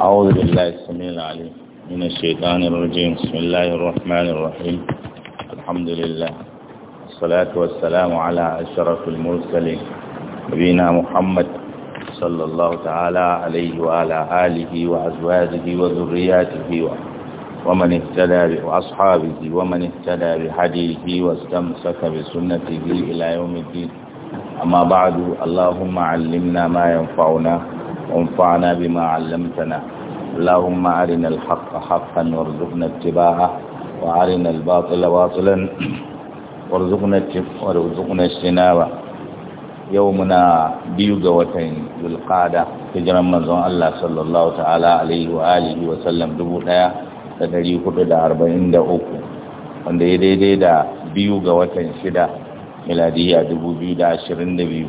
أعوذ بالله السميع العليم من الشيطان الرجيم بسم الله الرحمن الرحيم الحمد لله والصلاة والسلام على أشرف المرسلين نبينا محمد صلى الله تعالى عليه وعلى آله وأزواجه وذرياته ومن اهتدى وأصحابه ومن اهتدى بحديه واستمسك بسنته إلى يوم الدين أما بعد اللهم علمنا ما ينفعنا وانفعنا بما علمتنا اللهم أرنا الحق حقا وارزقنا اتباعه وأرنا الباطل باطلا وارزقنا وارزقنا اجتنابه يومنا بيوغا وتين بالقادة hijiran manzon Allah sallallahu ta'ala alaihi wa alihi wa sallam uku, wanda ya daidai da biyu ga watan shida miladiya biyu.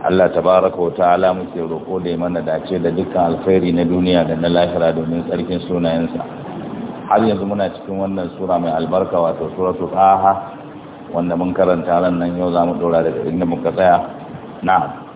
Allah tabaraka wa ta'ala muke roƙo da mana dace da dukkan alkhairi na duniya da na lahira domin tsarkin sunayensa har yanzu muna cikin wannan sura mai albarka wato suratu taha wanda mun karanta nan yau zamu dora daga inda muka tsaya na'am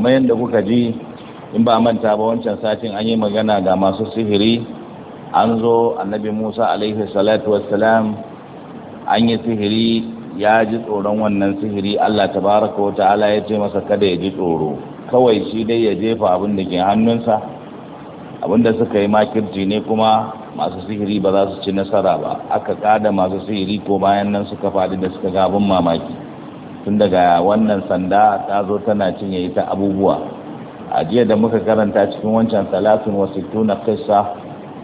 kamar yadda kuka ji in ba manta ba wancan satin an yi magana ga masu sihiri an zo annabi musa alaihi salatu wassalam an yi sihiri ya ji tsoron wannan sihiri allah tabaraka wa ta'ala ya ce masa kada ya ji tsoro kawai shi dai ya jefa abin da ke hannunsa abin da suka yi makirci ne kuma masu sihiri ba za su ci nasara ba aka kada masu sihiri ko bayan nan suka faɗi da suka gabin mamaki tun daga wannan sanda ta zo tana cinye ita abubuwa a jiya da muka karanta cikin wancan salatun wasu tuna kissa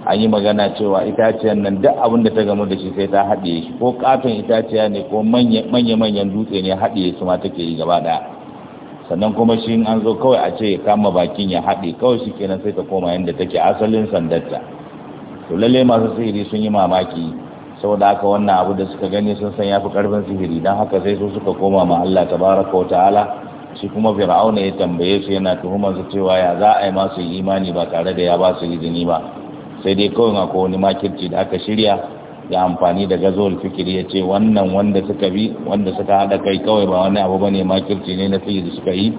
an yi magana cewa itaciyar nan duk abin da ta gamu da shi sai ta haɗe shi ko katon itaciya ne ko manya-manyan dutse ne haɗe su ma take yi gaba ɗaya sannan kuma shi an zo kawai a ce kama bakin ya haɗe kawai shi kenan sai ta koma yadda take asalin sandarta to lalle masu sihiri sun yi mamaki saboda haka wannan abu da suka gani sun san ya fi karfin sihiri don haka sai su suka koma ma Allah ta wa ta'ala shi kuma fir'auna ya tambaye su yana tuhumar su cewa ya za a yi masu imani ba tare da ya ba su izini ba sai dai kawai a wani makirci da aka shirya ya amfani da gazowar fikiri ya ce wannan wanda suka bi wanda suka haɗa kai kawai ba wani abu bane makirci ne na sihiri suka yi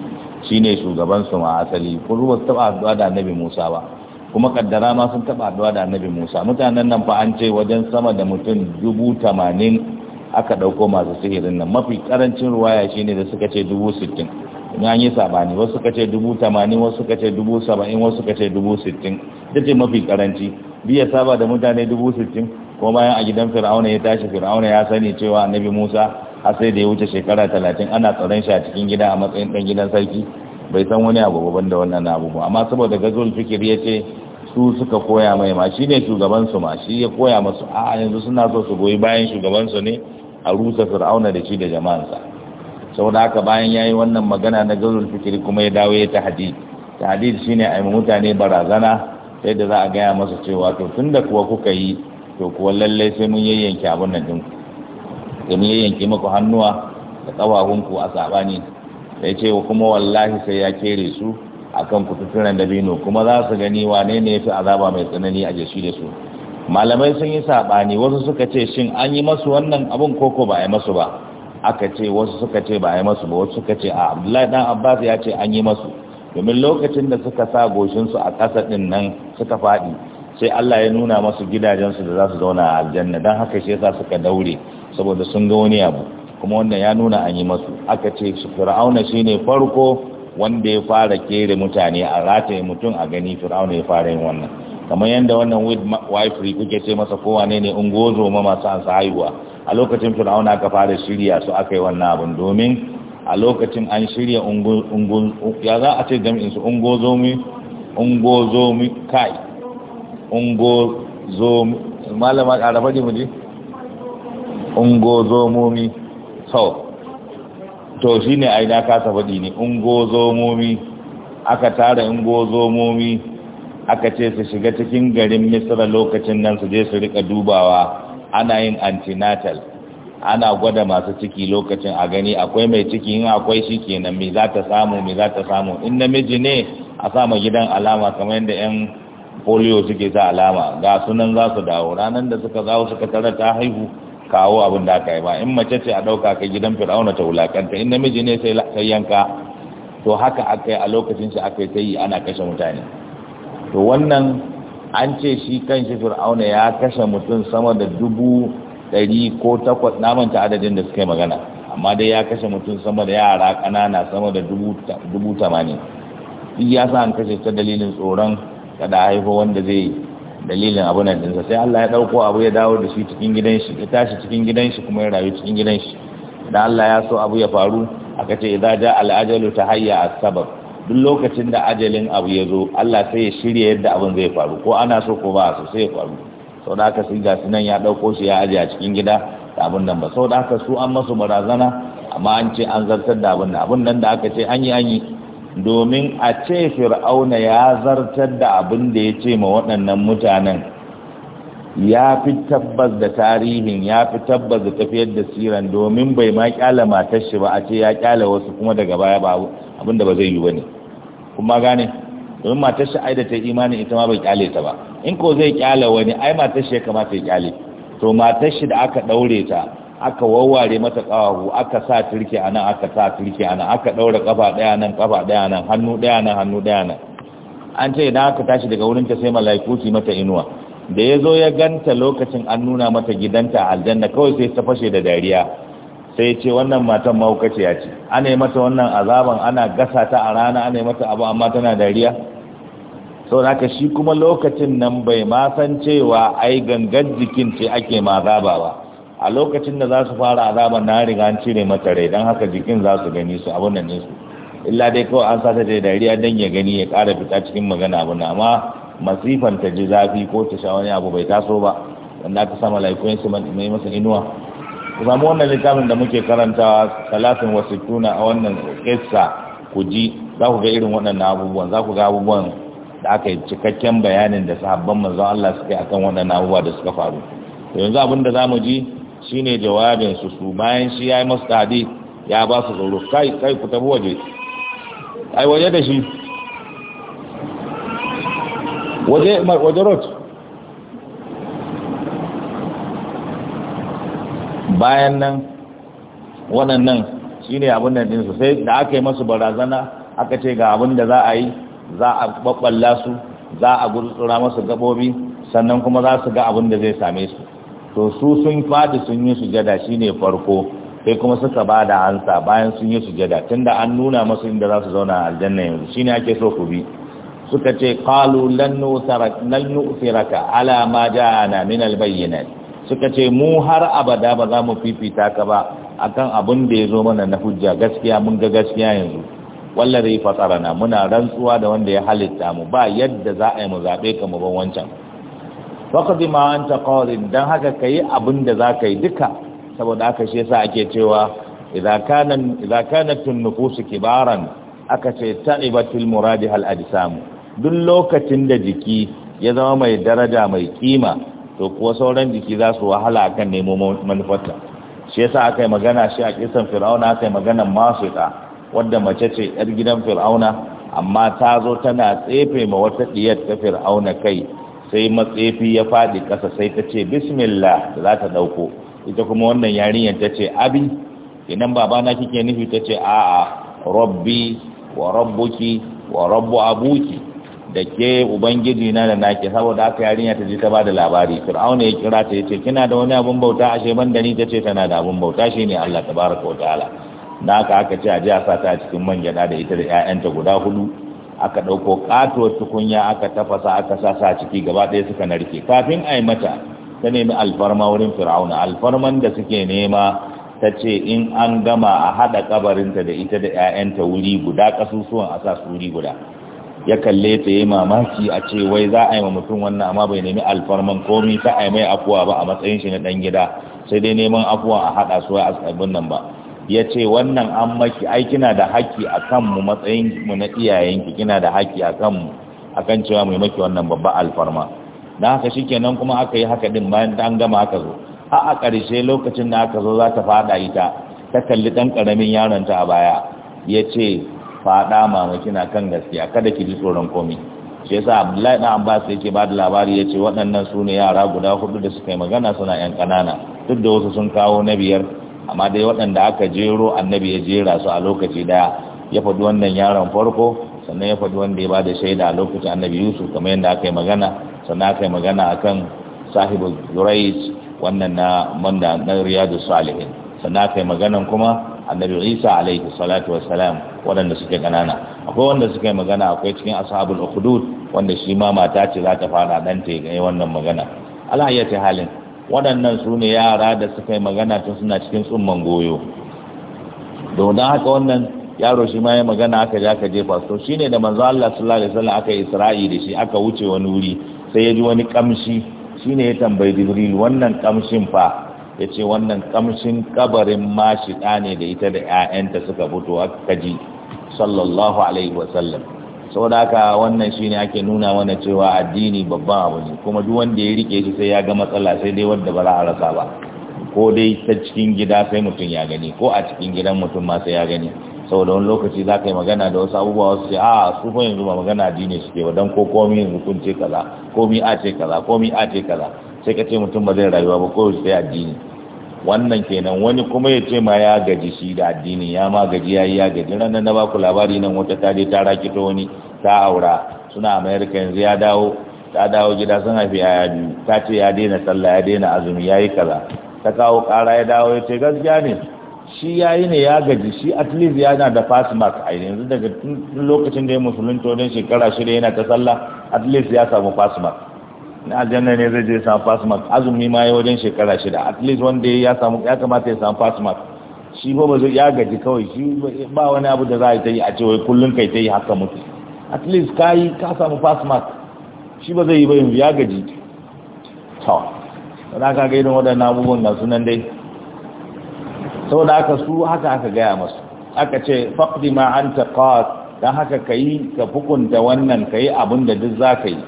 shine shugaban su ma asali ko ba su taɓa da annabi Musa ba kuma kaddara ma sun taba addu'a da annabi Musa mutanen nan fa an ce wajen sama da mutum dubu tamanin aka dauko masu sihirin nan mafi karancin ruwaya shine da suka ce dubu sittin in an yi sabani wasu suka ce dubu tamanin wasu suka ce dubu saba'in wasu suka ce dubu sittin ita ce mafi karanci biya saba da mutane dubu sittin ko bayan a gidan fir'auna ya tashi fir'auna ya sani cewa annabi Musa har sai da ya wuce shekara talatin ana tsaron shi a cikin gida a matsayin dan gidan sarki bai san wani abu ba banda wannan abu ba amma saboda gazul fikir ya ce su suka koya mai ma shi ne shugabansu ma shi ya koya masu a yanzu suna so su goyi bayan shugabansu ne a rusa fir'auna da shi da jama'ansa saboda haka bayan yayi wannan magana na gazul fikir kuma ya dawo ya tahdid tahdid shine a mutane barazana sai da za a gaya masa cewa to tunda kuwa kuka yi to kuwa lallai sai mun yayyanke abun nan din ku mun yayyanke muku hannuwa da ƙafafunku a sabani ya ce kuma wallahi sai ya kere su akan kututturen dabino kuma za su gani wane ne ya fi azaba mai tsanani a jeshi da su malamai sun yi saɓani wasu suka ce shin an yi masu wannan abin koko ba a yi masu ba aka ce wasu suka ce ba a yi masu ba wasu suka ce a abdullahi dan abbas ya ce an yi masu domin lokacin da suka sa goshinsu a ƙasa ɗin nan suka faɗi sai Allah ya nuna masu gidajensu da za su zauna a aljanna don haka shi yasa suka daure saboda sun ga wani abu kuma wannan ya nuna an yi masu aka ce su fir'auna ne farko wanda ya fara kere mutane a rataye mutum a gani fir'auna ya fara yin wannan kamar yadda wannan wifery kuke ce masa kowa ne ne ungozo ma masu ansa haihuwa a lokacin fir'auna aka fara shirya su aka yi wannan abin domin a lokacin an shirya ya za a ce ungozomi so to shine ne a ina kasa faɗi ne ungozomomi aka tara ungozomomi aka ce su shiga cikin garin misra lokacin nan su je su rika dubawa ana yin antinatal ana gwada masu ciki lokacin a gani akwai mai ciki in akwai shi kenan me za ta samu me za ta samu in namiji ne a sama gidan alama kamar yadda 'yan polio suke sa alama ga sunan za su dawo ranar da suka zawo suka tara ta haihu kawo abin da aka yi ba in mace ce a ɗauka kai gidan fir'auna ta wulaƙanta in namiji ne sai sai yanka to haka aka yi a lokacin shi aka yi ta yi ana kashe mutane to wannan an ce shi kan shi fir'auna ya kashe mutum sama da dubu ɗari ko takwas ta adadin da suka yi magana amma dai ya kashe mutum sama da yara ƙanana sama da dubu tamanin ya sa an kashe ta dalilin tsoron kada haifa wanda zai dalilin abu nan dinsa sai Allah ya dauko abu ya dawo da shi cikin gidan shi ya tashi cikin gidan shi kuma ya rayu cikin gidan shi dan Allah ya so abu ya faru aka ce idza ja al ajalu tahayya as sabab duk lokacin da ajalin abu ya zo Allah sai ya shirya yadda abin zai faru ko ana so ko ba so sai ya faru sau da aka sun sunan ya dauko shi ya aje a cikin gida da abin nan ba sau da aka su an masu barazana amma an ce an zartar da abin nan abin nan da aka ce an yi an domin a ce fir'auna ya zartar da abin da ya ce ma waɗannan mutanen ya fi tabbas da tarihin ya fi tabbas da tafiyar da siran domin bai ma kyala matar shi ba a ce ya kyala wasu kuma daga baya ba abin da ba zai yi ba ne kuma gane domin matar shi ai da ta imani ita ma bai kyale ta ba in ko zai kyala wani ai matar shi ya kamata ya kyale to matar shi da aka daure ta aka wawware mata ƙawahu aka sa turke a nan aka sa turke a nan aka ɗaura ƙafa ɗaya nan ƙafa ɗaya nan hannu ɗaya nan hannu ɗaya nan an ce idan aka tashi daga wurinta sai mala'iku su mata inuwa da ya zo ya ganta lokacin an nuna mata gidanta aljanna kawai sai ta fashe da dariya sai ce wannan matan mahaukaciya ce ana yi mata wannan azaban ana gasa ta a rana ana yi mata abu amma tana dariya sau da shi kuma lokacin nan bai ma san cewa ai gangan jikin ce ake ma ba a lokacin da za su fara azaban na riga an cire mata rai don haka jikin za su gani su abin nan su illa dai kawai an sata da dariya don ya gani ya ƙara fita cikin magana abu amma masifan ta ji zafi ko ta sha wani abu bai taso ba wanda aka sama laifin su mai masa inuwa ku samu wannan littafin da muke karantawa talatin wasu tuna a wannan kessa ku ji za ku ga irin waɗannan abubuwan za ku ga abubuwan da aka yi cikakken bayanin da sahabban manzon Allah suke akan waɗannan abubuwa da suka faru yanzu abin da za mu ji shine jawabin su su bayan shi yayi masu tadi ya ba su tsoro kai kai ku tafi waje ai waje da shi waje waje rot bayan nan waɗannan shine abin da din sai da aka yi masu barazana aka ce ga abin da za a yi za a babballa su za a gudu tsura masu gabobi sannan kuma za su ga abun da zai same su to su sun fadi sun yi sujada shine farko sai kuma suka ba da ansa bayan sun yi sujada tunda an nuna masu inda za su zauna a aljanna yanzu shine ake so ku bi suka ce qalu lan nu'thiraka ala ma ja'ana min al-bayyinat suka ce mu har abada ba za mu fifita ka ba akan abin da ya zo mana na hujja gaskiya mun ga gaskiya yanzu wallahi na muna rantsuwa da wanda ya halitta mu ba yadda za a yi mu zaɓe ka mu ban wancan faqdi ma anta qadin dan haka yi abin da ka yi duka saboda haka shi yasa ake cewa idza kana idza kanat an kibaran aka ce ta'ibatul muradi hal samu duk lokacin da jiki ya zama mai daraja mai kima to kuwa sauran jiki za su wahala akan nemo manufarta shi yasa aka yi magana shi a kisan fir'auna aka yi magana masu ta wadda mace ce yar gidan fir'auna amma ta zo tana tsefe ma wata diyar ta fir'auna kai sai matsefi ya faɗi kasa sai ta ce bismillah da za ta ɗauko ita kuma wannan yarinyar ta ce abi idan babana kike nufi ta ce a'a rabbi wa rabbuki wa rabbu abuki da ke ubangiji na da nake saboda aka yarinya ta ji ta da labari fir'auna ya kira ta yace kina da wani abun bauta ashe ban da ni ta ce tana da abun bauta shi ne Allah tabaraka wa ta'ala naka aka aka ce a ji a sa ta cikin man da ita da ƴaƴanta guda hudu aka ɗauko ƙatuwar tukunya aka tafasa aka sasa ciki gaba ɗaya suka narke kafin a yi mata ta nemi alfarma wurin fir'auna alfarman da suke nema ta ce in an gama a haɗa kabarinta da ita da 'ya'yanta wuri guda ƙasusuwan a sa su wuri guda ya kalle ta yi mamaki a ce wai za a yi ma mutum wannan amma bai nemi alfarman komi ta a yi mai afuwa ba a matsayin shi na ɗan gida sai dai neman afuwa a haɗa su a abin nan ba ya ce wannan an maki ai kina da haƙƙi a kanmu matsayin na iyayenki kina da haƙƙi a kanmu a kan cewa mai maki wannan babba alfarma don haka shi kenan kuma aka yi haka din bayan ta an gama aka zo har a ƙarshe lokacin da aka zo za ta faɗa ita ta kalli ɗan ƙaramin yaronta a baya ya ce faɗa mama kina kan gaskiya kada ki ji tsoron komai shi yasa abdullahi dan abbas yake ba da labari ya ce waɗannan su ne yara guda hudu da suka yi magana suna yan ƙanana duk da wasu sun kawo na biyar amma dai waɗanda aka jero annabi ya jera su a lokaci daya ya faɗi wannan yaron farko sannan ya faɗi wanda ya bada shaida a lokacin annabi yusuf kamar yadda aka yi magana sannan aka yi magana a kan sahibu zurais wannan na manda na riyadu salihin sannan aka yi maganan kuma annabi isa alaihi salatu wassalam waɗanda suke ganana akwai wanda suka magana akwai cikin ashabul ukhdud wanda shi ma mata ce za ta fara ɗanta ya yi wannan magana ala halin waɗannan su ne yara da suka yi magana tun suna cikin tsumman goyo domin haka wannan yaro shi ma ya magana aka ja je jefa so ne da manzo Allah sallallahu alaihi wasallam aka isra'i da shi aka wuce wani wuri sai ya ji wani kamshi shi ne ya tambayi Jibril wannan kamshin fa ya ce wannan kamshin kabarin mashida ne da ita da ƴaƴanta suka fito aka ji sallallahu alaihi wasallam saboda haka wannan shine ake nuna mana cewa addini babban abu ne kuma duk wanda ya rike shi sai ya ga matsala sai dai wanda ba za a rasa ba ko dai ta cikin gida sai mutum ya gani ko a cikin gidan mutum ma sai ya gani saboda wani lokaci za ka yi magana da wasu abubuwa wasu ce a su fa yanzu ba magana addini suke ba don ko komi yanzu kun ce kaza komi a ce kaza komi a ce kaza sai ka ce mutum ba zai rayuwa ba ko sai addini wannan kenan wani kuma ya ce ma ya gaji shi da addini ya ma gaji ya yi ya gaji ranar na baku labari nan wata ta je ta rakito wani ta aura suna amerika yanzu ya dawo ta dawo gida sun haifi yaya biyu ta ce ya daina sallah ya daina azumi ya yi kaza ta kawo kara ya dawo ya ce gaskiya ne shi ya yi ne ya gaji shi at least yana da fast mark a yanzu daga lokacin da ya musulunta wajen shekara shirya yana ta sallah at least ya samu fast mark na aljanna ne zai je samu pass mark azumi ma ya wajen shekara shida at least wanda ya samu ya kamata ya samu pass mark shi ba zai ya gaji kawai shi ba wani abu da za a yi a ce wai kullum kai ta yi haka mutu at least ka yi ka samu pass mark shi ba zai yi ba yanzu ya gaji to da aka ga irin waɗannan abubuwan ga sunan dai saboda aka su haka aka gaya masu aka ce faɗi ma anta qat don haka yi ka hukunta wannan ka yi abin da duk za ka yi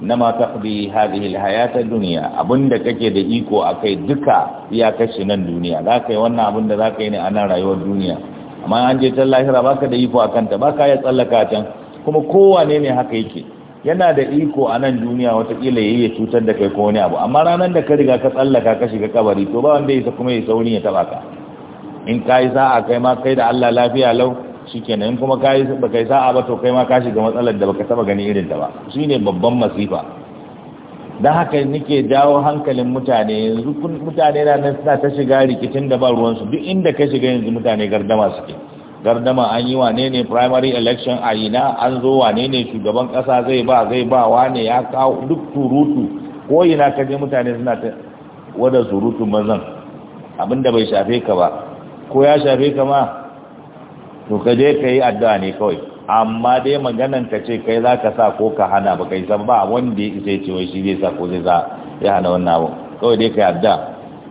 na ma taqdi hadihi alhayat ad abinda kake da iko akai duka ya kashe nan duniya ka yi wannan abinda zaka yi ne a nan rayuwar duniya amma an je can lahira baka da iko akan ta baka ya tsallaka can kuma kowane ne haka yake yana da iko a nan duniya wata ya yayi cutar da kai ko wani abu amma ranar da ka riga ka tsallaka ka shiga kabari to ba wanda ya kuma ya sauni ya taba ka in ka yi a kai ma kai da Allah lafiya lau shikenan in kuma kai kai sa'a ba to kai ma ka shiga matsalar da baka taba gani irin ta ba shine babban masifa dan haka nike dawo hankalin mutane yanzu mutane na nan suna ta shiga rikicin da ba ruwan duk inda ka shiga yanzu mutane gardama suke gardama an yi wane ne primary election a ina an zo wane ne shugaban kasa zai ba zai ba wane ya kawo duk surutu ko ina ka je mutane suna ta wada surutu mazan abinda bai shafe ka ba ko ya shafe ka ma to ka je ka yi addu'a ne kawai amma dai maganan ka ce kai za ka sa ko ka hana ba kai san ba wanda ya isa ce wai shi zai sa ko zai za ya hana wannan abu kawai dai ka yi addu'a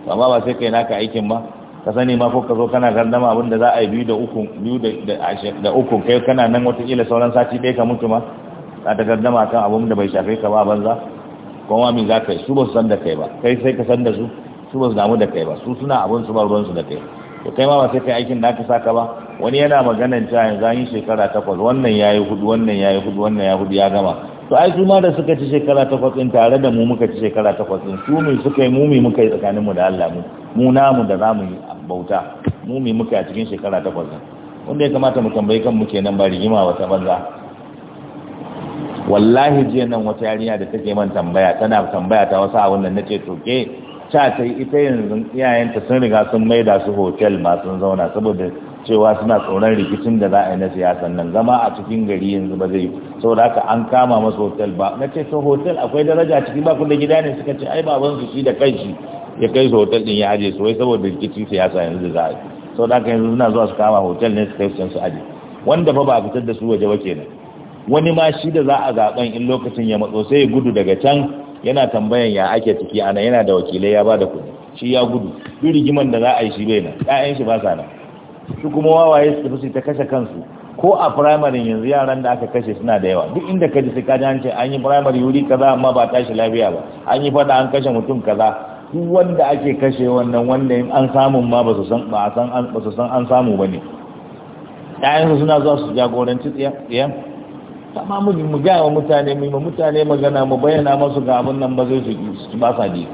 amma ba sai kai naka aikin ba ka sani ma ko ka zo kana gardama abin da za a yi biyu da uku biyu da da uku kai kana nan kila sauran sati bai ka mutu ma za ta gardama kan abin da bai shafe ka ba banza kuma min za ka yi su ba su san da kai ba kai sai ka san da su su ba su damu da kai ba su suna abin su ba su da kai to kai ma ba sai kai aikin da ka saka ba wani yana maganan cewa yanzu an yi shekara takwas wannan ya yi hudu wannan ya yi hudu wannan ya hudu ya gama to ai su ma da suka ci shekara takwas ɗin tare da mu muka ci shekara takwas ɗin su mu suka yi mumi muka yi tsakanin mu da Allah mu mu namu da zamu yi bauta mumi muka a cikin shekara takwas ɗin wanda ya kamata mu tambayi kan mu kenan ba rigima wata banza wallahi jiya nan wata yarinya da take man tambaya tana tambaya ta wasu abin da nace to ke ta ta ita yanzu iyayenta sun riga sun maida su hotel ma sun zauna saboda cewa suna tsoron rikicin da za a yi na siyasan nan zama a cikin gari yanzu ba zai saboda haka an kama masu hotel ba na ce to hotel akwai daraja ciki ba da gida ne suka ce ai baban su shi da kanshi ya kai su hotel din ya aje su wai saboda rikicin siyasa yanzu da za a yi saboda haka yanzu suna zuwa su kama hotel ne su kai su aje wanda fa ba a fitar da su waje ba kenan wani ma shi da za a zaben in lokacin ya matso sai ya gudu daga can yana tambayan ya ake ciki ana yana da wakilai ya ba da kuɗi shi ya gudu duk rigiman da za a yi shi bai nan ɗayan shi ba sa nan su kuma wawaye su tafi su ta kashe kansu ko a firamare yanzu yaran da aka kashe suna da yawa duk inda ka ji sai kaji ji an ce an yi firamare wuri kaza amma ba tashi lafiya ba an yi fada an kashe mutum kaza duk wanda ake kashe wannan wanda in an samun ma ba su san ba san an ba su san an samu bane su suna zuwa su jagoranci tsiya amma mu mu ga wa mutane mu ma mutane magana mu bayyana masu ga abin nan ba zai su ba sa ji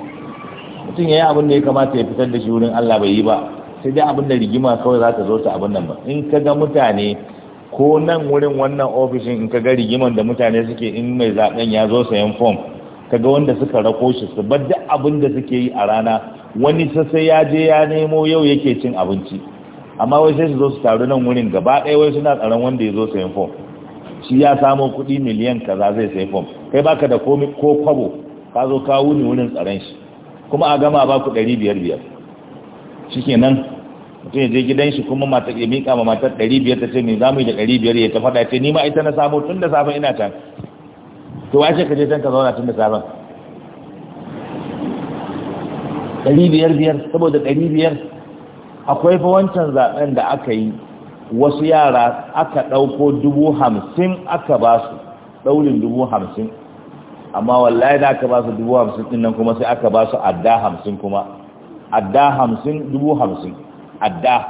mutum yayi abin da ya kamata ya fitar da shi wurin Allah bai yi ba sai dai abin da rigima kawai za ta zo ta abin nan ba in ka ga mutane ko nan wurin wannan ofishin in ka ga rigiman da mutane suke in mai zaben ya zo sayan fom ka ga wanda suka rako shi su bar duk abin da suke yi a rana wani sassai ya je ya nemo yau yake cin abinci amma wai sai su zo su taru nan wurin gaba ɗaya wai suna tsaron wanda ya zo sayan fom shi ya samo kuɗi miliyan kaza zai sayi fom kai baka da komi ko kwabo ka zo ka wuni wurin tsaron shi kuma a gama ba ku ɗari biyar biyar shi nan. mutum ya je gidan shi kuma mata ya miƙa ma matar ɗari biyar ta ce me za mu yi da ɗari biyar ya ta faɗa ce ni ma ita na samo tun da safe ina can to wace ka je can ka zauna tun da safen ɗari biyar biyar saboda ɗari biyar akwai fa wancan zaɓen da aka yi wasu yara aka ɗauko dubu hamsin aka ba su ɗaurin dubu hamsin amma wallahi da aka ba su dubu hamsin ɗin nan kuma sai aka ba su adda hamsin kuma adda hamsin dubu hamsin adda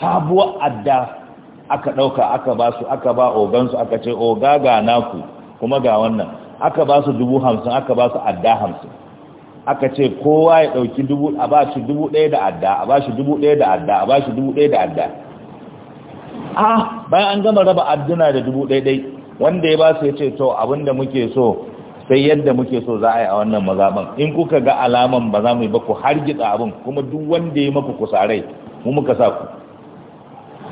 sabuwar adda aka ɗauka aka ba su aka ba ogansu aka ce oga ga naku kuma ga wannan aka ba su dubu hamsin aka ba su adda hamsin aka ce kowa ya ɗauki dubu a ba shi dubu ɗaya da adda a ba shi dubu ɗaya da adda a ba shi dubu ɗaya da adda a bayan an gama raba adduna da dubu ɗaya ɗai wanda ya ba su ya ce to abinda muke so sai yadda muke so za a yi a wannan mazaɓan in kuka ga alaman ba za mu yi ba ku hargitsa abin kuma duk wanda ya maku kusarai mu muka sa ku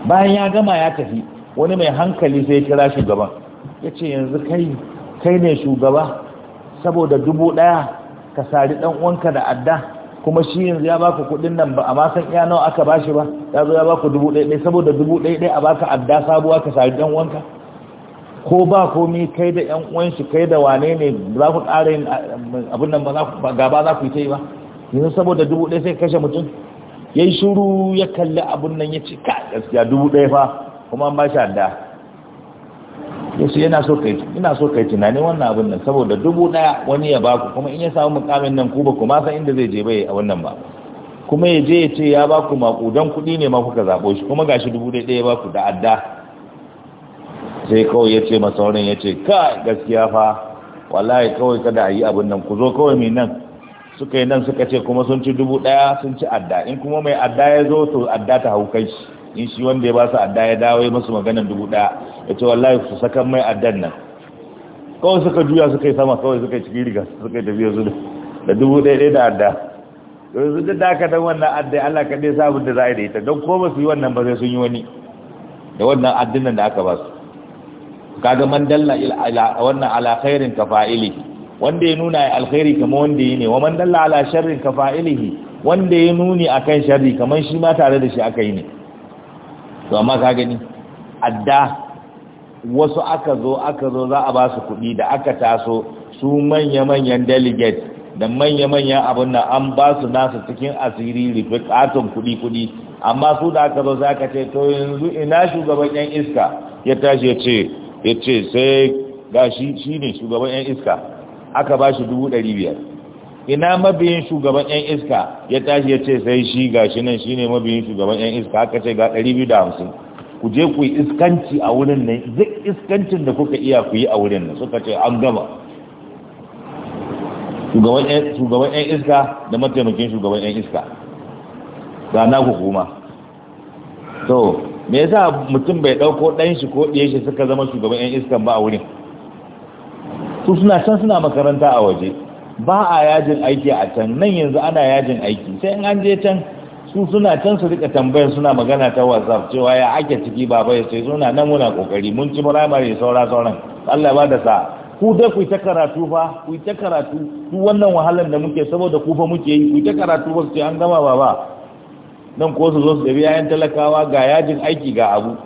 bayan ya gama ya tafi wani mai hankali sai ya kira shugaban ya ce yanzu kai kai ne shugaba saboda dubu ɗaya ka sari ɗan uwanka da adda kuma shi yanzu ya baku kuɗin nan ba amma san iya nawa aka bashi ba ya zo ya baku dubu ɗaya ɗaya saboda dubu ɗaya ɗaya a baka adda sabuwa ka sari ɗan uwanka ko ba komi kai da ƴan uwan shi kai da wane ne za ku ƙara yin abin nan ba gaba za ku yi ta yi ba yanzu saboda dubu ɗaya sai kashe mutum ya yi shuru ya kalli abun nan ya ce ka gaskiya dubu ɗaya fa kuma an ba shi adda ya ce yana so kai ina so kai tunanin wannan abun nan saboda dubu ɗaya wani ya baku kuma in ya samu mukamin nan ku ba kuma san inda zai je bai a wannan ba kuma ya je ya ce ya baku makudan kuɗi ne ma kuka zaɓo shi kuma gashi dubu ɗaya ya baku da adda sai kawai ya ce masa ya ce ka gaskiya fa wallahi kawai kada a yi abun nan ku zo kawai mai nan suka yi nan suka ce kuma sun ci dubu ɗaya sun ci adda in kuma mai adda ya zo to adda ta hau kai shi in shi wanda ya ba su adda ya dawo ya masu maganar dubu ɗaya ya ce wallahi su sakan mai addan nan kawai suka juya suka yi sama kawai suka yi ciki riga suka yi tafiya su da dubu ɗaya ɗaya da adda yanzu duk da daka dan wannan adda Allah ka dai sabu da za a yi da ita don ko ba su yi wannan ba sai sun yi wani da wannan addinan da aka ba su kaga man dalla ila wannan ala khairin ka wanda ya nuna ya alkhairi kamar wanda ya ne wa man dalla ala sharrin ka fa'ilihi wanda ya nuni akan sharri kamar shi ma tare da shi aka yi ne to amma ka gani adda wasu aka zo aka zo za a ba su kuɗi da aka taso su manya-manyan delegate da manya-manyan abun nan an ba su nasu cikin asiri rufe kuɗi-kuɗi amma su da aka zo za ka ce to yanzu ina shugaban yan iska ya tashi ya ce ya ce sai ga shi ne shugaban yan iska aka ba shi dubu ɗari biyar ina mabiyin shugaban yan iska ya tashi ya ce sai shi ga shi nan shi ne mabiyin shugaban yan iska aka ce ga ɗari biyu da hamsin ku je ku yi iskanci a wurin nan duk iskancin da kuka iya ku yi a wurin nan suka ce an gama shugaban yan iska da mataimakin shugaban yan iska ga na ku kuma to me yasa mutum bai ɗauko ɗan shi ko ɗiyan shi suka zama shugaban yan iska ba a wurin su suna can suna makaranta a waje ba a yajin aiki a can nan yanzu ana yajin aiki sai in an je can su suna can su rika tambayar suna magana ta whatsapp cewa ya ake ciki baba ya sai suna nan muna kokari mun ci primary saura sauran Allah ba da sa ku dai ku ta karatu fa ku ta karatu ku wannan wahalar da muke saboda ku fa muke yi ku ta karatu ba su an gama baba nan ko su zo su dabi yayan talakawa ga yajin aiki ga abu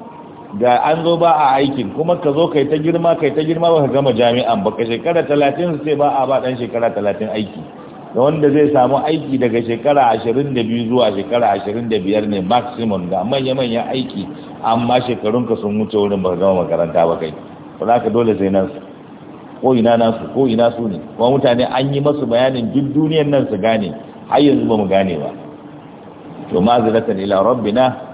ga an zo ba a aikin kuma ka zo kai ta girma kai ta girma ba ka gama jami'an ba ka shekara talatin sai ba a ba dan shekara talatin aiki da wanda zai samu aiki daga shekara ashirin da biyu zuwa shekara ashirin da biyar ne maximum ga manya-manyan aiki amma shekarunka sun wuce wurin ba ka gama makaranta ba kai ba za ka dole sai nan ko ina nasu ko ina su ne kuma mutane an yi masu bayanin duk duniyan nan su gane har yanzu ba mu gane ba to ma'aziratan ila rabbina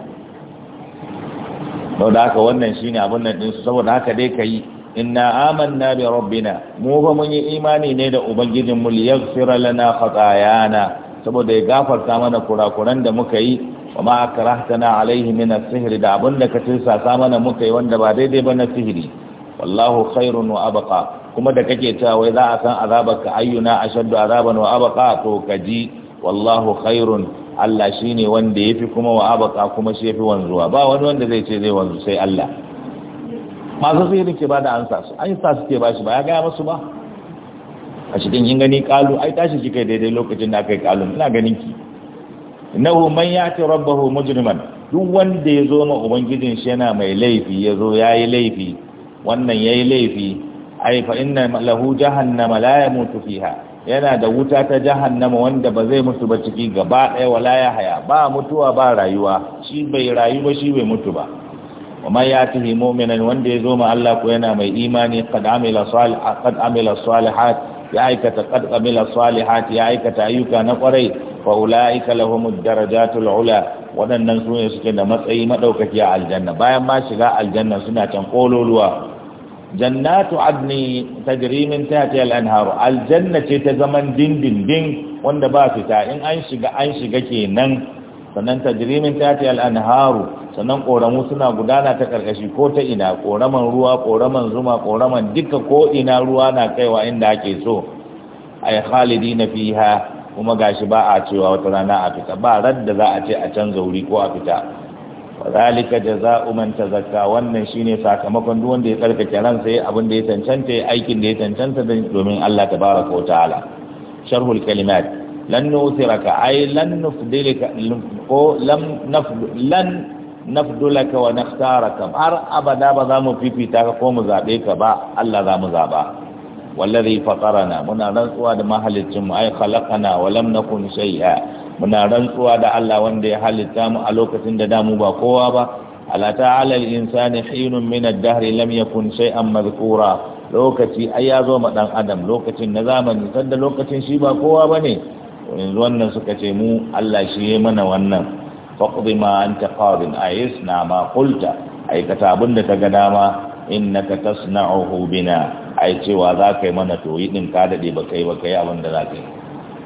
sau da haka wannan shi ne abin nan ɗinsu saboda haka dai ka yi inna amanna bi rabbina mu ba mun yi imani ne da liyar liyaghfira lana khatayana saboda ya gafarta mana kurakuran da muka yi wa ma akrahtana alaihi min as da abin da ka tirsasa mana muka yi wanda ba daidai ba na sihiri wallahu khairun wa kuma da kake cewa wai za a san azabarka ayyuna ashaddu azaban wa abqa to kaji wallahu khairun Allah shi ne wanda ya fi kuma wa abaka kuma shi ya fi wanzuwa ba wani wanda zai ce zai wanzu sai Allah masu sihirin ke ba da ansa su an sa ke ba shi ba ya gaya masu ba a cikin yin gani kalu ai tashi kika daidai lokacin da kai kalu ina ganin ki innahu man yati rabbahu mujriman duk wanda ya zo ma ubangijin shi yana mai laifi ya zo ya yi laifi wannan ya yi laifi ai fa inna lahu jahannama la yamutu fiha yana da wuta ta jahannama wanda ba zai mutu ba ciki gaba ɗaya wala ya haya ba mutuwa ba rayuwa shi bai rayu ba shi bai mutu ba wa ya tihi mu'minan wanda ya zo ma Allah ko yana mai imani qad amila salihat qad amila salihat ya aikata qad amila salihat ya aikata ayyuka na kwarai fa ulaika lahumud darajatul ula wadannan su ne suke da matsayi madaukaki a aljanna bayan ma shiga aljanna suna can kololuwa jannatu adni tajri min tahtiha al-anharu aljanna ce ta zaman dindindin wanda ba fita in an shiga an shiga kenan sannan tajri min tahtiha al-anharu sannan koramu suna gudana ta karkashi ko ta ina koraman ruwa koraman zuma koraman duka ko ina ruwa na kaiwa inda ake so ay khalidina fiha kuma gashi ba a cewa wata rana a fita ba radda za a ce a canza wuri ko a fita da jaza'u man tazakka wannan shine sakamakon duk wanda ya tsarkake ransa yayin abin da ya tantance aikin da ya tantance domin Allah tabaraka wa ta'ala sharhul kalimat lan nusiraka ay lan nufdilika ko lam nafd lan nafdulaka wa nakhtaraka har abada ba za mu fifita ka ko mu zabe ka ba Allah za mu zaba wallazi fatarana muna rantsuwa da mahaliccin mu ay khalaqana wa lam nakun shay'a muna rantsuwa da Allah wanda ya halitta mu a lokacin da damu ba kowa ba ala ta'ala al-insani hinun min ad-dahr lam yakun shay'an madhkura lokaci ai ya zo ma dan adam lokacin na zamani sanda lokacin shi ba kowa bane yanzu wannan suka ce mu Allah shi ya mana wannan faqdi ma anta qadin ayisna ma qulta aikata abin da ta ga dama innaka tasna'uhu bina ai cewa za ka mana to yi din ka dade ba kai ba kai za ka yi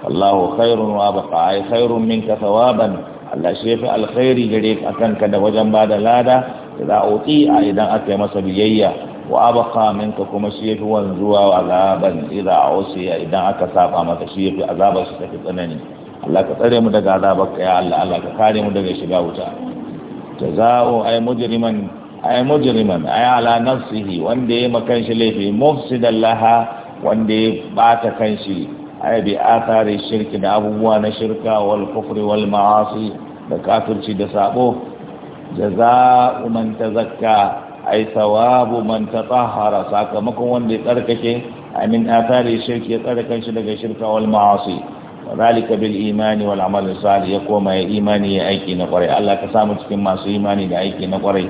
Allahu khairun wa baqa ay khairun minka thawaban Allah shi yafi alkhairi gare ka da wajen bada lada idza uti'a idan aka yi masa biyayya wa abqa kuma shi yafi wanzuwa wa azaban idza usiya idan aka saba masa shi yafi azabar shi tafi tsanani Allah ka tsare mu daga azabar ka ya Allah ka kare mu daga shiga wuta jaza'u ay mujriman ay mujriman wanda ya makan shi laifi mufsidan laha wanda ya bata kanshi ay bi athari shirki da abubuwa na shirka wal kufri wal ma'asi da kafirci da sabo jaza'u man tazakka ay thawabu man tatahhara sakamakon wanda ya tsarkake amin athari shirki ya tsarkan shi daga shirka wal ma'asi koma ya imani ya aiki na kwarai Allah ka samu cikin masu imani da aiki na kwarai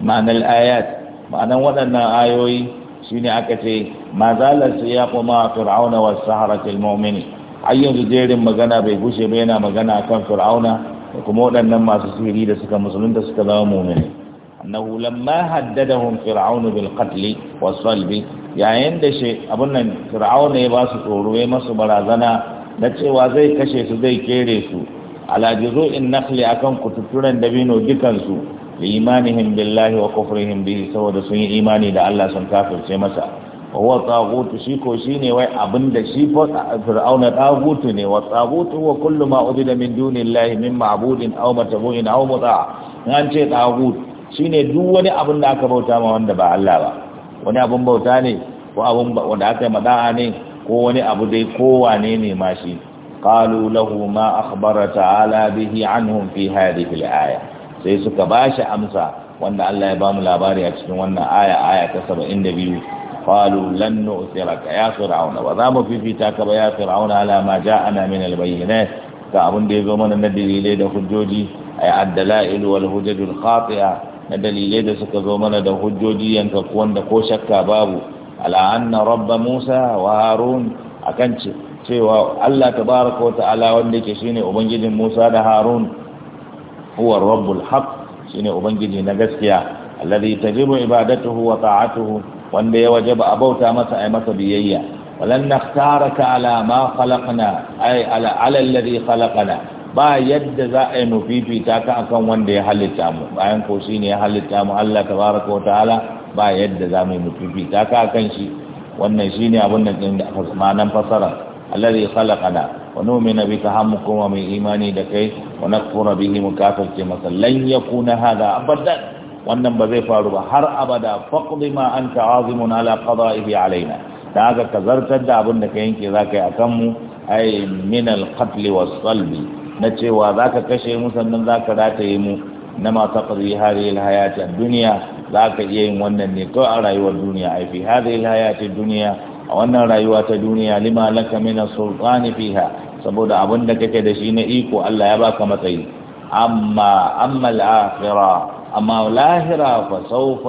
ma'anal ayat ma'anan waɗannan ayoyi shine aka ce ma zala siyaqu ma fir'auna was saharati almu'mini ai yanzu jerin magana bai gushe ba yana magana kan fir'auna da kuma waɗannan masu sihiri da suka musulunta suka zama mu'mini annahu lamma haddadahum fir'auna bilkatli wasu was salbi yayin da shi abun fir'auna ya ba su tsoro ya masu barazana na cewa zai kashe su zai kere su ala juzu'in nakhli akan kututturen dabino dukansu imanin imanihim billahi wa kufrihim bihi saboda sun yi imani da Allah sun kafirce masa wa huwa tsagutu shi ko shi ne wai abin da shi fir'auna tsagutu ne wa tsagutu wa kullu ma ubida min dunillahi min ma'budin aw matabu'in aw muta'a an ce shi ne duk wani abin da aka bauta ma wanda ba Allah ba wani abin bauta ne ko abin wanda aka yi mada'a ne ko wani abu dai kowane ne ma shi qalu lahu ma akhbara ta'ala bihi anhum fi hadhihi al-aya sai suka bashi amsa wanda Allah ya bamu labari a cikin wannan aya aya ta 72 qalu lan nu'thiraka ya fir'auna wa za mu fifita ka ba ya fir'auna ala ma ja'ana min al-bayyinat ga abin ya zo mana na dalilai da hujjoji ay ad-dala'il wal hujajul khati'a na dalilai da suka zo mana da hujjoji yanka wanda ko shakka babu ala anna Musa wa Harun akan cewa Allah tabaraka wa ta'ala wanda yake shine ubangijin Musa da Harun huwa rabbul haqq shine ubangiji na gaskiya alladhi tajibu ibadatuhu wa ta'atuhu wanda ya waje ba a bauta masa ai masa biyayya walan naktaraka ala ma khalaqna ai ala alladhi ba yadda za a yi nufifi fifita ka akan wanda ya halitta mu bayan ko shine ya halitta mu Allah ko ta ta'ala ba yadda za mu yi nufifi fifita ka akan shi wannan shine abun nan din da ma'anan fasara alladhi khalaqana wa nu'minu bika hannu kuma mai imani da kai wa nakfuru bihi mukafir ke masallan yakuna hada abadan wannan ba zai faru ba har abada faqdi ma anta azimun ala qada'ihi alaina da haka ka zartar da abin da ka yanke zaka yi akan mu ai min al qatl salbi na cewa zaka kashe mu sannan zaka rataye mu na ma taqdi har al hayati duniya za ka iya yin wannan ne kawai a rayuwar duniya ai fi hadhihi al hayati a wannan rayuwa ta duniya lima laka min sultani fiha saboda abin da kake da shi na iko Allah ya baka matsayi amma amma al akhirah amma lahira fa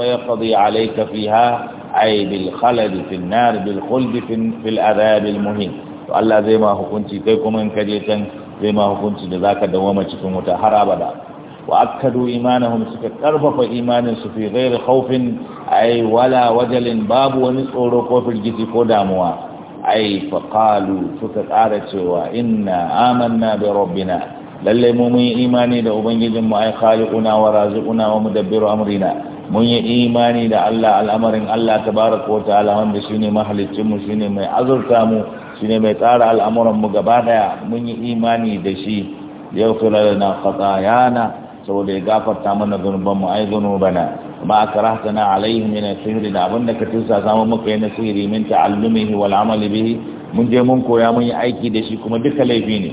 ya yaqdi alaika fiha ay bil khalad fi nar bil khuld fi al-adhab muhin to Allah zai ma hukunci kai kuma in kaje can zai ma hukunci da zaka dawoma cikin wuta har abada wa akkadu imanahum suka karfafa imanin su fi ghairi khawfin ay wala wajalin babu wani tsoro ko firgici ko damuwa ay faqalu suka kara cewa inna amanna bi rabbina lalle mu mun yi imani da ubangijin mu ai khaliquna wa raziquna wa mudabbiru amrina mun yi imani da Allah al'amarin Allah tabaraka wa ta'ala wanda shine mahalicin mu shine mai azurta mu shine mai tsara al'amuran mu gaba daya mun yi imani da shi yaghfir lana khatayana saboda ya gafarta mana zunuban mu ai zunubana ma akrahtana alaihi min sihri da abinda ka tusa samu muka yi na sihiri min ta'allumihi wal amali bihi mun je mun koya mun yi aiki da shi kuma duka laifi ne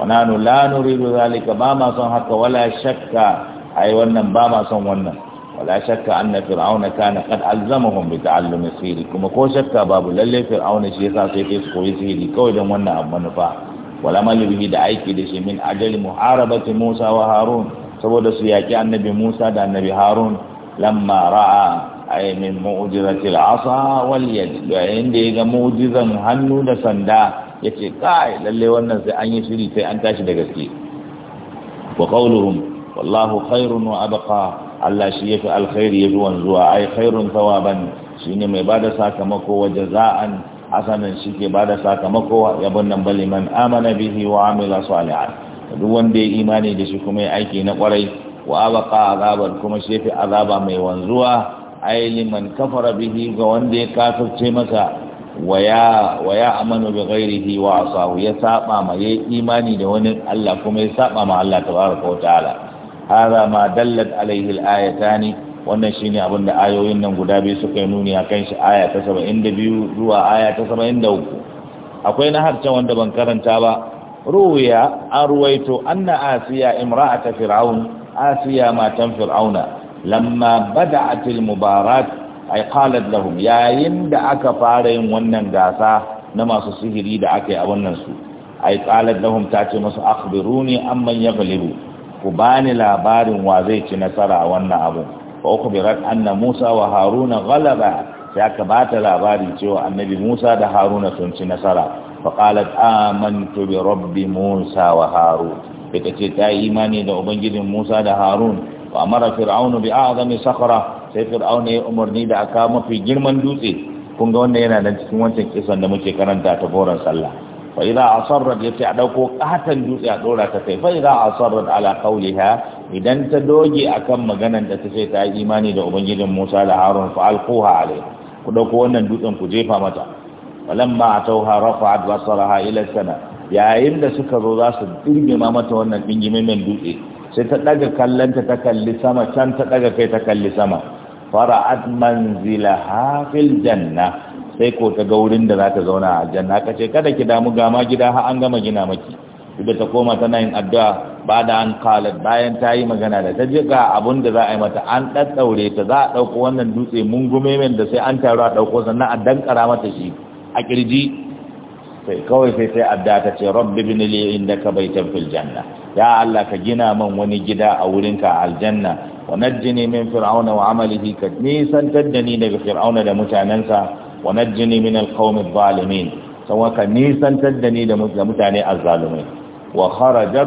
wa nanu la nuridu zalika ba ma son haka wala shakka ai wannan wannan wala shakka anna fir'auna kana qad alzamahum bi ta'allumi sihri kuma ko shakka babu lallai fir'auna shi yasa sai kai su koyi sihiri kawai don wannan abu manufa wala malihi da aiki da shi min ajali muharabati Musa wa Harun saboda su yaki annabi Musa da annabi Harun lamma ra'a ay min mu'jizati al-asa wal yayin da ya ga mu'jizan hannu da sanda ya ce kai lalle wannan sai an yi shiri sai an tashi da gaske wa qawluhum wallahu khairun wa abqa Allah shi yafi alkhairi yafi wanzuwa ai khairun thawaban shine mai bada sakamako wa jaza'an hasanan shi ke bada sakamako ya bunnan bali man amana bihi wa amila salihan duk wanda ya imani da shi kuma ya aiki na kwarai wa abqa azaban kuma shi yafi azaba mai wanzuwa ai liman kafara bihi ga wanda ya kafirce masa wa ya amanu bi ghairihi wa asahu ya saba ma yayi imani da wani Allah kuma ya saba ma Allah tabaraka wa ta'ala hada ma dallat alaihi al-ayatani wannan shine abin da ayoyin nan guda biyu suka nuni kan shi aya ta 72 zuwa aya ta 73 akwai na harshen wanda ban karanta ba ruwiya an ruwaito anna asiya imra'ata fir'aun asiya matan fir'auna lamma bada'atil mubarat ay lahum yayin da aka fara yin wannan gasa na masu sihiri da aka yi a wannan su ay lahum ta ce masu akhbiruni amman yaghlibu ku bani labarin wa zai ci nasara a wannan abu fa ukhbirat anna Musa wa Haruna ghalaba sai aka bata labari cewa annabi Musa da Haruna sun ci nasara fa qalat amantu bi rabbi Musa wa Harun ita ce ta imani da ubangijin Musa da Harun wa amara fir'aunu bi a'zami sakhra sai fir'auna ya umarni da aka mafi girman dutse kun ga wannan yana nan cikin wancan kisan da muke karanta ta boran sallah fa idza ya ce a dauko katan dutse a dora ta kai fa idza asarra ala qawliha idan ta doge akan maganan da tace ta yi imani da ubangijin Musa da Harun fa alquha alai ku dauko wannan dutsen ku jefa mata falamma atawha rafa'at basaraha ila sana yayin da suka zo za su ma mata wannan dingimin dutse sai ta daga kallanta ta kalli sama can ta daga kai ta kalli sama fara'at manzilaha fil janna sai ko ta ga wurin da za ta zauna a janna ka ce kada ki damu gama gida har an gama gina maki da ta koma tana yin addu'a bada da an kalat bayan ta yi magana da ta jika abun da za a yi mata an ɗaɗɗaure ta za a ɗauko wannan dutse mungume min da sai an taru a ɗauko sannan a dankara mata shi a kirji sai kawai sai sai adda ta ce rabbi bin da ka bai ta janna ya Allah ka gina man wani gida a wurinka a aljanna wa najjini min fir'auna wa ka nisantar da ni daga fir'auna da mutanensa wa min alqawmi adh-dhalimin sawa ka nisantar da da mutane azzalumai wa kharaja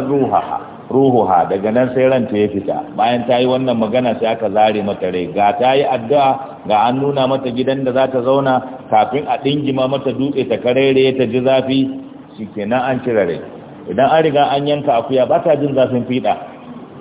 ruhuha daga nan sai ranta ya fita bayan ta yi wannan magana sai aka zare mata rai ga ta yi addu'a ga an nuna mata gidan da za ta zauna kafin a ɗingima mata dutse ta ta ji zafi shi kenan an cire idan an riga an yanka akuya ba ta jin zafin fiɗa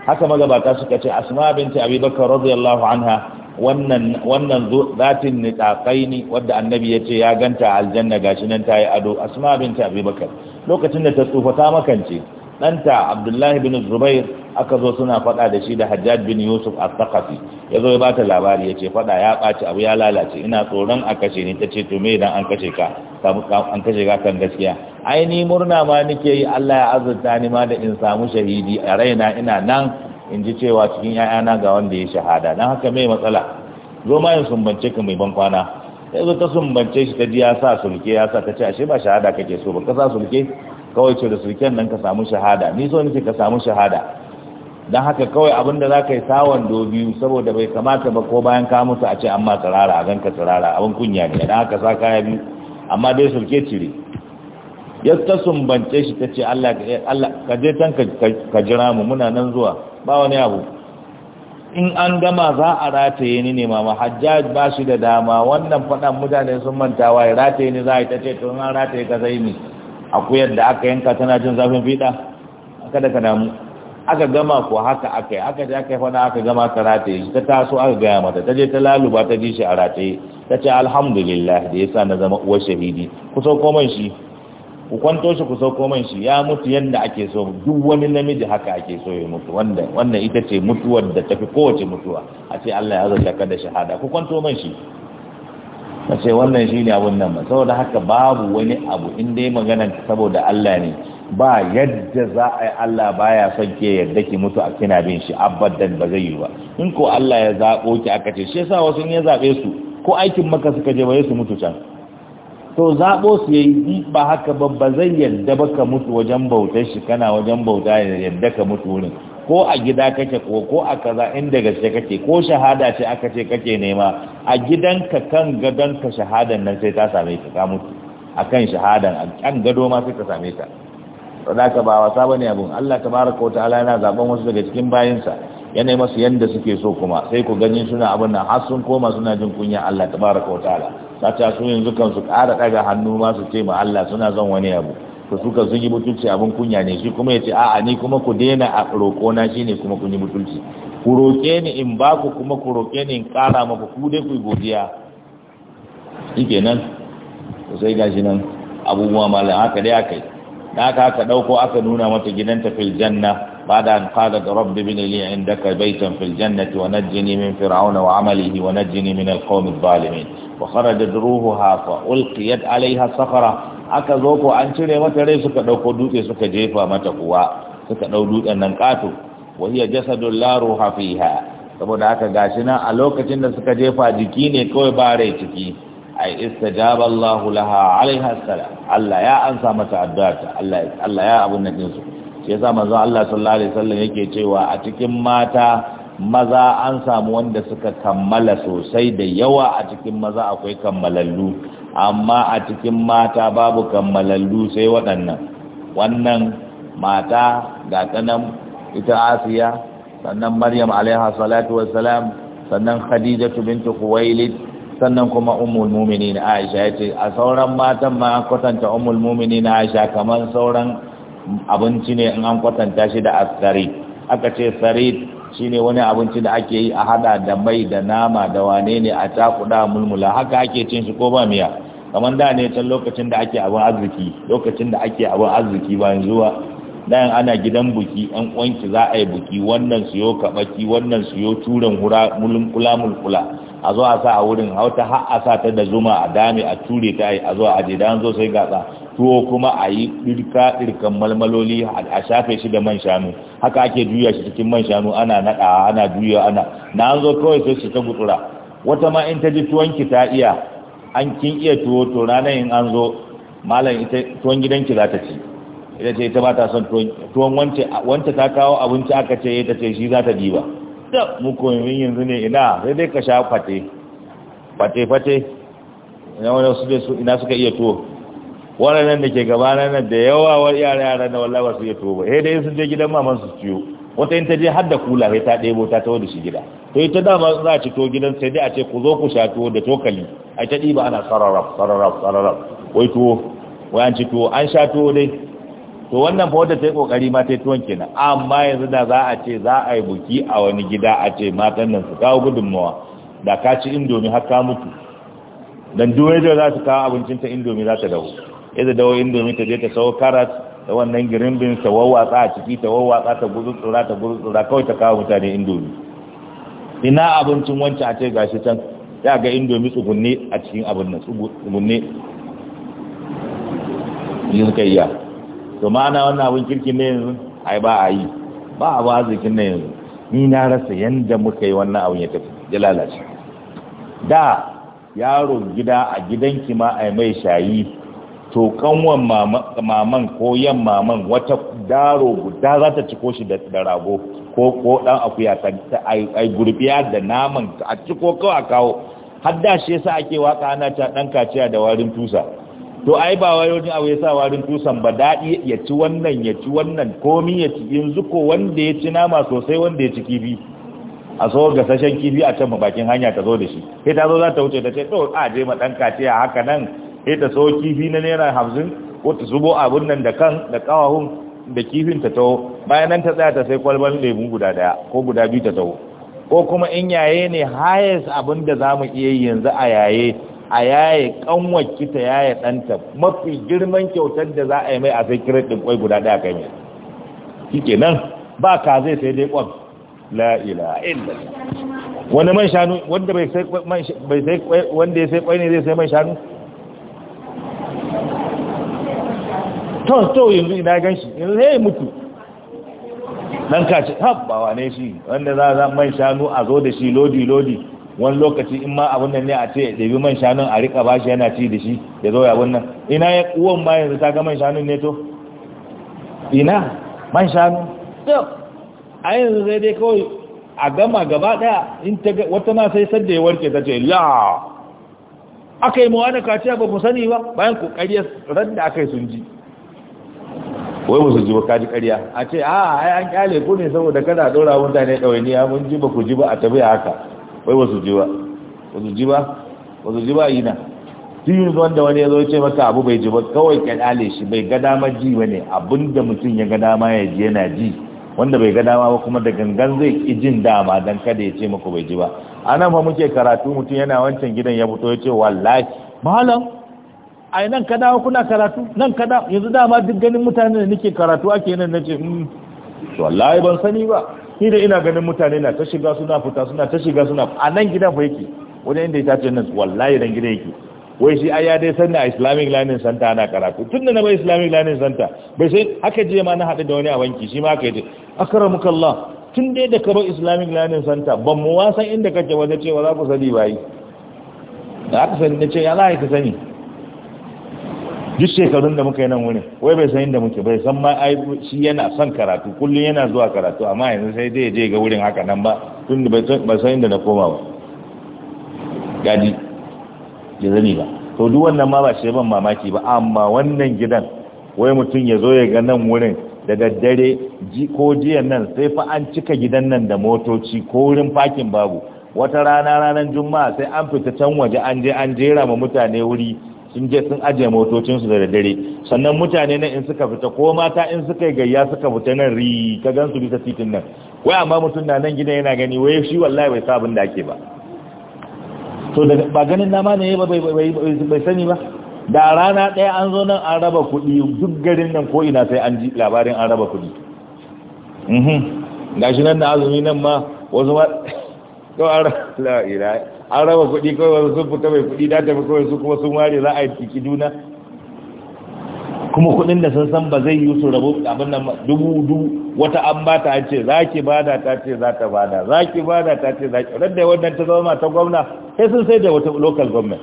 haka magabata suka ce asma binti abi bakar radiyallahu anha wannan wannan zatin ni wadda annabi ya ce ya ganta aljanna gashi nan tayi ado asma binti abi bakar lokacin da ta tsufa ta makance ɗanta abdullahi bin zubair aka zo suna faɗa da shi da hajjaj bin yusuf a sakafi ya zo ya ba labari ya ce faɗa ya baci abu ya lalace ina tsoron a kashe ni ta ce to me idan an kashe ka an kashe ka kan gaskiya ai ni murna ma nake yi allah ya azurta ni ma da in samu shahidi a raina ina nan in ji cewa cikin 'ya'yana ga wanda ya shahada dan haka mai matsala zo ma yin sumbance ka mai ban kwana sai zo ta sumbance shi ta ji ya sa sulke ya sa ta ce ashe ba shahada kake so ba ka sa sulke kawai ce da suken nan ka samu shahada ni so nake ka samu shahada don haka kawai abin da za ka yi biyu dobiyu saboda bai kamata ba ko bayan ka mutu a ce amma tsarara a ganka tsirara abin kunya ne dan haka saka kaya bi. amma dai sulke cire ya ta sumbance shi ta ce Allah ka je tan ka jira mu muna nan zuwa ba wani abu in an gama za a rataye ni ne mama hajjaj ba shi da dama wannan faɗan mutane sun mantawa ya rataye ni za a yi ta ce to an rataye ka zai mi akuyar yadda aka yanka tana jin zafin fiɗa kada ka damu aka gama ko haka aka yi aka je aka yi fana aka gama ta rataye ta taso aka gaya mata ta je ta laluba ta ji shi a rataye ta ce alhamdulillah da ya sa na zama uwar shahidi ku sauko man shi ku kwanto shi ku sauko man shi ya mutu yadda ake so duk wani namiji haka ake so ya mutu wanda wannan ita ce mutuwar da tafi kowace mutuwa a ce Allah ya zo ka da shahada ku kwanto man shi ka ce wannan shi ne abun nan ba saboda haka babu wani abu in dai maganan saboda Allah ne ba yadda za a yi Allah baya son ke yadda ki mutu a kina bin shi abadan ba zai yi ba in ko Allah ya zaɓo ki aka ce shi yasa wasu ya zaɓe su ko aikin maka suka je ba su mutu can to zaɓo su yi ba haka ba ba zai yadda ba ka mutu wajen bautar shi kana wajen bauta yadda ka mutu wurin ko a gida kake ko ko a kaza inda gaske kake ko shahada ce aka ce kake nema a gidanka kan gadon ka shahadan nan sai ta same ka ka mutu akan shahadan a kan gado ma sai ka same ta sadaka ba wasa bane abun Allah tabaraka wataala yana zaben wasu daga cikin bayinsa yana masu yanda suke so kuma sai ku gani suna abin nan har sun koma suna jin kunya Allah tabaraka wataala ta su yanzu kan su ƙara daga hannu ma su ce ma Allah suna zan wani abu to suka sun yi mutunci abin kunya ne shi kuma ya ce a'a ni kuma ku daina a roƙo na shi ne kuma kun yi mutunci ku roƙe ni in ba ku kuma ku roƙe ni in ƙara maka ku dai ku godiya shi nan to sai gashi nan abubuwa malam haka dai aka yi da haka aka ɗauko aka nuna mata gidanta fil janna بعد أن قالت رب ابن لي عندك بيتا في الجنة ونجني من فرعون وعمله ونجني من القوم الظالمين وخرجت روحها فألقيت عليها صخرة aka zo ko an cire mata rai suka ɗauko dutse suka jefa mata kuwa suka ɗau dutsen nan ƙato wa hiya jasadun saboda haka gashi nan a lokacin da suka jefa jiki ne kawai ba rai ciki ai istajaba Allahu laha alaiha salam Allah ya ansa mata addu'a Allah ya abun nan su shi yasa manzo Allah sallallahu alaihi wasallam yake cewa a cikin mata maza an samu wanda suka kammala sosai da yawa a cikin maza akwai kammalallu amma a cikin mata babu kammalallu sai waɗannan wannan mata ga tanan ita Asiya sannan Maryam alaiha salatu wassalam sannan Khadija bintu Khuwailid sannan kuma Ummul muminin aisha ya ce a sauran matan ma kwatanta Ummul muminin aisha kamar sauran abinci ne in an kwatanta shi da asari aka ce sarid ne wani abinci da ake yi a hada da mai da nama da wane ne a takuda mulmula haka ake cin shi ko ba miya kamar da ne can lokacin da ake abin arziki lokacin da ake abin arziki ba zuwa ana gidan buki an kwanki za a yi buki wannan siyo kabaki wannan siyo turan hura mulkula mulkula a zo a sa a wurin hauta har a sa ta da zuma a dame a ture ta a zo a je da an zo sai gatsa tuwo kuma a yi ɗirka-ɗirkan malmaloli a shafe shi da man shanu haka ake juya shi cikin man shanu ana naɗa ana juya ana na an zo kawai sai shi ta gutsura wata ma in ta ji tuwonki ta iya an kin iya tuwo to ranar in an zo malam ita tuwon gidanki za ta ci ita ce ita ba ta son tuwon wance ta kawo abinci aka ce ita ce shi za ta diba da mu koyi yanzu ne ina sai dai ka sha fate fate fate ina wani su ina suka iya tuwo waɗannan da ke gabana nan da yawa wa yara yara na wallawa su ya tuwo ba eh dai sun je gidan maman su ciyo wata in ta je har da kula sai ta ɗebo ta tawo da shi gida to ita dama za a ci to gidan sai dai a ce ku zo ku sha tuwo da tokali a ta ɗiba ana sararaf sararaf sararaf wai tuwo wai an ci tuwo an sha tuwo dai to wannan fa wadda ta yi kokari ma ta yi tuwon kenan amma yanzu da za a ce za a yi buki a wani gida a ce matan nan su kawo gudunmawa da ka ci indomi har ka mutu dan duwai da za su kawo abincin ta indomi za ta dawo yadda dawo indomi ta je ta sau karat da wannan girimbin ta wawatsa a ciki ta wawatsa ta gudu tsura ta gudu tsura kawai ta kawo mutane indomi ina abincin wancan a ce gashi can ya ga indomi tsugunne a cikin abin nan tsugunne yin suka iya to ma'ana wannan abin kirkin ne yanzu ai ba a yi ba a ba zikin na yanzu ni na rasa yanda muka yi wannan abin ya tafi ya lalace da yaro gida a gidanki ma a mai shayi to kanwan maman ko yan maman wata daro guda za ta ciko shi da rago ko ko dan akuya ta ai gurbiya da naman a ciko ko a kawo har da shi yasa ake waka ana ta dan kaciya da warin tusa to ai ba wayoyin abu yasa warin tusan ba dadi ya ci wannan ya ci wannan komi ya ci yanzu ko wanda ya ci nama sosai wanda ya ci kifi a so sashen kifi a can bakin hanya ta zo da shi sai ta zo za ta wuce ta ce to a je ma dan kaciya haka nan sai ta tsawo kifi na naira hamsin ko ta zubo abin nan da kan da kawahun da kifin ta taho bayan nan ta tsaya ta sai kwalban lemu guda daya ko guda biyu ta taho ko kuma in yaye ne hayes abin da za mu iya yanzu a yaye a yaye kanwaki ta yaye ɗanta mafi girman kyautar da za a yi mai a sai kiret ɗin kwai guda ɗaya kai shi ke nan ba ka zai sai dai kwan la ilaha illa wani man shanu wanda bai sai wanda ya sai kwai ne zai sai man shanu to to yanzu ina gan shi yanzu sai mutu nan ka ce habbawa ne shi wanda za za man shanu a zo da shi lodi lodi wani lokaci in ma abun nan ne a ce ya ɗabi man shanun a rika bashi yana ci da shi ya zo ya nan ina ya uwan ma yanzu ta ga man shanun ne to ina man shanu to a yanzu sai dai kawai a gama gaba ɗaya in ta ga wata ma sai sadda ya warke ta ce la aka yi mawa da kaciya ba ku sani ba bayan kokari ran da aka yi sun ji wai ba su ji ba kaji ƙarya a ce a ah, ai an kyale ku ne saboda kada dora mutane ɗawainiya mun ji ba ku ji ba a tabi haka wai ba su ji ba ba su ji ba ba su ji ba yi na tiyun wanda wani ya zo ce maka abu bai ji ba kawai kyale shi bai ga dama ji ba ne abin da mutum ya ga dama ya ji yana ji wanda bai ga dama ba kuma da gangan zai ki jin dama dan kada ya ce maka bai ji ba a nan fa muke karatu mutum yana wancan gidan ya fito ya ce wallahi malam ai nan ka dawo kuna karatu nan ka dawo yanzu dama duk ganin mutane da nake karatu ake nan nace hmm to wallahi ban sani ba ni da ina ganin mutane na ta shiga suna fita suna ta shiga suna a nan gida fa yake wani inda ya tace nan wallahi nan gida yake wai shi ai ya dai sanna a Islamic Learning Center ana karatu tun da na bai Islamic Learning Center bai sai haka je ma na haɗu da wani a banki shi ma haka yace akramukallah tun dai da karo Islamic Learning Center ban mu wasan inda kake waje cewa za ku sani bai da aka sani ce ya za ka sani duk shekarun da muka yi nan wurin wai bai san inda muke bai san ma ai shi yana son karatu kullum yana zuwa karatu amma yanzu sai dai je ga wurin haka nan ba tun da bai san inda na koma ba gadi ya zani ba to duk wannan ma ba shi ban mamaki ba amma wannan gidan wai mutum ya zo ya ga nan wurin da daddare ko jiyan nan sai fa an cika gidan nan da motoci ko wurin fakin babu wata rana ranar juma'a sai an fita can waje an je an jera ma mutane wuri sun je sun ajiye motocinsu da dare sannan mutane na in suka fita ko mata in suka yi gayya suka fita nan ri ka gan su bisa titin nan wai amma mutum na nan gidan yana gani wai shi wallahi bai sa abin da ake ba to da ba ganin nama ne ba bai sani ba da rana ɗaya an zo nan an raba kuɗi duk garin nan ko ina sai an ji labarin an raba kuɗi mhm. gashi nan na azumi nan ma wasu ma an raba an raba kuɗi kawai sun fita mai kuɗi da tafi kawai su kuma sun ware za a yi tiki juna kuma kuɗin da sun san ba zai yi su rabu abin nan dubu du wata an ba ta ce za ki bada ta ce za ta bada za ki bada ta ce za ki ran da wannan ta zama ta gwamna sai sun sai da wata local government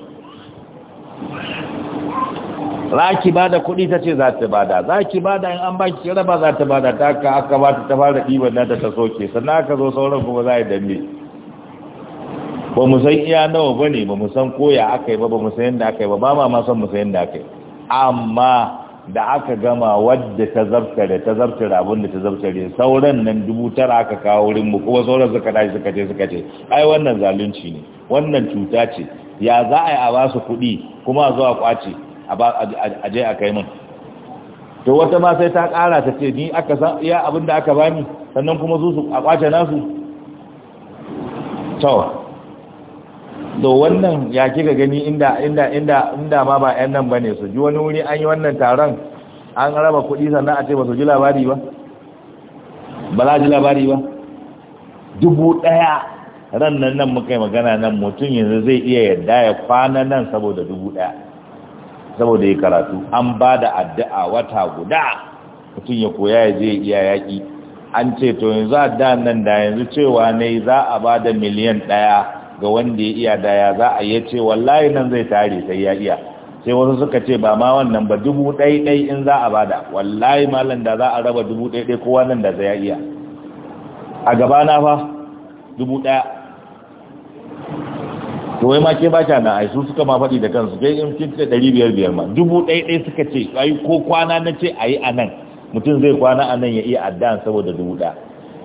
za ki bada kuɗi ta ce za ta bada za ki bada in an ba ki raba za ta bada ta aka aka ba ta ta fara ɗiban nata ta soke sannan aka zo sauran kuma za a yi dambe ba mu san iya nawa ba ne ba mu san koya aka yi ba ba mu san yadda aka yi ba ba ma ma san mu san yadda aka yi amma da aka gama wadda ta zartare ta zartare abin da ta zartare sauran nan dubu tara aka kawo wurin mu kuma sauran suka tashi suka ce suka ce ai wannan zalunci ne wannan cuta ce ya za a yi a ba su kuɗi kuma a zo a kwace a je a kai min to wata ma sai ta ƙara ta ce ni aka san iya abin da aka bani sannan kuma su su a kwace nasu to to wannan ya kika gani inda inda inda inda ma ba ƴan nan bane su ji wani wuri an yi wannan taron an raba kuɗi sannan a ce ba su ji labari ba ba za ji labari ba dubu ɗaya ran nan nan muka yi magana nan mutum yanzu zai iya yadda ya kwana nan saboda dubu ɗaya saboda ya karatu an ba da addu'a wata guda mutum ya koya ya je iya yaƙi an ce to yanzu addu'a nan da yanzu cewa ne za a ba da miliyan ɗaya ga wanda ya iya daya za a yi ce wallahi nan zai tare sai ya iya sai wasu suka ce ba ma wannan ba dubu ɗai ɗai in za a bada wallahi malam da za a raba dubu ɗai ɗai kowa nan da zai iya a gaba na fa dubu ɗaya to wai ma ke ba ta na ai su suka ma faɗi da kansu kai in kin ce ɗari biyar biyar ma dubu ɗai ɗai suka ce ko kwana na ce a yi a nan mutum zai kwana a nan ya iya addan saboda dubu ɗaya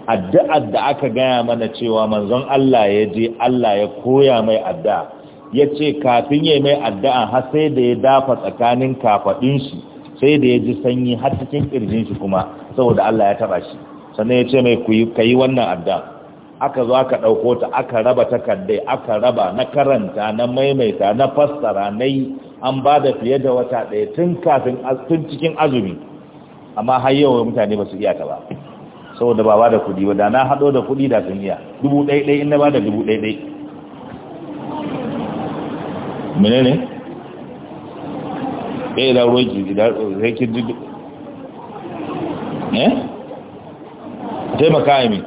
addu'ar da aka gaya mana cewa manzon Allah ya je Allah ya koya mai addu'a ya ce kafin ya mai addu'a har sai da ya dafa tsakanin kafaɗin shi sai da ya ji sanyi har cikin ƙirjin shi kuma saboda Allah ya taba shi sannan ya ce mai ka yi wannan addu'a aka zo aka ɗauko ta aka raba takardai aka raba na karanta na maimaita na fassara na yi an ba da fiye da wata ɗaya tun kafin tun cikin azumi amma har yau mutane ba su iya ta ba saboda ba ba da kudi ba da na hado da kudi da duniya dubu ɗai ɗai inda ba da dubu ɗai ɗai mene ne? ɗaya da jiji da rikin Eh. ne? Eh? taimaka yi mi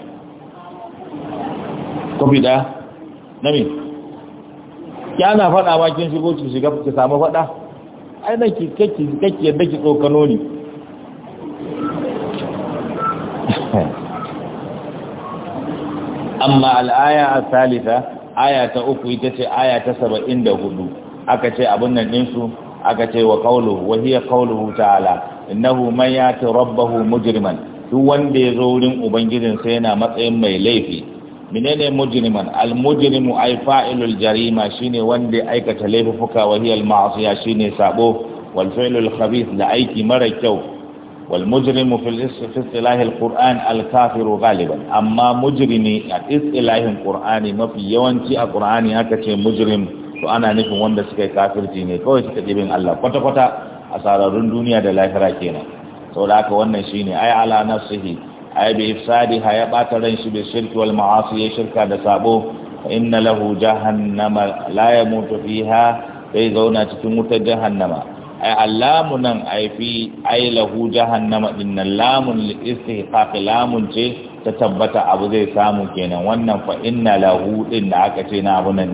kofi ɗaya na mi ya na faɗa kin shigo ki shiga ki samu faɗa ainihin kakki yadda ki tsokano ne amma al'aya a salisa aya ta uku ita ce aya ta saba'in da hudu aka ce abin nan ɗinsu aka ce wa kauluhu wa hiya ta'ala innahu man yati rabbahu mujirman, duk wanda ya zo wurin ubangijin sai yana matsayin mai laifi menene mujriman al mujrimu ay fa'ilul jarima shine wanda aikata laifuka wahiyar ma'asiya shine sabo wal Khabis, khabith da aiki mara kyau Wal والمجرم في الاصطلاح القرآن الكافر غالبا أما مجرمي Mafi yawanci a في haka ce هكذا مجرم ana nufin wanda suka yi kafirci ne kawai suka ɗibin Allah kwata-kwata a sararun duniya da lahira kenan saboda haka wannan shine ay ala nafsihi ay bi ifsadiha ya bata ran shi bi shirki wal ya shirka da sabo fa inna lahu jahannama la yamutu fiha sai zauna cikin wutar jahannama ai alamu nan ai fi ai lahu jahannama din nan lamun istihqaq lamun ce ta tabbata abu zai samu kenan wannan fa inna lahu din da aka ce na abun nan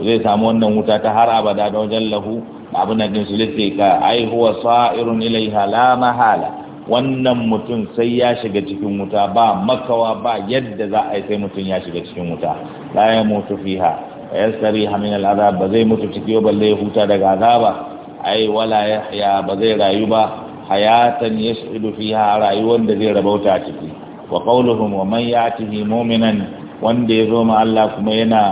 zai samu wannan wuta ta har abada da wajen lahu abun nan din su ka ai huwa sa'irun ilaiha la mahala wannan mutum sai ya shiga cikin wuta ba makawa ba yadda za a yi sai mutum ya shiga cikin wuta la ya mutu fiha yasari min azab ba zai mutu cikin balle huta daga azaba ai wala ya ba zai rayu ba hayatan yas'idu fiha rayuwar da zai rabauta ciki wa qawluhum wa man ya'tihi mu'minan wanda ya zo ma Allah kuma yana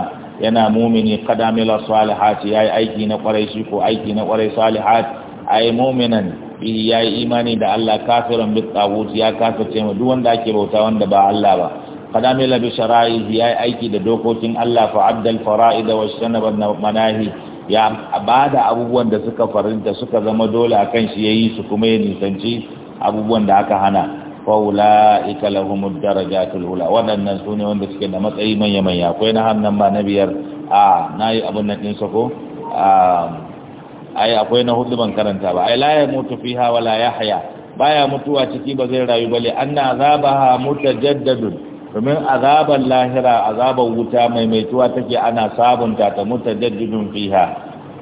yana mu'mini qad amila salihati yayi aiki na kwarai shi ko aiki na kwarai salihat ai mu'minan bihi eh, yayi imani da Allah kafiran bi tawut ya kafirce ma duk wanda ake bauta wanda ba Allah ba qad amila bi shara'ihi yayi aiki da dokokin Allah fa abdal fara'id wa shanaba manahi ya ba da abubuwan da suka farinta suka zama dole a kan shi ya yi su kuma ya nisanci abubuwan da aka hana faula ika lahumud daraja, ula waɗannan su ne wanda suke da matsayi manya manya akwai na hannun ba na biyar a na yi abin nan ɗinsa ko ai akwai na hudu ban karanta ba ai mutu fi hawa fiha wala yahya baya mutuwa ciki ba zai rayu bale anna azabaha mutajaddadun domin azabar lahira azabar wuta maimaituwa take ana sabunta ta mutajaddidun fiha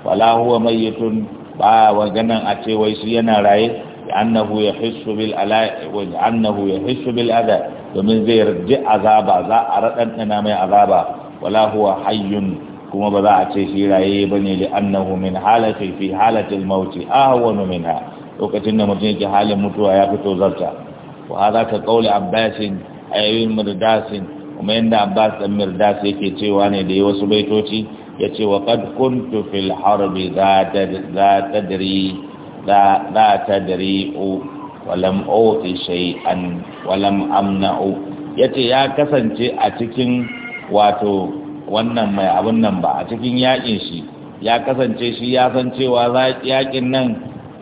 wala huwa mayyitun ba wa ganan a ce wai shi yana raye annahu yahissu bil ala wa annahu yahissu bil adha domin zai yarda azaba za a radan mai azaba wala huwa hayyun kuma ba za a ce shi raye bane li annahu min halati fi halati al maut ahwanu minha lokacin da mutum yake halin mutuwa ya fito zarta wa hadha ka qawli abbasin ayoyin mirdasin kuma yadda abbas dan mirdas yake cewa ne da wasu baitoci yace wa qad kuntu fil harbi za tadri za tadri walam uti shay'an walam amna'u yace ya kasance a cikin wato wannan mai abun nan ba a cikin yakin shi ya kasance shi ya san cewa yakin nan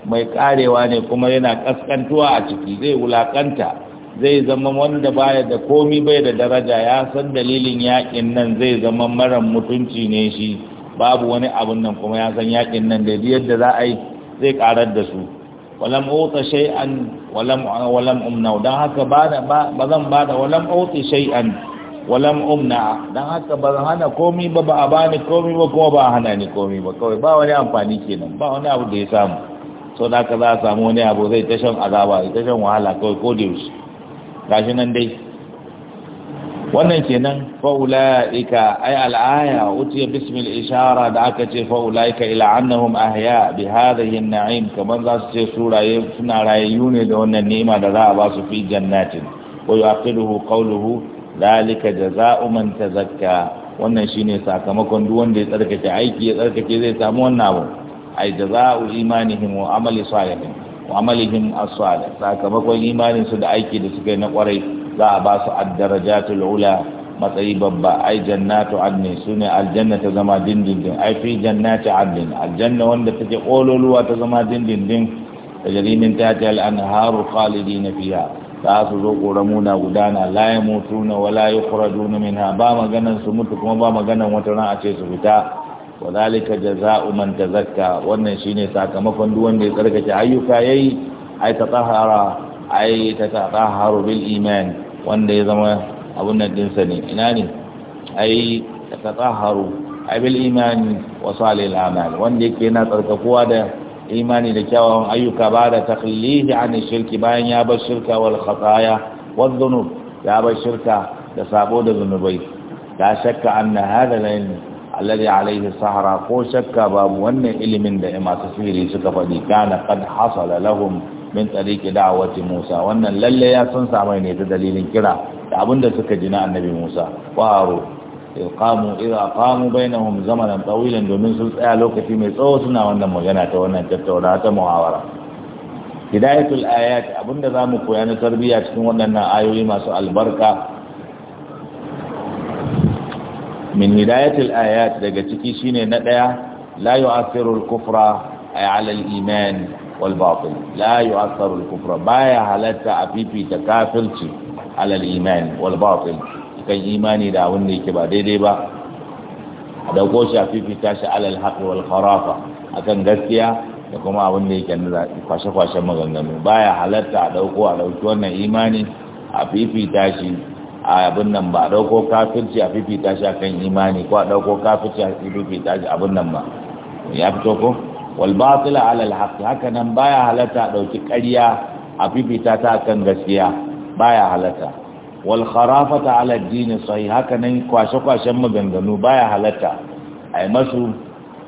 mai karewa ne kuma yana kaskantuwa a ciki zai wulakanta zai zama wanda baya da komi bai da daraja ya san dalilin yakin nan zai zama mara mutunci ne shi babu wani abun nan kuma ya san yakin nan da yadda za a yi zai karar da su walam ota shay'an walam walam umna dan haka ba zan ba da walam ota shay'an walam umna dan haka ba hana komi ba ba a bani komi ba kuma ba hana ni komi ba kawai ba wani amfani kenan ba wani abu da ya samu sau da ka za a samu wani abu zai tashin azaba zai tashin wahala kawai ko da yaushe gashi nan dai wannan kenan faula'ika ai al'aya wuce bismil ishara da aka ce faula'ika ila annahum ahya bi hadhihi an-na'im kamar za su ce suraye suna rayu ne da wannan ni'ima da za a ba su fi jannatin wa yu'aqiluhu qawluhu dhalika jazaa'u man tazakka wannan shine sakamakon duk wanda ya tsarkake aiki ya tsarkake zai samu wannan abu ay jazaa'u imanihim wa amali salihin wa amalihim as-salih sakamakon imanin su da aiki da suka yi na kwarai za a ba su ad-darajatul ula matsayi babba ai jannatu adni sune aljanna ta zama dindindin ai fi jannati adnin aljanna wanda take kololuwa ta zama dindindin tajri min tahtiha al-anharu na fiya. za su zo ƙoramuna gudana la ya mutu na wala ya kura min ha ba maganar su mutu kuma ba maganar wata ran a ce su fita wa zalika jaza'u man tazakka wannan shine sakamakon duk wanda ya tsarkake ayyuka yayi ai tatahara ai tatahharu bil iman wanda ya zama abun nan dinsa ne ina ne ai tatahharu ai bil iman wa salil amal wanda yake yana tsarkakuwa da imani da kyawawan ayyuka ba da taqlidi an shirki bayan ya bar shirka wal khataya wal dhunub ya bar shirka da sabo da zunubai ta shakka anna hada al alladhi alaihi sahara ko shakka babu wannan ilimin da masu sihiri suka faɗi kana qad hasala lahum min tariqi da'wati Musa wannan lalle ya sun samu ne ta dalilin kira da abinda suka ji na annabi Musa qaro qamu idza qamu bainahum zamanan tawilan domin sun tsaya lokaci mai tsawo suna wannan magana ta wannan tattaunawa ta muhawara hidayatul ayat abinda zamu koya na tarbiyya cikin waɗannan ayoyi masu albarka من هداية الآيات لجتكيشين نتيا لا يؤثر الكفر على الإيمان والباطل لا يؤثر الكفر بايا هلتا أبيبي تكافلت على الإيمان والباطل كي إيماني داوني كبا ديديبا دوكوش أبيبي تاش على الحق والخرافة أكن قسيا يقوم أبيبي كنزا فشفا شمغن نمو بايا هلتا دوكو على وشوان إيماني أبيبي تاشي a abin nan ba dauko kafirci a fifita shi akan imani ko a dauko kafirci a fifita shi abin nan ba ya fito ko wal batila ala al haqq haka nan baya a dauki ƙarya a fifita ta akan gaskiya baya halatta wal kharafata ala addini din sahih haka nan kwashe kwashen maganganu baya a yi masu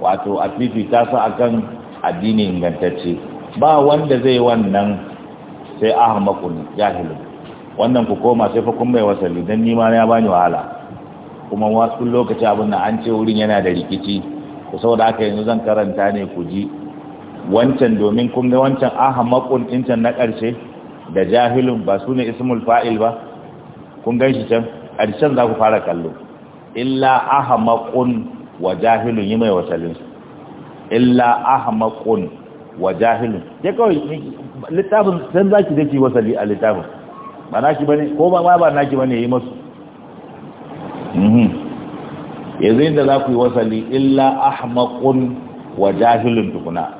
wato a fifita su akan addini ingantacce ba wanda zai wannan sai ahmakun jahilun wannan ku koma sai fa kun bai wasali dan ni ma ya bani wahala kuma wasu lokaci abin nan an ce wurin yana da rikici ku saboda haka yanzu zan karanta ne ku ji wancan domin kun ga wancan ahamakun intan na ƙarshe da jahilun ba su ne ismul fa'il ba kun gan shi can ƙarshen za ku fara kallo illa ahmaqun wa jahilun yi mai wasalinsu illa ahmaqun wa jahilun ya kawai littafin san za ki wasali a littafin ba naki bane ko ba ma ba naki bane yayi masu mhm yanzu inda za ku yi wasali illa ahmaqun wa jahilun tukuna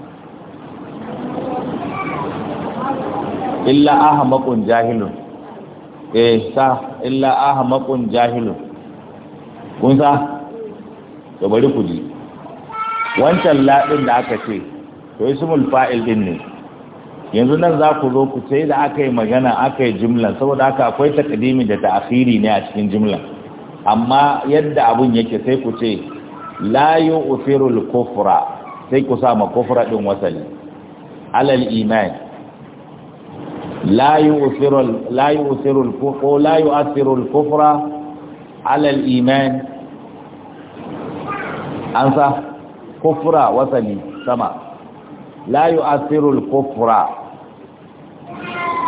illa ahmaqun jahilun eh sa illa ahmaqun jahilun kun sa to bari ku ji wancan ladin da aka ce to ismul fa'il din ne yanzu nan za ku zo ku sai da aka yi magana aka yi jimlan saboda haka akwai takadimi da ta'akhiri ne a cikin jimlan amma yadda abun yake sai ku ce la yu'thirul kofura sai ku sa ma kufra din wasali alal iman la yu'thirul ko yu'thirul kufra kofura alal iman an sa kufra wasali sama la yu'thirul kofura.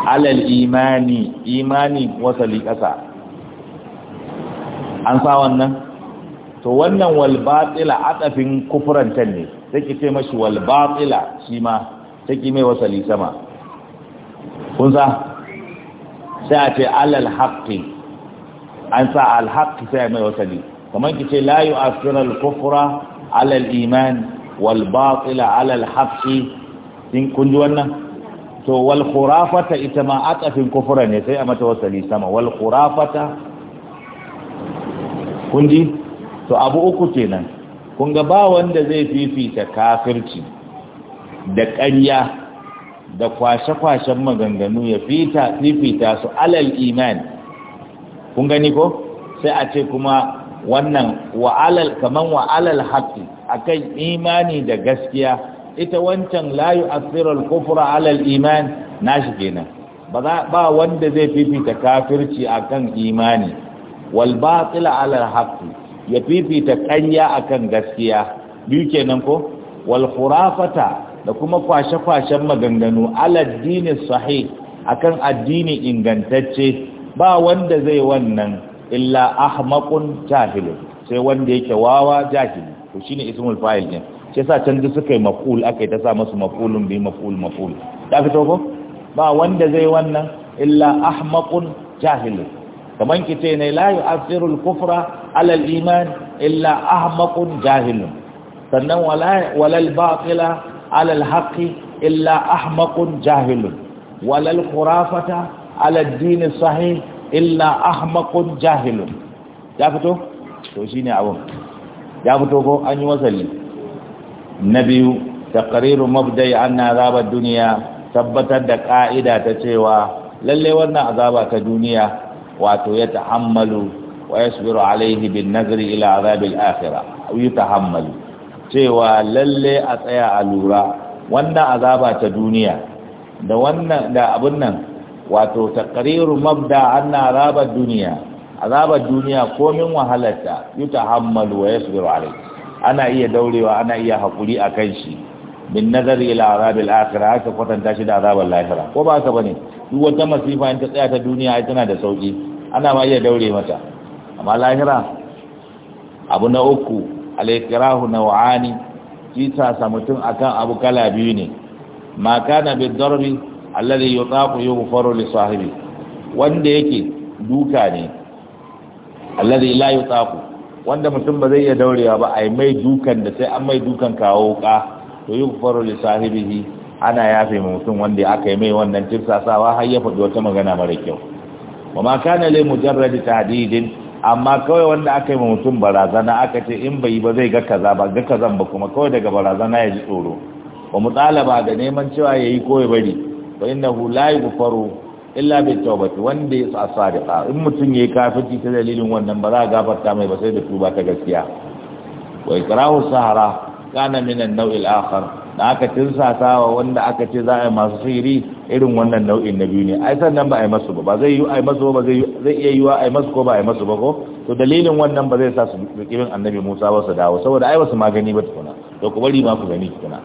alal imani imani wasali ƙasa an sa wannan to wannan wal batila atafin kufrantan ne take ce mashi wal shi ma take mai wasali sama kun sa sai a ce alal haƙƙi an sa al haqqi sai mai wasali kamar ki ce layu a al kufra alal al iman wal batila ala kin kun ji wannan to wal khurafata ita ma aqafin kufura ne sai a mata wasali sama wal khurafata kunji to abu uku kenan kun ga ba wanda zai fifita kafirci da ƙarya da kwashe-kwashen maganganu ya fita fifita su alal iman kun gani ko sai a ce kuma wannan wa'alal kaman wa'alal haqqi akan imani da gaskiya ita wancan layu a al-kufra 'ala iman nashi kenan ba ba wanda zai fifita kafirci akan imani wal batil 'ala al ya fifita ƙarya akan gaskiya biyu kenan ko wal khurafata da kuma kwashe-kwashen maganganu aladdini sahih akan addini ingantacce ba wanda zai wannan illa ahmaqun jahilun sai wanda yake wawa jahili to shine ismul fa'il ne. shi sa canji duk suka yi maf'ul aka yi ta sa masu maf'ulun bi maf'ul maf'ul da fito ko ba wanda zai wannan illa ahmaqun jahilun kaman kice ne la yu'athiru al-kufra ala al-iman illa ahmaqun jahilun sannan walal baƙila, alal batila illa ahmaqun jahilun Walal al-khurafata ala ad illa ahmaqun jahilun ya fito to shi shine abun ya fito ko an yi wasali na biyu taqriru mabda'i anna azabar duniya tabbatar da ka'ida ta cewa lalle wannan azaba ta duniya wato ya ta'ammalu wa yasbiru alaihi bin nazari ila azabil akhirah ya ta'ammalu cewa lalle a tsaya a lura wannan azaba ta duniya da wannan da abun nan wato taqriru mabda anna azabar duniya azabar duniya komin wahalarta yutahammalu wa yasbiru alaihi ana iya daurewa ana iya haƙuri a kan shi bin nazari ila azabil akhirah haka kwatanta shi da azabul lahira ko ba haka bane duk wata masifa in ta tsaya ta duniya ai tana da sauki ana ma iya daure mata amma lahira abu na uku al-ikrahu naw'ani kisa sa mutum akan abu kala biyu ne ma kana bid darbi alladhi yutaqu yughfaru li sahibi wanda yake duka ne alladhi la yutaqu wanda mutum ba zai iya daurewa ba a mai dukan da sai an mai dukan kawo wuka to yi faru da sahibihi ana yafe mai mutum wanda aka yi mai wannan tirsasawa har ya faɗi wata magana mara kyau ba ma kana lai mujarradi tahdidin amma kawai wanda aka yi ma mutum barazana aka ce in bai ba zai ga kaza ba ga kazan ba kuma kawai daga barazana ya ji tsoro ba mu da neman cewa yayi ko ya bari fa innahu la yughfaru illa bi taubati wanda ya sa sadiqa in mutum yayi kafirci ta dalilin wannan ba za a gafarta mai ba sai da tuba ta gaskiya wa ikrahu sahara kana minan nau'i al-akhar da aka sawa wanda aka ce za a yi masu sihiri irin wannan nau'in na biyu ne ai sannan ba a yi masu ba ba zai yi a yi masu ba zai iya yi wa a yi masu ko ba a yi masu ba ko to dalilin wannan ba zai sa su kirin annabi Musa ba su dawo saboda ai ba su magani ba tukuna to ku bari ma ku gani tukuna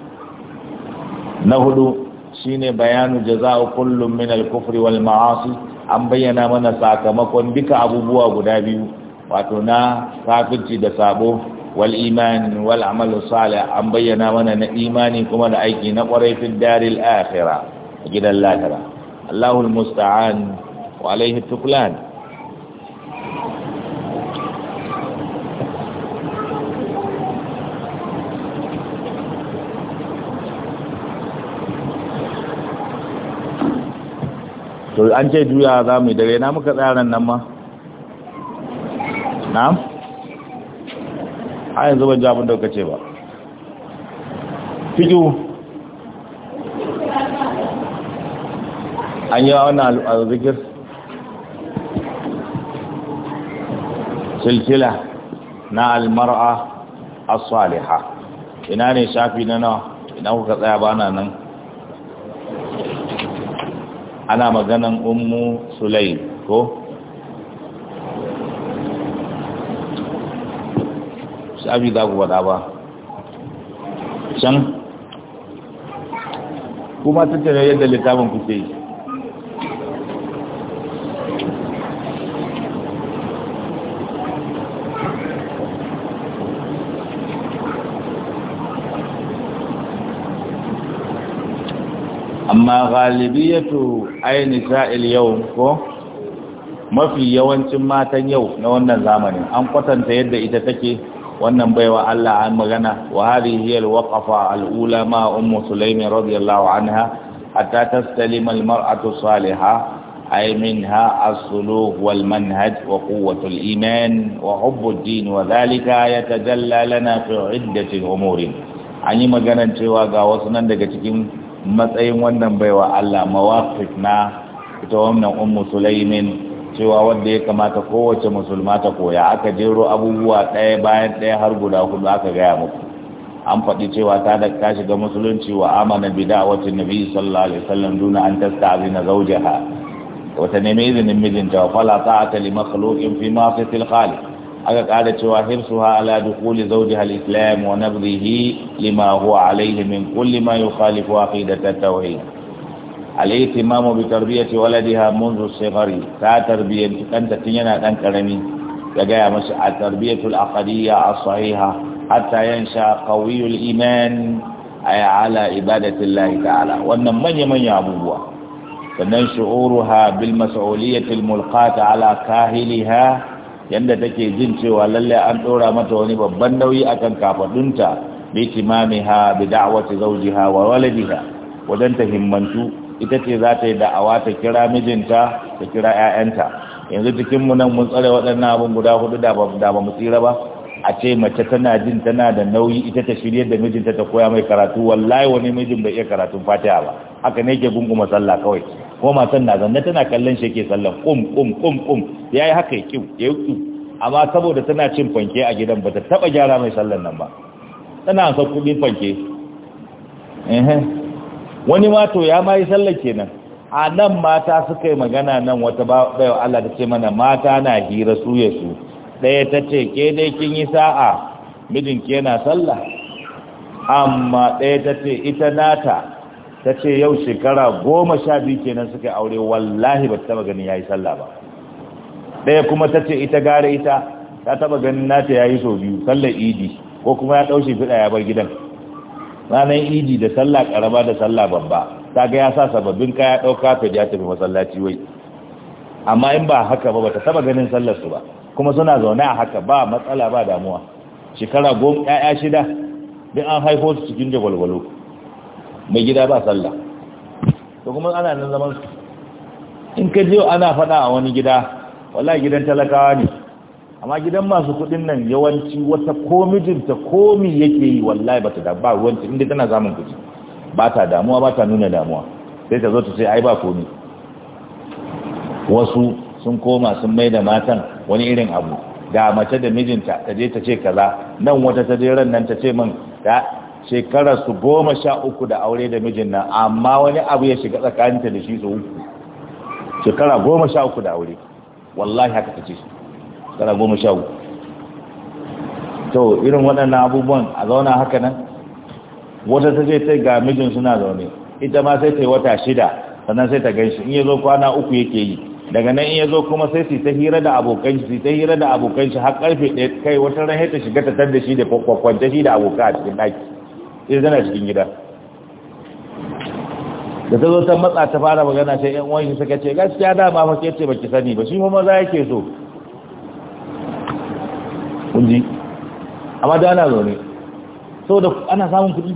na hudu shine bayanu jaza'u kullum min al-kufri wal ma'asi an bayyana mana sakamakon duka abubuwa guda biyu wato na kafirci da sabo wal iman wal amal salih an bayyana mana na imani kuma da aiki na kwarai fi daril akhirah gidan lahira Allahul musta'an wa alaihi tuklan to an ce juya za mu yi dare na muka tsaran nan ma na? a yanzu ban ji abin da ce ba fiju an yi wani al'azikir silsila na almar'a as-salihah ina ne shafi na nawa ina kuka tsaya bana nan ana maganan ummu sulai ko abi za ku faɗa ba can kuma tattara yadda littafin ku yi amma galibiyatu aini sa'il yau ko mafi yawancin matan yau na wannan zamanin an kwatanta yadda ita take wannan baiwa Allah an magana wa waƙafa alwaqafa alula ma ummu sulaimi radiyallahu anha hatta tastalima almar'atu salihah ay minha as-suluk wal manhaj wa quwwatu al-iman wa hubbu ad-din wa dhalika yatajalla lana fi umurin an yi maganar cewa ga wasu nan daga cikin matsayin wannan baiwa Allah mawaqif na ita wannan ummu sulaimin cewa wanda ya kamata kowace musulma ta koya aka jero abubuwa ɗaya bayan ɗaya har guda hudu aka gaya muku an faɗi cewa ta da ta shiga musulunci wa amana bi da'watin nabi sallallahu alaihi wasallam duna an tasta'zina zawjaha wa ta nemi izinin mijinta wa fala ta'ata li makhluqin fi ma'siyatil khaliq aka ƙara cewa hibsuha ala dukuli zawjiha al-islam wa nabdhihi lima huwa alayhi min kulli ma yukhalifu aqidata at-tauhid al-ihtimamu bi tarbiyati waladiha منذ الصغر ta tarbiyyar kanta tun yana dan karami ya gaya masa a tarbiyatul aqdiyya as-sahiha hatta yansha qawiyul iman ay ala ibadati Allah ta'ala wannan manya manya abubuwa sannan shu'uruha bil mas'uliyati al-mulqata ala kahiliha yadda take jin cewa lallai an ɗora mata wani babban nauyi akan kafadunta bi ha bi zauji ha wa ha wajen ta himmantu ita ce za ta yi da'awa ta kira mijinta ta kira 'ya'yanta yanzu cikinmu nan mun tsare waɗannan abin guda hudu da ba mu tsira ba a ce mace tana jin tana da nauyi ita ta shirye da mijinta ta koya mai karatu wallahi wani mijin bai iya karatun fatiha ba haka ne yake gunguma sallah kawai ko matan na zanne tana kallon shi yake sallah kum kum kum kum yayi haka yake yake amma saboda tana cin fanke a gidan bata taba gyara mai sallan nan ba tana son kudin fanke eh wani ma to ya mai sallan kenan a nan mata suka yi magana nan wata bayan Allah ta ce mana mata na hira su ya su ɗaya ta ce ke dai kin yi sa'a mijinki yana sallah amma ɗaya ta ce ita nata ta ce yau shekara goma sha biyu kenan suka aure wallahi ba ta taba ganin ya yi sallah ba ɗaya kuma ta ce ita gare ita ta taba ganin nata ya yi sau biyu sallar idi ko kuma ya ɗaushe fiɗa ya bar gidan ranar idi da sallah ƙarama da sallah babba ta ga ya sa sababbin kaya ɗauka ta ya tafi masallaci wai amma in ba haka ba ba ta taba ganin sallar su ba kuma suna zaune a haka ba matsala ba damuwa shekara goma ƴaƴa shida duk an haifo su cikin jagwalwalo mai gida ba sallah to kuma ana nan zaman su in ka jiyo ana faɗa a wani gida wala gidan talakawa ne amma gidan masu kuɗin nan yawanci wata ko mijinta komi yake yi wallahi ba ta da ba ruwanci inda tana zamun kuɗi ba ta damuwa ba ta nuna damuwa sai ta zo ta sai ai ba komi wasu sun koma sun mai da matan wani irin abu ga mace da mijinta ta je ta ce kaza nan wata ta je ran nan ta ce min da shekarar su goma sha uku da aure da mijin nan amma wani abu ya shiga tsakaninta da shi su uku shekara goma sha uku da aure wallahi haka ta ce shekara goma sha uku to irin waɗannan abubuwan a zauna haka nan wata ta je ta ga mijin suna zaune ita ma sai ta yi wata shida sannan sai ta gan shi in ya zo kwana uku yake yi daga nan in ya zo kuma sai su ta hira da abokan shi ta hira da abokan shi har karfe ɗaya kai wata ran ta shiga ta tar da shi da kwakwanta shi da aboka a cikin ɗaki sai zana cikin gida da ta zo ta matsa ta fara magana sai yan uwan shi suka ce gaskiya dama fa ce baki sani ba shi ma maza yake so kunji amma da ana zo ne da ana samun kuɗi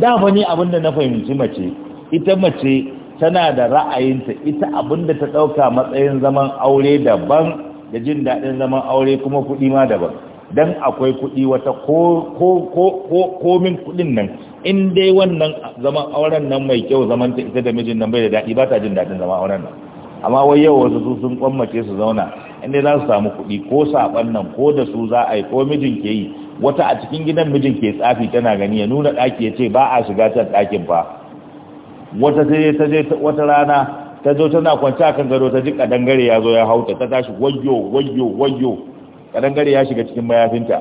da fa ni abinda na fahimci mace ita mace tana da ra'ayinta ita abinda ta ɗauka matsayin zaman aure daban da jin daɗin zaman aure kuma kuɗi ma daban don akwai kuɗi wata komin kuɗin nan in dai wannan zaman auren nan mai kyau zaman ta ita da mijin nan bai da daɗi ba ta jin daɗin zaman auren nan amma wai yau wasu su sun kwammace su zauna in dai za su samu kuɗi ko saɓan nan ko da su za a yi ko mijin ke yi wata a cikin gidan mijin ke tsafi tana gani ya nuna ɗaki ya ce ba a shiga can ɗakin fa wata ta je wata rana ta zo tana kwanci a kan gado ta ji kadangare ya zo ya hauta ta tashi wayyo wayyo wayyo kadangare ya shiga cikin mayafinta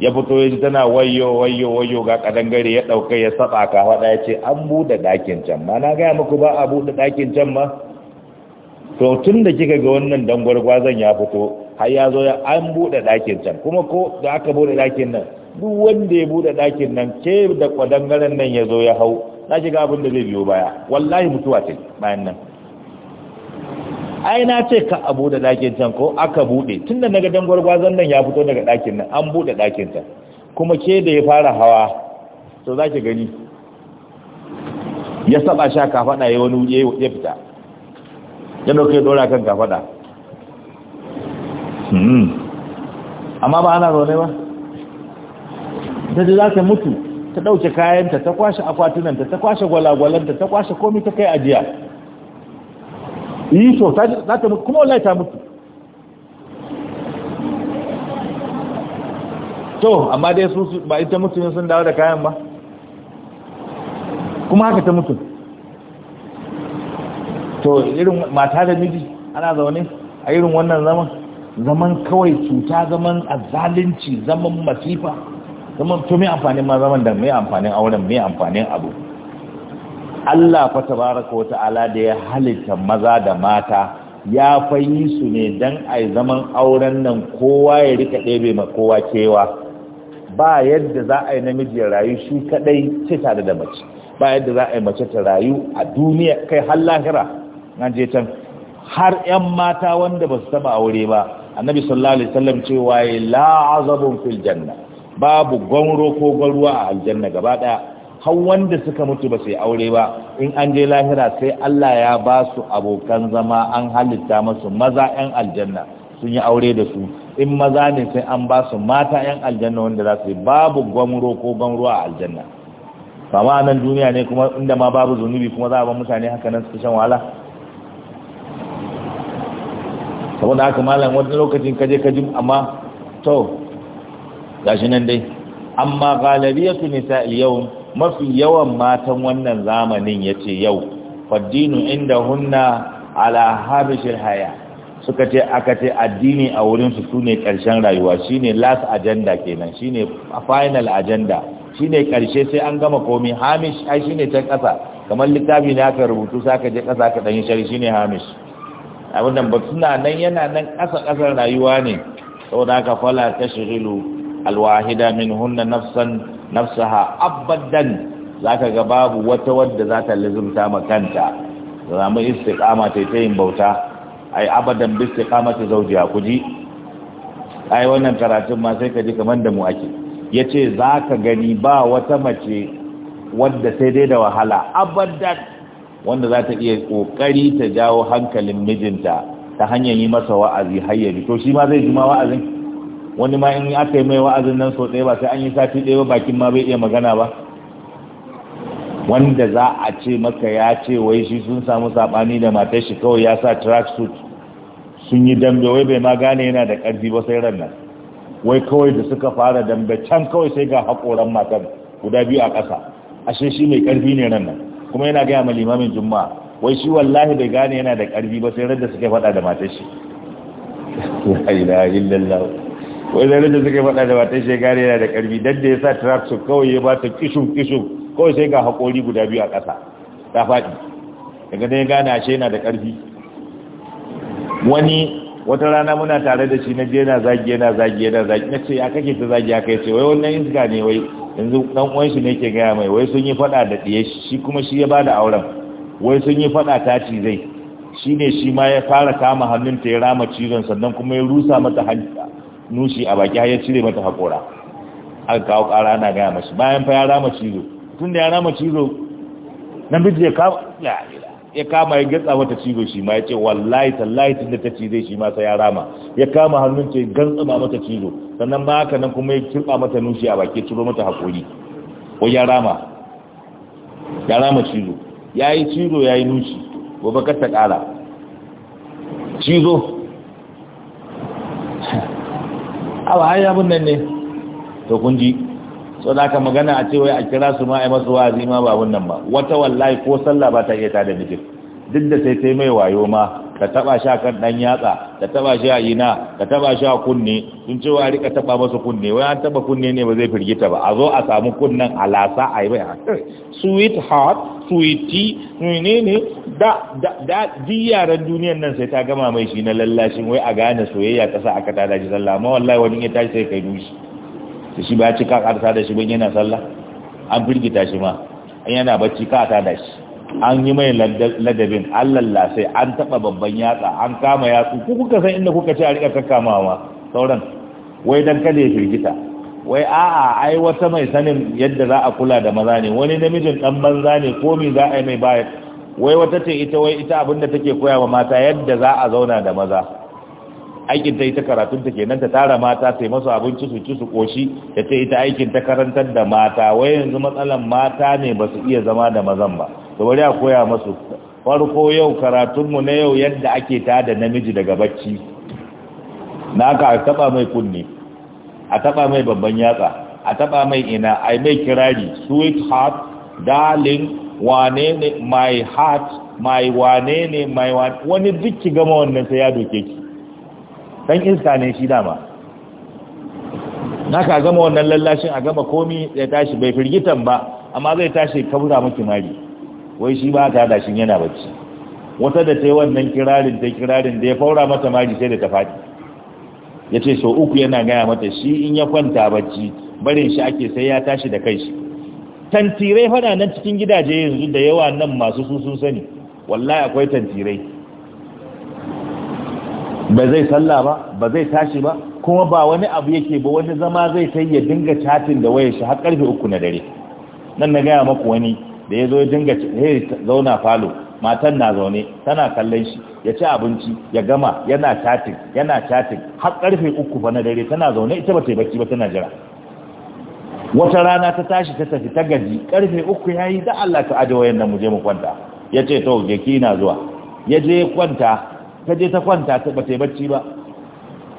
ya fito ya ji tana wayyo wayyo wayyo ga kadangare ya dauka ya saba ka wada ya ce an bude dakin can ma na ga muku ba a bude dakin can ma to tun da kika ga wannan dangwar gwazan ya fito har ya zo ya an bude dakin can kuma ko da aka bude dakin nan duk wanda ya bude dakin nan ke da kwadangaren nan ya zo ya hau za ki ga abin da zai biyo baya wallahi mutuwa ce bayan nan ai na ce ka abu da dakin can ko aka buɗe tun da naga dan gwargwazon nan ya fito daga ɗakin nan an buɗe dakin ta kuma ke da ya fara hawa to za ki gani ya saba sha kafaɗa ya wani ya fita ya ɗauke ɗora kan kafaɗa hmm. amma ba ana zaune ba da za ka mutu ta ɗauke kayanta ta kwashe akwatunanta ta kwashe gwalagwalanta ta kwashe komai ta kai ajiya yi so za ta mutu kuma wallahi ta mutu to amma dai su ba ita mutu sun dawo da kayan ba kuma haka ta mutu to irin mata da miji ana zaune a irin wannan zaman zaman kawai cuta zaman azalinci zaman masifa kuma to me amfanin ma zaman da me amfanin auren me amfanin abu Allah fa tabaraka wa ta'ala da ya halitta maza da mata ya fayi su ne dan ai zaman auren nan kowa ya rika ɗebe ma kowa kewa ba yadda za a yi namiji ya rayu shi kadai ce tare da mace ba yadda za a yi mace ta rayu a duniya kai har lahira nan je can har yan mata wanda ba su taba aure ba annabi sallallahu alaihi wasallam cewa la azabun fil janna babu gwamro ko gwarwa a aljanna gaba daya har wanda suka mutu ba sai aure ba in an je lahira sai Allah ya ba su abokan zama an halitta masu maza 'yan aljanna sun yi aure da su in maza ne sai an ba su mata 'yan aljanna wanda za su yi babu gwamro ko gwamro a aljanna fama a nan duniya ne kuma inda ma babu zunubi kuma za a ban mutane haka nan suke shan wahala saboda haka malam wani lokacin kaje kaji amma to gashi nan dai amma galibiyatu nisa'il yau mafi yawan matan wannan zamanin yace yau faddinu indahunna ala habishil haya suka ce aka ce addini a wurin su sune karshen rayuwa shine last agenda kenan shine final agenda shine karshe sai an gama komai hamish ai shine ta kasa kamar littafi ne aka rubutu saka je kasa ka dan shari shine hamish abin nan ba suna nan yana nan kasa kasar rayuwa ne saboda ka fala tashghilu alwahida min nafsan nafsaha abadan zaka ga babu wata wadda za ta lazumta ma kanta mu istiqama ta yin bauta ai abadan bi istiqamati zawjiha kuji ai wannan karatun ma sai ka ji kaman da mu ake yace zaka gani ba wata mace wadda sai dai da wahala abadan wanda za ta iya kokari ta jawo hankalin mijinta ta hanyar yi masa wa'azi hayyabi to shi ma zai ji ma wa'azin wani ma in aka yi mai wa'azin nan sosai ɗaya ba sai an yi sati ɗaya ba bakin ma bai iya magana ba wanda za a ce maka ya ce wai shi sun samu saɓani da matar shi kawai ya sa track suit sun yi dambe wai bai ma gane yana da ƙarfi ba sai ran nan wai kawai da suka fara dambe can kawai sai ga haƙoran matar guda biyu a ƙasa ashe shi mai ƙarfi ne ran nan kuma yana gaya ma limamin juma'a wai shi wallahi bai gane yana da ƙarfi ba sai ran da suka faɗa da matar shi la ilaha illallah wai zai da suka faɗa da watan shekaru yana da ƙarfi don da ya sa traktor kawai ya ba ta kishin kishin kawai sai ga haƙori guda biyu a ƙasa ta faɗi daga ne gane ashe yana da ƙarfi wani wata rana muna tare da shi na je na zagi yana zagi yana zagi na ce ya kake ta zagi ya kai ce wai wannan iska ne wai yanzu dan uwan shi ne ke gaya mai wai sun yi faɗa da ɗiye shi kuma shi ya bada auren wai sun yi faɗa ta ci zai shi ne shi ma ya fara kama hannunta ya rama cizon sannan kuma ya rusa mata hanci nushi a baki har ya cire mata haƙora aka kawo ƙara ana gaya mashi bayan fa ya rama cizo tun da ya rama cizo namiji ya kama ya kama ya gatsa mata cizo shi ma ya ce wallahi tallahi tun da ta cize shi ma sai ya rama ya kama hannun ce gantsama mata cizo sannan ba haka nan kuma ya kirɓa mata nushi a baki ciro mata haƙori ko ya rama ya rama cizo ya yi cizo ya yi nushi gobe kar ta ƙara cizo a hanyar abin nan ne to kun ji so da aka magana a cewa a kira su ma masu wa'azi ma ba wannan ba wata wallahi ko sallah ba ta iya da miji. duk da sai ta yi mai wayo ma ka taba shi kan dan yatsa ka taba shi a ina ka taba shi a kunne sun ce wa rika taba masa kunne wai an taba kunne ne ba zai firgita ba a zo a samu kunnen alasa a yi bai sweet heart sweetie menene da da da yaran duniyar nan sai ta gama mai shi na lallashin wai a gane soyayya kasa aka tada shi sallah amma wallahi wani ya tashi sai kai nushi da shi ba ci ka karsa da shi ban yana sallah an firgita shi ma yana bacci ka tada shi an yi mai ladabin an lallase an taɓa babban yatsa an kama yatsu ku kuka san inda kuka ce a riƙa kakkamawa sauran wai dan kada ya firgita wai a'a ai wata mai sanin yadda za a kula da maza ne wani namijin dan banza ne ko me za a yi mai bayan wai wata ce ita wai ita abin da take koya wa mata yadda za a zauna da maza aikin ta ita karatun ta kenan ta tara mata ta masu abinci su ci su koshi ta ce ita aikin ta karantar da mata wai yanzu matsalan mata ne ba su iya zama da mazan ba to bari a koya masu farko yau karatunmu na yau yadda ake tada namiji daga bacci na aka taba mai kunne a taba mai babban yatsa a taba mai ina a mai kirari sweetheart darling wane ne my heart my wane ne my wane wani duk gama wannan sai ya doke ki dan iska ne shi dama na ka gama wannan lallashin a gama komi ya tashi bai firgitan ba amma zai tashi kabura maki mari wai shi ba ta da shi yana bacci wata da ta yi wannan kirarin ta kirarin da ya faura mata mari sai da ta faɗi ya ce so uku yana gaya mata shi in ya kwanta bacci barin shi ake sai ya tashi da kai shi tantirai fada nan cikin gidaje yanzu da yawa nan masu su sun sani wallahi akwai tantirai ba zai sallah ba ba zai tashi ba kuma ba wani abu yake ba wani zama zai kai ya dinga catin da wayar shi har karfe uku na dare nan na gaya maku wani da ya zo ya dinga zauna falo matan na zaune tana kallon shi ya ci abinci ya gama yana chatting yana chatting har karfe uku fa na dare tana zaune ita ba ta yi bacci ba tana jira wata rana ta tashi ta tafi ta gaji karfe uku ya yi da Allah ka ajo wayan nan mu je mu kwanta ya ce to ki na zuwa ya je kwanta ta je ta kwanta ba ta yi bacci ba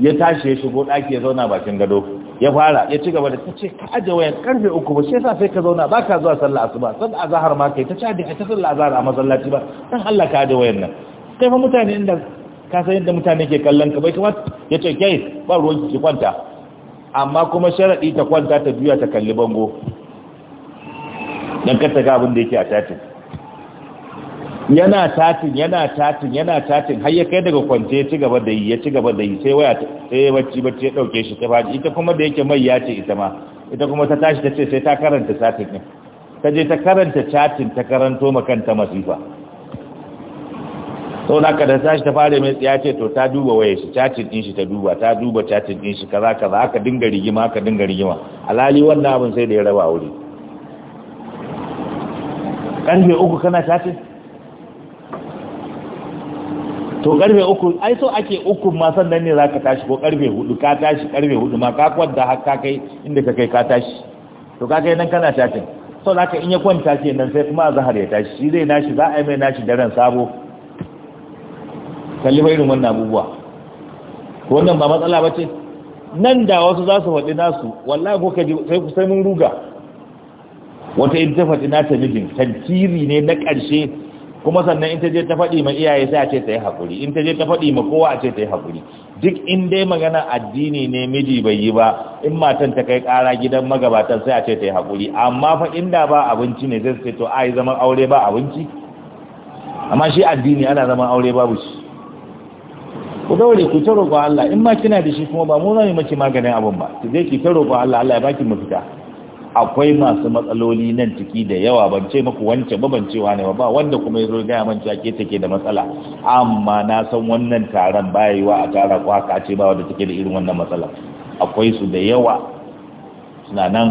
ya tashi ya shigo ɗaki ya zauna bakin gado ya fara ya ci gaba da ta ce ka aje wayan karfe uku ba shi yasa sai ka zauna ba ka zuwa sallah asuba sallah azahar ma kai ta cadi a ta sallah azahar a masallaci ba dan Allah ka aje wayan nan kai fa mutane inda ka san yadda mutane ke kallon ka bai kuma ya ce kai ba ruwan ki kwanta amma kuma sharadi ta kwanta ta juya ta kalli bango dan ka ta ga abin da yake a tatin yana tatin yana tatin yana tatin har ya kai daga kwance ya ci gaba da yi ya ci gaba da yi sai waya sai ya bacci bacci ya dauke shi ta faɗi ita kuma da yake mai ya ce ita ma ita kuma ta tashi ta ce sai ta karanta satin din ta je ta karanta chatin ta karanto ma kanta masifa sau da kada da tashi ta fara mai tsaya ce to ta duba waya shi chatin din shi ta duba ta duba chatin din shi kaza kaza aka dinga rigima aka dinga rigima alali wannan abin sai da ya raba wuri je uku kana chatin to karfe uku ai so ake uku ma sannan ne zaka tashi ko karfe hudu ka tashi karfe hudu ma ka kwanta har ka kai inda ka kai ka tashi to ka kai nan kana tashin so zaka in ya kwanta ce nan sai kuma zahar ya tashi shi zai nashi za a yi mai nashi daren sabo kalli irin wannan abubuwa wannan ba matsala ba ce nan da wasu za su faɗi nasu wallahi ko ka ji sai ku sai mun ruga wata ta faɗi nata mijin tantiri ne na ƙarshe kuma sannan in ta je ta faɗi ma iyaye sai a ce ta yi haƙuri in ta je ta faɗi ma kowa a ce ta yi haƙuri duk in dai magana addini ne miji bai yi ba in matan ta kai ƙara gidan magabatan sai a ce ta yi haƙuri amma fa inda ba abinci ne zai to a yi zaman aure ba abinci amma shi addini ana zaman aure babu shi ku daure ku ta roƙo Allah in ma kina da shi kuma ba mu zan yi maki maganin abin ba ki je ki ta roƙo Allah Allah ya baki mafita akwai masu matsaloli nan ciki da yawa ban ce muku wance ba ban wa ne ba wanda kuma ya zo gaya man cewa ke take da matsala amma na san wannan taron bayewa a tara ko haka ce ba wanda take da irin wannan matsala akwai su da yawa suna nan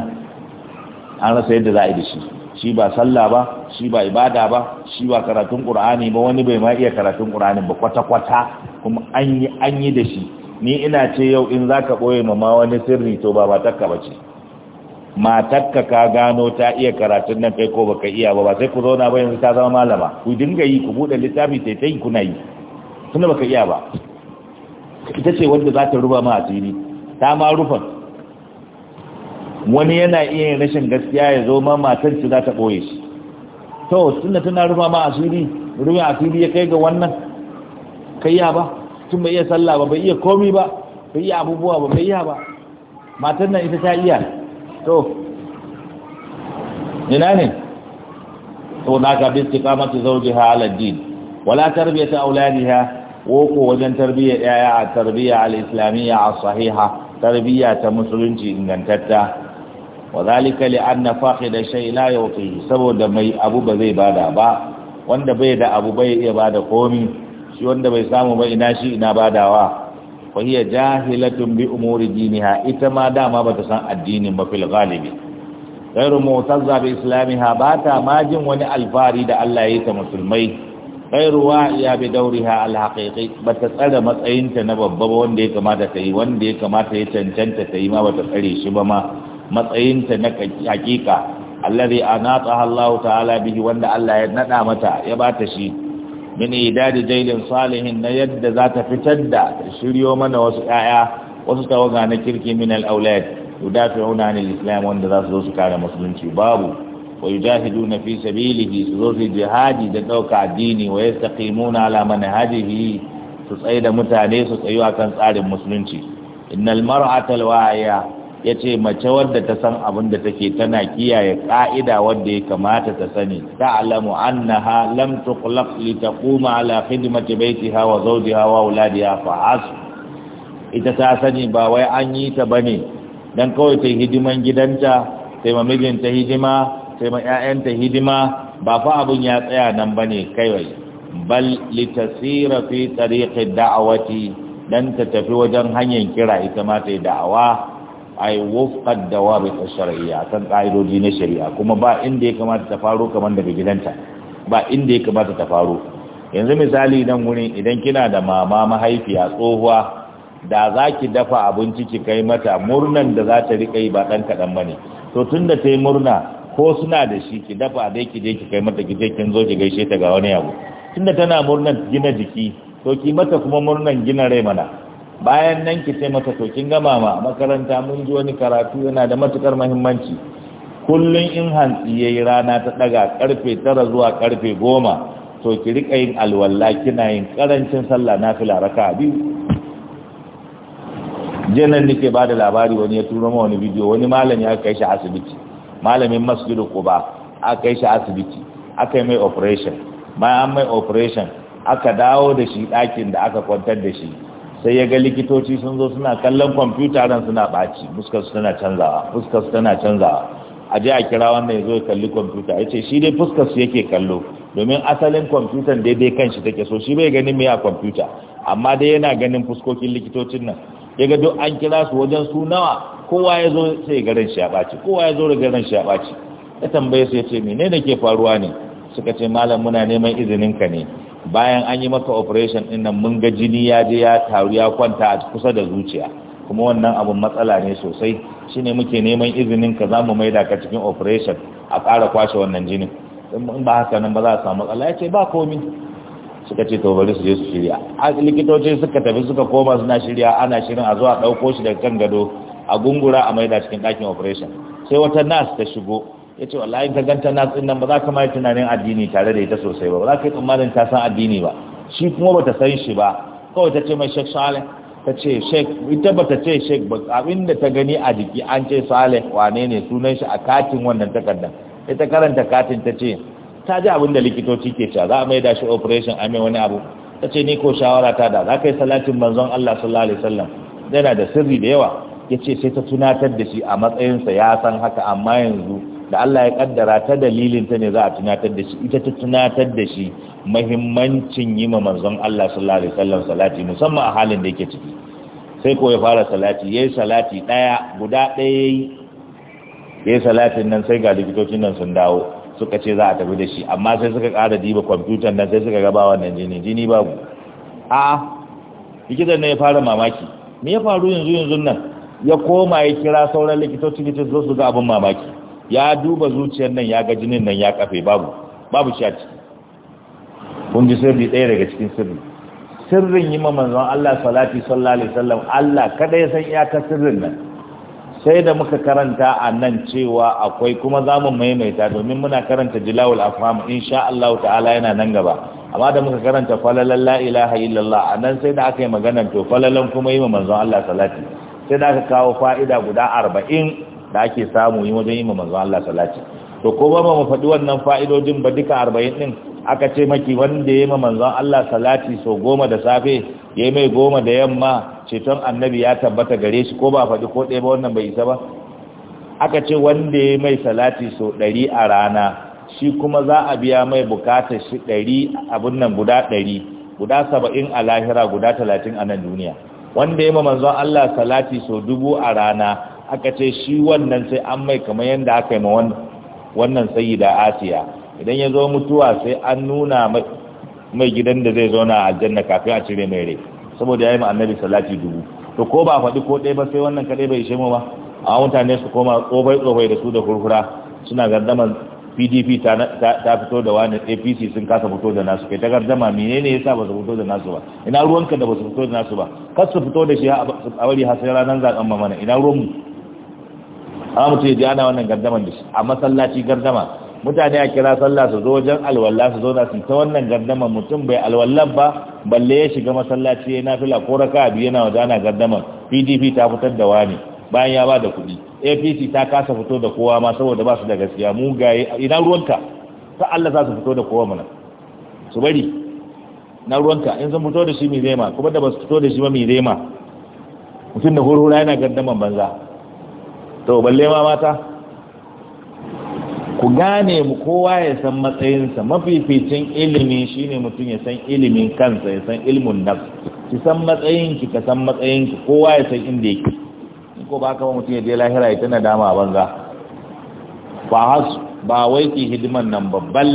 an rasa yadda za a yi da shi shi ba sallah ba shi ba ibada ba shi ba karatun qur'ani ba wani bai ma iya karatun qur'ani ba kwata kwata kuma an yi an yi da shi ni ina ce yau in zaka boye ma wani sirri to ba ba takka ce matakka ka gano ta iya karatun nan kai ko baka iya ba ba sai ku zauna ba yanzu ta zama malama ku dinga yi ku bude littafi sai ta yi kuna yi tunda baka iya ba ita ce wanda za ta ruba ma asiri ta ma rufa wani yana iya yin rashin gaskiya ya zo ma matar shi za ta boye shi to tunda tana rufa ma asiri ruba asiri ya kai ga wannan kai ya ba tun bai iya sallah ba bai iya komi ba bai iya abubuwa ba bai iya ba matar nan ita ta iya to ina ne to na ga bisti kamata zawjiha ala din wala woko wajen tarbiyyar yaya a tarbiyya al-islamiyya a sahiha tarbiyya ta musulunci ingantatta wa zalika li anna fakhida shay la yuti saboda mai abu ba zai bada ba wanda bai da abu bai iya bada komi shi wanda bai samu ba ina shi ina badawa fa hiya jahilatun bi umuri diniha ita ma dama bata san addinin ba fil ghalibi ghairu mu'tazza bi islamiha ba ta ma jin wani alfari da Allah ya yi ta musulmai ghairu ya bi dawriha al ba ta tsare matsayinta na babba wanda ya kamata ta yi wanda ya kamata ya cancanta ta yi ma bata tsare shi ba ma matsayinta na hakika alladhi anataha Allah ta'ala bihi wanda Allah ya nada mata ya bata shi min idadi jailin salihin na yadda za ta fitar da shiryo mana wasu 'ya'ya, wasu tawaga na kirki min al-aulad yudafi'una anil islam wanda za su zo su kare musulunci babu wa yujahiduna fi sabilihi su zo su jihadi da ɗauka addini wa muna ala manhajihi su tsaye da mutane su tsayu akan tsarin musulunci innal mar'atal waya? ya ce mace wadda ta san abin da take tana kiyaye ƙa'ida wadda ya kamata ta sani ta alamu annaha lam tuqlaq Lita, Kuma, ala hawa baitiha Hawa, zawjiha wa auladiha fa as ita ta sani ba wai an yi ta ba ne, don kawai ta hidiman gidanta sai ma mijinta hidima sai ma ta hidima ba fa abin ya tsaya nan ba ne kaiwai bal litasira fi tariqi da'awati dan ta tafi wajen hanyar kira ita ma ta yi da'awa ai wufqad dawabit ash-shar'iyya kan ka'idoji na shari'a kuma ba inda ya kamata ta faro kamar daga gidanta ba inda ya kamata ta faro yanzu misali nan wurin idan kina da mama mahaifiya tsohuwa da zaki dafa abinci ki kai mata murnan da za ta rika yi ba dan kadan bane to tunda tayi murna ko suna da shi ki dafa dai ki je ki kai mata ki je kin zo ki gaishe ta ga wani abu tunda tana murnan gina jiki to ki mata kuma murnan gina rai mana bayan nan ki ce mata to kin gama ma makaranta mun ji wani karatu yana da matukar muhimmanci kullun in hantsi yayi rana ta daga karfe 9 zuwa karfe 10 to ki rika yin alwala kina yin karancin sallah nafila raka'a biyu jenan nake ba da labari wani ya turo ma wani bidiyo wani malam ya kai shi asibiti malamin masjid quba aka kai shi asibiti aka yi mai operation bayan an mai operation aka dawo da shi ɗakin da aka kwantar da shi sai ya ga likitoci sun zo suna kallon kwamfuta ran suna ɓaci fuskarsu tana canzawa fuskarsu tana canzawa a je a kira wannan ya zo ya kalli kwamfuta ya ce shi dai fuskarsu yake kallo domin asalin kwamfutan daidai kan shi take so shi bai ganin mai a kwamfuta amma dai yana ganin fuskokin likitocin nan ya ga duk an kira su wajen su nawa kowa ya zo sai garin shi ya ɓaci kowa ya zo ya shi ya ɓaci ya tambaye su ya ce menene ke faruwa ne suka ce malam muna neman izinin ka ne bayan an yi maka operation din nan mun ga jini ya je ya taru ya kwanta a kusa da zuciya kuma wannan abun matsala ne sosai shine muke neman izinin ka za mu maida ka cikin operation a ƙara kwashe wannan jinin in ba haka nan ba za a samu matsala ya ce ba komi suka ce tobali su je su shirya a likitoci suka tafi suka koma suna shirya ana shirin a zuwa ɗauko shi daga kan gado a gungura a maida cikin ɗakin operation sai wata nas ta shigo ya ce wallahi ta ganta na tsin nan ba za ka mai tunanin addini tare da ita sosai ba ba za ka yi tsammanin ta san addini ba shi kuma ba ta san shi ba kawai ta ce mai shek sale ta ce shek ita ba ta ce shek ba abinda ta gani a jiki an ce sale wane ne sunan shi a katin wannan takardar ita karanta katin ta ce ta ji abinda likitoci ke cewa za a mai da shi operation a mai wani abu ta ce ni ko shawara ta da za ka yi salatin manzon Allah sallallahu alaihi wasallam yana da sirri da yawa ya ce sai ta tunatar da shi a matsayinsa ya san haka amma yanzu da Allah ya kaddara ta dalilin ta ne za a tunatar da shi ita ta tunatar da shi muhimmancin yi ma manzon Allah sallallahu alaihi wasallam salati musamman a halin da yake ciki sai ko ya fara salati yayi salati daya guda daya yayi salatin nan sai ga likitocin nan sun dawo suka ce za a tafi da shi amma sai suka ƙara diba kwamfutan nan sai suka ga ba wannan jini jini babu a likitan nan ya fara mamaki me ya faru yanzu yanzu nan ya koma ya kira sauran likitoci likitoci su ga abin mamaki ya duba zuciyar nan ya ga jinin nan ya kafe babu babu shi a ciki kun ji sirri ɗaya daga cikin sirri sirrin yi manzon Allah salati sallallahu alaihi wasallam Allah kada ya san iyakar sirrin nan sai da muka karanta a nan cewa akwai kuma za mu maimaita domin muna karanta jilawul afham insha Allah ta'ala yana nan gaba amma da muka karanta falalan la ilaha illallah a nan sai da aka yi magana to falalan kuma yi manzon Allah salati sai da aka kawo fa'ida guda arba'in da ake samu yi wajen yi ma Allah salati to ko ba mu faɗi wannan fa'idojin ba duka arba'in ɗin aka ce maki wanda ya ma manzon Allah salati so goma da safe ya mai goma da yamma ceton annabi ya tabbata gare shi ko ba faɗi ko ɗaya ba wannan bai isa ba aka ce wanda ya mai salati so ɗari a rana shi kuma za a biya mai bukatar shi ɗari abin nan guda ɗari guda saba'in a lahira guda talatin a nan duniya wanda ya ma manzon Allah salati so dubu a rana aka ce shi wannan sai an mai kamar yadda aka yi ma wannan sayida asiya idan ya zo mutuwa sai an nuna mai gidan da zai zauna a aljanna kafin a cire mai rai saboda ya yi annabi salati dubu to ko ba faɗi ko ɗaya ba sai wannan kaɗai bai ishe mu ba a mutane su koma tsofai tsofai da su da kurkura suna gardamar pdp ta fito da wani apc sun kasa fito da nasu kai ta gardama menene yasa ba su fito da nasu ba ina ruwanka da ba su fito da nasu ba kar su fito da shi a bari har sai ranar zaɓen ma mana ina ruwanmu amma mutum ya ji ana wannan gardamar da shi a masallaci gardama mutane a kira sallah su zo wajen alwallah su zo na su ta wannan gardamar mutum bai alwallan ba balle ya shiga masallaci ya nafila ko raka biyu yana waje ana gardamar pdp ta fitar da wani bayan ya ba da kuɗi apc ta kasa fito da kowa ma saboda ba su da gaskiya mugaye ina ruwanka ta allah za su fito da kowa mana su bari na ruwanka in sun fito da shi mai zema kuma da ba su fito da shi ba mai zema mutum da hurhura yana gardaman banza to balle ma mata ku gane mu kowa ya san matsayinsa mafificin ilimi shine mutum ya san ilimin kansa ya san ilmun nas ki san matsayinki ka san matsayinki kowa ya san inda yake ko ba ka mutum ya je lahira ya na dama banza ba has ba wai ki hidiman nan babbal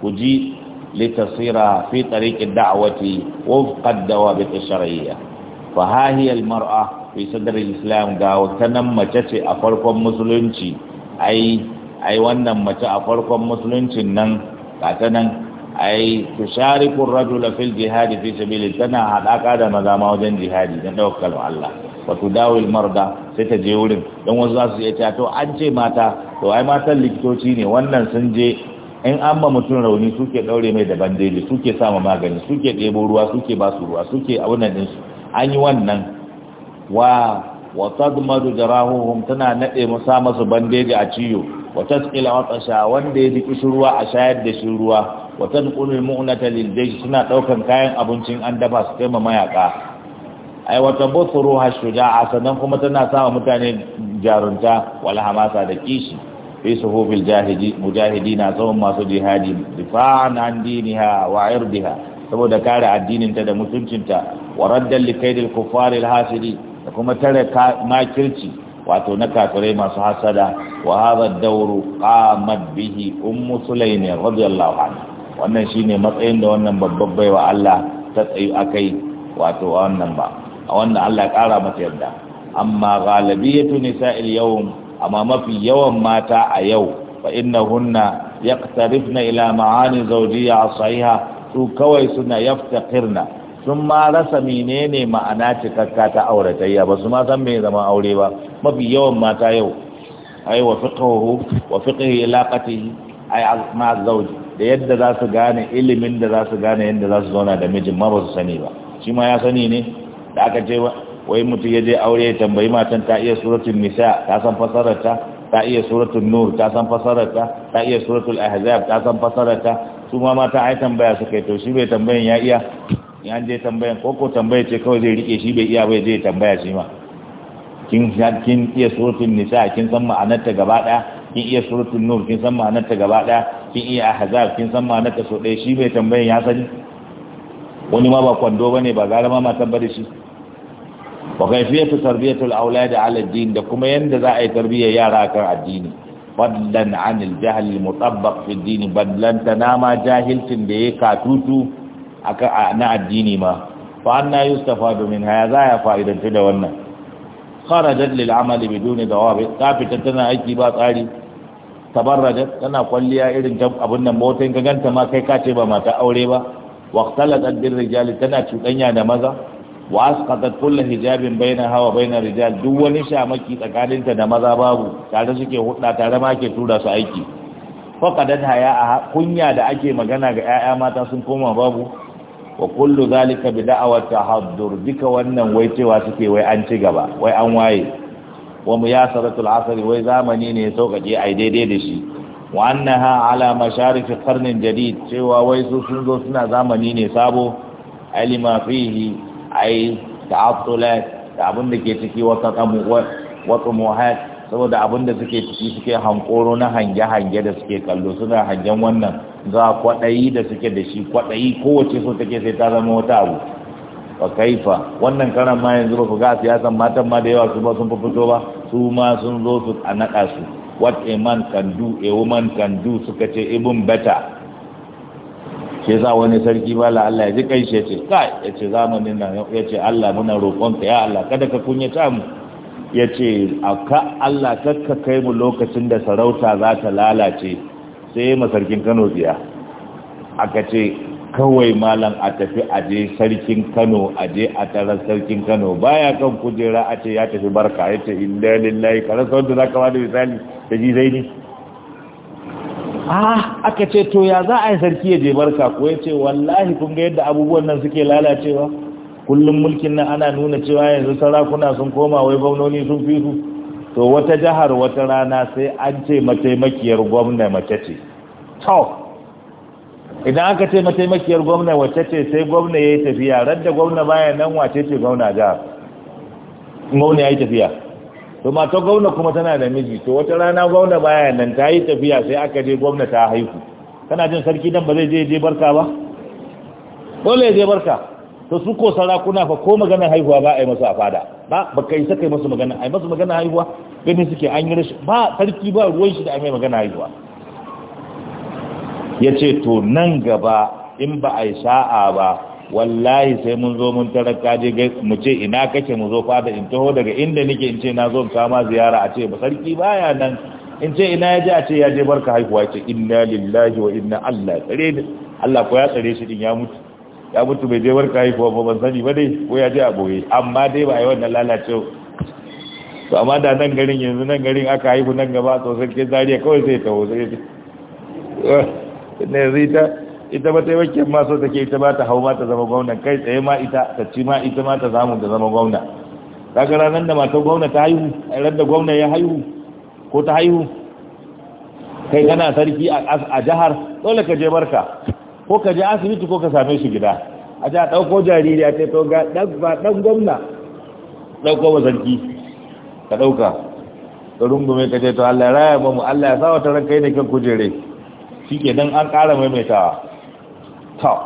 ku ji litasira fi tariqi da'wati qaddawa bi shar'iyyah fa hahiyal mar'a fi sadarin islam ga wata mace ce a farkon musulunci ai ai wannan mace a farkon musuluncin nan ga ta nan ai tushariku rajula fil jihadi fi sabili tana hadaka da maza ma wajen jihadi dan dawkal Allah wa tudawil marda sai ta je wurin dan wasu za su iya to an ce mata to ai matan likitoci ne wannan sun je in an ma mutum rauni suke daure mai da bandeji suke sama magani suke ɗebo ruwa suke ba su ruwa suke a din su an yi wannan wa wa tadmadu jarahuhum tana nade musa masu bandeji a ciyo wa tasqila sha wanda ya ji ruwa a shayar da shi ruwa wa tanqulu almu'nata liljaysh suna daukan kayan abincin an dafa su kai mayaka Aiwatar wa tabuthuru hashuja'a sannan kuma tana sa mutane jarunta wal hamasa da kishi fi suhubil jahidi na tsawon masu jihadi difa'an an diniha wa irdiha saboda kare addininta da mutuncinta wa raddan likaidil kufari hasiri da kuma tare makirci wato na kafirai masu hasada wa hadha dawru qamat bihi ummu sulaym radiyallahu anha wannan shine matsayin da wannan babbar baiwa Allah ta tsayi akai wato a wannan ba a wannan Allah ya kara mata yadda. amma ghalibiyatu nisa'il yawm amma mafi yawan mata a yau fa innahunna yaqtarifna ila ma'ani zawjiyya sahiha su kawai suna yaftaqirna sun ma rasa menene ma'ana cikakka ta auratayya ba su ma san me zama aure ba mafi yawan mata yau ai wa fiqhu wa fiqhi ilaqatihi ai ma zawji da yadda za su gane ilimin da za su gane yadda za su zauna da mijin ma ba su sani ba shi ma ya sani ne da aka ce wai mutum ya je aure ya tambayi matan ta iya suratul nisa ta san fasarar ta iya suratul nur ta san fasarar ta iya suratul ahzab ta san ta su ma mata ai tambaya suka yi to shi bai tambayan ya iya ya an je tambayan ko ko tambaya ce kawai zai rike shi bai iya bai zai tambaya shi ma kin kin iya surutun nisa kin san ma'anar ta gaba daya kin iya surutun nur kin san ma'anar ta gaba daya kin iya ahzab kin san ma'anar ta so dai shi bai tambayan ya sani wani ma ba kwando bane ba gara ma matan bari shi wa kayfiyatu tarbiyatul aulad ala din da kuma yanda za a yi tarbiyyar yara kan addini fadlan anil jahli mutabbaq fi dini badlan tanama jahilcin da ya katutu aka na addini ma fa anna yustafadu min haya za ya fa'idanta da wannan kharajat lil amali biduni dawabi ta fita tana aiki ba tsari tabarrajat tana kwalliya irin abin nan motin ka ganta ma kai ka ce ba mata aure ba waqtalat bil rijali tana cuɗanya da maza wa asqata kullu hijabin bainaha hawa bainar rijal duk wani shamaki tsakanin ta da maza babu tare suke hudda tare ma ke tura su aiki faqadat haya kunya da ake magana ga 'ya'ya mata sun koma babu wa kullu zalika bi da'awati tahaddur duka wannan wai cewa suke wai an ci gaba wai an waye wa muyasaratul asr wai zamani ne ya sauƙaƙe ai daidai da shi wa annaha ala masharif qarnin jadid cewa wai su sun zo suna zamani ne sabo alima fihi ai ta'attulat da abin da ke ciki wata wata muhat saboda abin da suke ciki suke hankoro na hange-hange da suke kallo suna hangen wannan za kwaɗayi da suke da shi kwaɗayi kowace so take sai ta zama wata abu wa kaifa wannan karan ma yanzu ba ku ga siyasan matan ma da yawa su ba sun fi fito ba su ma sun zo su a naɗa su what a man can do a woman can do suka ce even better ke za wani sarki ba la Allah ya ji kai shi yace kai yace zamanin nan yace Allah muna roƙon ka ya Allah kada ka kunyata mu yace aka Allah kakka kai mu lokacin da sarauta za ta lalace sai ma sarkin Kano biya aka ce kawai malam a tafi aje sarkin Kano aje a tarar sarkin Kano baya kan kujera a ce ya tafi barka yace inna lillahi karan da zaka da misali da ji zaini Aa ah, aka ce to ya za a yi sarki ya je barka ko ya ce wallahi kun ga yadda abubuwan nan suke lalacewa kullum mulkin nan ana nuna cewa yanzu sarakuna sun koma wai gwamnoni sun fi su to wata jihar wata rana sai an ce mataimakiyar gwamna mace ce to idan aka ce mataimakiyar gwamna wace ce sai gwamna ya yi tafiya da gwamna bayan nan wace ce gwamna jihar gwamna ya yi tafiya to mata gwamna kuma tana da miji to wata rana gwamna baya nan ta yi tafiya sai aka je gwamna ta haihu kana jin sarki dan ba zai je je barka ba dole ya je barka to su ko sarakuna fa ko maganar haihuwa ba a yi masu a fada ba ba kai saka kai masu magana a yi masu magana haihuwa gani suke an yi rashin ba sarki ba ruwan shi da an yi magana haihuwa ya ce to nan gaba in ba a yi sa'a ba wallahi sai mun zo mun tara kaje mu ce ina kake mu zo fada in taho daga inda nake in ce na zo sama ziyara a ce ba sarki baya nan in ce ina yaje a ce ya je barka haihuwa ce inna lillahi wa inna Allah tsare ni Allah ko ya tsare shi din ya mutu ya mutu bai je barka haihuwa ba ban sani ba dai ko ya je a boye amma dai ba ai wannan lalacewa to amma da nan garin yanzu nan garin aka haihu nan gaba to sai ke zariya kawai sai taho sai ne zai ta ita ba ta yi ma so take ita ba ta hau ma ta zama gwamna kai tsaye ma ita ta ci ma ita ma ta samu ta zama gwamna daga ranar da matar gwamna ta haihu a ranar da gwamna ya haihu ko ta haihu kai kana sarki a jihar dole ka je barka ko ka je asibiti ko ka same shi gida a ja ɗauko jariri a taito ga ɗan gwamna ɗauko ba sarki ka ɗauka ka rungume ka to allah ya raya ba mu allah ya sa wata ranka yi da kan kujere shi ke don an ƙara maimaitawa ta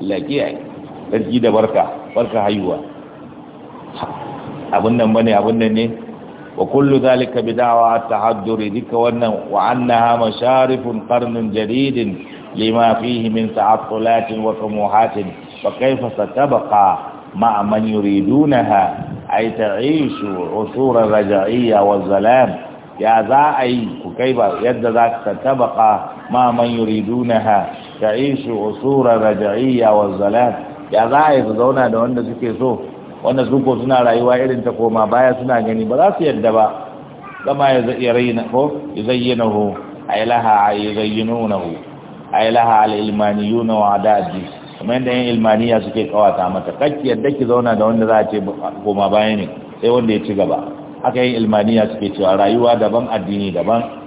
laƙiya ɗarki da barka barka haihuwa abin nan bane abin nan ne wa kullu zalika bidawa tahadduri duka wannan wa annaha masharifun qarnun jadidin lima fihi min ta'attulatin wa tumuhatin fa kayfa satabqa ma'a man yuridunaha ay ta'ishu usura raja'iyya wa zalam ya za a ku kai ba yadda za ta tabaka ma man yuridunaha ta'ishu usura raja'iyya wa zalat ya za a yi su zauna da wanda suke so wanda su ko suna rayuwa irin ta koma baya suna gani ba za su yadda ba kama ya raina ko ya zayyana hu a ilaha ya zayyano na hu a ilaha al'ilmaniyu na wadaji kuma yadda yin ilmaniya suke kawata mata kakki yadda ki zauna da wanda za a ce koma baya ne sai wanda ya ci gaba haka yin ilmaniya suke cewa rayuwa daban addini daban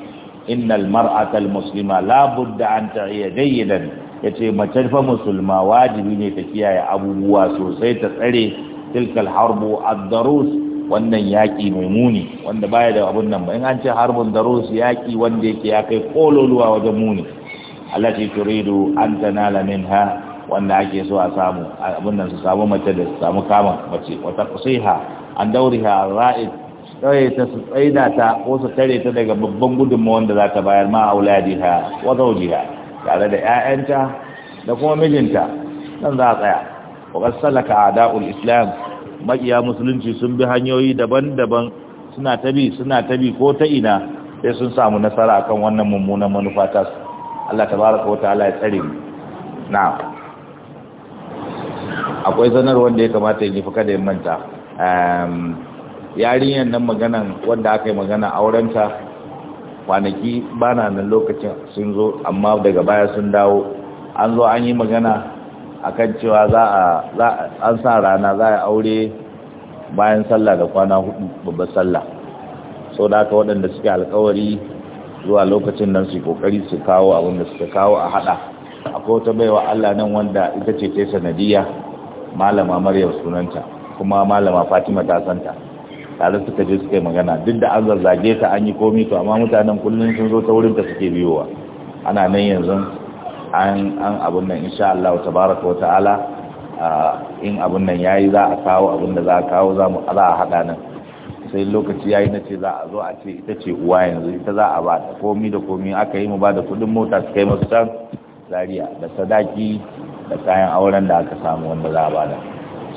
innal mar'atal muslima la budda an ta'iya jayyidan yace mace fa musulma wajibi ne ta kiyaye abubuwa sosai ta tsare tilkal harbu ad-darus wannan yaki mai muni wanda baya da abun nan ba in an ce harbun darus yaki wanda yake ya kai kololuwa wajen muni allati turidu an tanala minha wanda ake so a samu abin nan su samu mace da su samu kama mace wata kusiha an dauriha ra'id tsare ta su tsaida ta ko su tare ta daga babban gudunmawar da za ta bayar ma auladiha wa zawjiha tare da 'ya'yanta da kuma mijinta nan za a tsaya salaka a da'ul islam makiya musulunci sun bi hanyoyi daban-daban suna tabi suna tabi ko ta ina sai sun samu nasara akan wannan mummunan manufa ta su Allah tabaraka wata ala ya tsare mu akwai sanarwar da ya kamata in yi kada ya manta ehm, yarinyar nan maganan wanda aka yi magana aurenta kwanaki ba na nan lokacin sun zo amma daga baya sun dawo an zo an yi magana a kan cewa za a an sa rana za a aure bayan sallah da kwana hudu babbar sallah sau da aka waɗanda suke alkawari zuwa lokacin nan su kokari su kawo abin da suka kawo a hada akwai wata baiwa Allah nan wanda ita ce ta sanadiyya malama Maryam sunanta kuma malama Fatima ta santa tare suka je suka yi magana duk da an zazzage ta an yi komi to amma mutanen kullum sun zo ta wurin ta suke biyowa ana nan yanzu an an abun nan insha Allah tabaraka wa ta'ala in abun nan yayi za a kawo abun da za a kawo za mu za a hada nan sai lokaci yayi na ce za a zo a ce ita ce uwa yanzu ita za a ba ta komi da komi aka yi mu ba da kudin mota su kai masu can zariya da sadaki da kayan auren da aka samu wanda za a ba da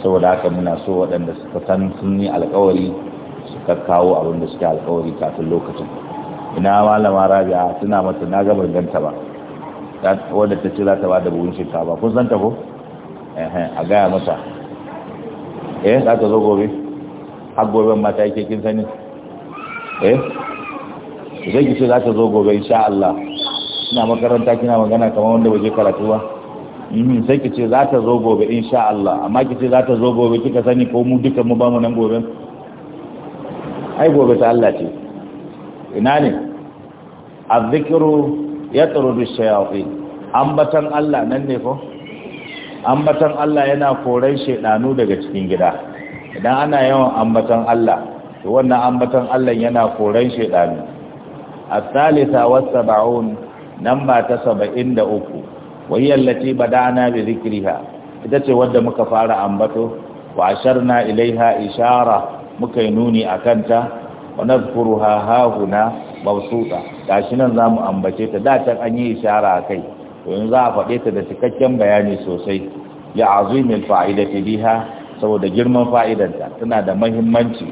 saboda haka muna so waɗanda suka san sun yi alkawari kakkawo abin da suke alkawari kafin lokacin ina malama rabi'a Suna mata na gaban ganta ba wadda ta ce za ta ba da buhun ba kun san ta ko a gaya mata eh za ta zo gobe har goben mata yake kin sani eh zai ki ce za ta zo gobe insha Allah Ina makaranta kina magana kamar wanda ba je karatu ba mm-hmm, sai ki ce za ta zo gobe insha Allah amma ki ce za ta zo gobe kika sani ko mu duka mu ba mu nan gobe ai gobe ta Allah ce ina ne azzikru ya tsaro ambatan Allah nan ne ko ambatan Allah yana koran shedanu daga cikin gida idan ana yawan ambatan Allah to wannan ambatan Allah yana koran shedanu as-salisa was-sab'un namba ta 73 hiya allati bada'na bi dhikriha ita ce wadda muka fara ambato wa asharna ilaiha ishara muka yi nuni a kanta wa na hahuna ga shi nan za mu ambace ta da an yi ishara kai to yanzu za a faɗe ta da cikakken bayani sosai ya fa’ida fa'idati biha saboda girman fa'idanta tana da mahimmanci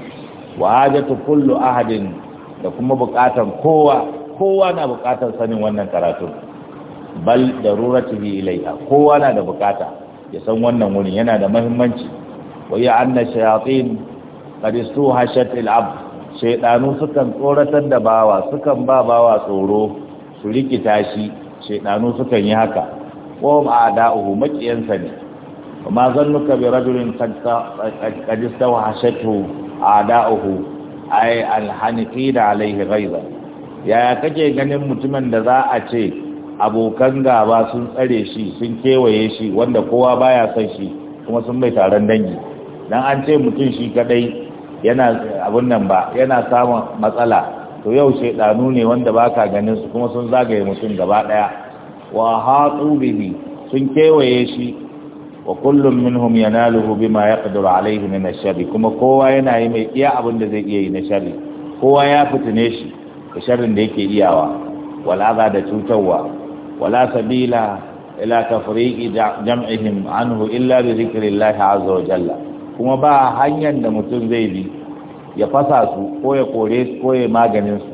wa ta kullu ahadin da kuma buƙatar kowa kowa na buƙatar sanin wannan karatu bal da daruratihi ilaiha kowa na da buƙata ya san wannan wurin yana da mahimmanci wa ya anna shayatin qadistu hashat al-abd sukan tsoratar da bawa sukan ba bawa tsoro su rikita shi shaydanu sukan yi haka wa a'da'uhu makiyansa ne kuma zannuka bi rajulin qadistu hashatu a'da'uhu ay al da alaihi ghaiba ya kake ganin mutumin da za a ce abokan gaba sun tsare shi sun kewaye shi wanda kowa baya son shi kuma sun mai taron dangi dan an ce mutum shi kadai yana abun nan ba yana samun matsala to yau shaidanu ne wanda baka ganin su kuma sun zagaye mutum gaba daya wa hatu bihi sun kewaye shi wa kullum minhum yanaluhu bima yaqdiru alayhi min ash-sharri kuma kowa yana yi mai iya abin da zai iya yi na sharri kowa ya fitine shi da sharrin da yake iyawa wala da cutarwa wala sabila ila tafriqi jam'ihim anhu illa bi dhikrillahi azza wa jalla kuma ba hanyar da mutum zai bi ya fasa su ko ya kore su ko ya maganin su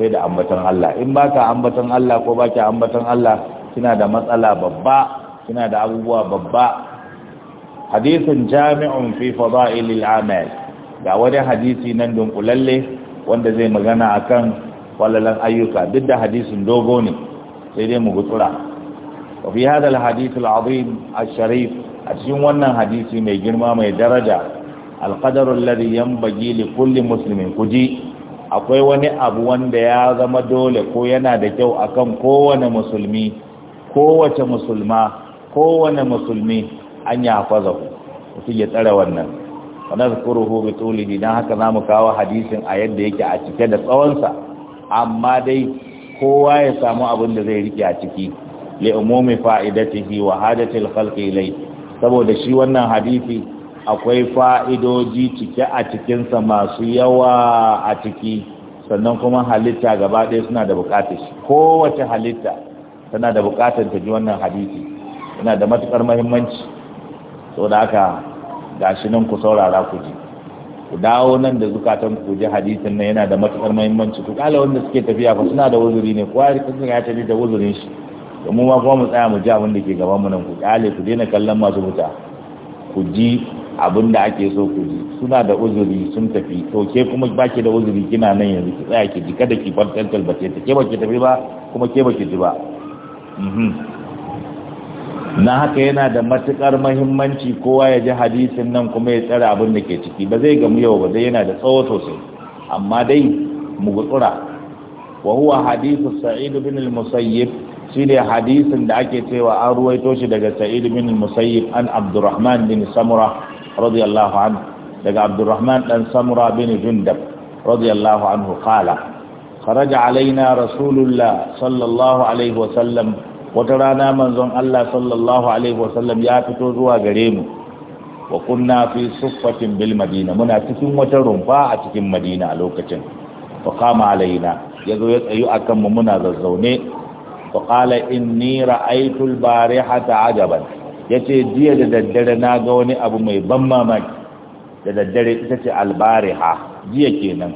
sai da ambatan Allah in baka ambatan Allah ko baki ambatan Allah kina da matsala babba kina da abubuwa babba hadisin jami'un fi fada'ilil amal ga wani hadisi nan dunkulalle wanda zai magana akan wallalan ayyuka duk da hadisin dogo ne sai dai mu gutsura وفي Hadisul الحديث العظيم الشريف a cikin wannan hadisi mai girma mai daraja alƙadarun lari yan bagi li kulli musulmin kuji akwai wani abu wanda ya zama dole ko yana da kyau akan kowane musulmi kowace musulma kowane musulmi an ya faza ku ya tsare wannan wadda zukuruhu bi don haka za mu kawo hadisin a yadda yake a cike da tsawonsa amma dai kowa ya samu abin da zai rike a ciki li umumi fa'idatihi wa hadatil khalqi ilayhi saboda shi wannan hadisi akwai fa'idoji cike a cikinsa masu yawa a ciki sannan kuma halitta gaba ɗaya suna da buƙatar shi kowace halitta tana da buƙatar ta ji wannan hadisi yana da matuƙar mahimmanci so da aka gashi nan ku saurara ku ji ku dawo nan da zukatan ku ji hadisin nan yana da matuƙar mahimmanci ku kala wanda suke tafiya fa suna da wuzuri ne kowa ya ya tafi da wuzurin shi mu ma kuma mu tsaya mu ji abin da ke gaban mu nan ku kyale ku daina kallon masu wuta ku ji abin da ake so ku ji suna da uzuri sun tafi to ke kuma ba ke da uzuri kina nan yanzu ki tsaya ki ji kada ki ba ce ta ke ba ke tafi ba kuma ke ba ke ji ba mhm. na haka yana da matukar mahimmanci kowa ya ji hadisin nan kuma ya tsara abin da ke ciki ba zai gamu yau ba dai yana da tsawo sosai amma dai mu gutsura wa huwa hadithu sa'id bin al-musayyib shine hadisin da ake cewa an ruwaito shi daga sa'id bin musayyib an abdurrahman bin samura radiyallahu anhu daga abdurrahman dan samura bin jundab radiyallahu anhu qala sallallahu alaihi wa sallam wata rana manzon Allah sallallahu alaihi wa sallam ya fito zuwa gare mu wa kunna fi suffatin bil muna cikin wata rumfa a cikin madina lokacin wa kama alaina yazo ya tsayu akan muna zazzaune faƙala inni ra'aitul barihata ajaban yace jiya da daddare na ga wani abu mai ban mamaki da daddare ita ce albariha jiya kenan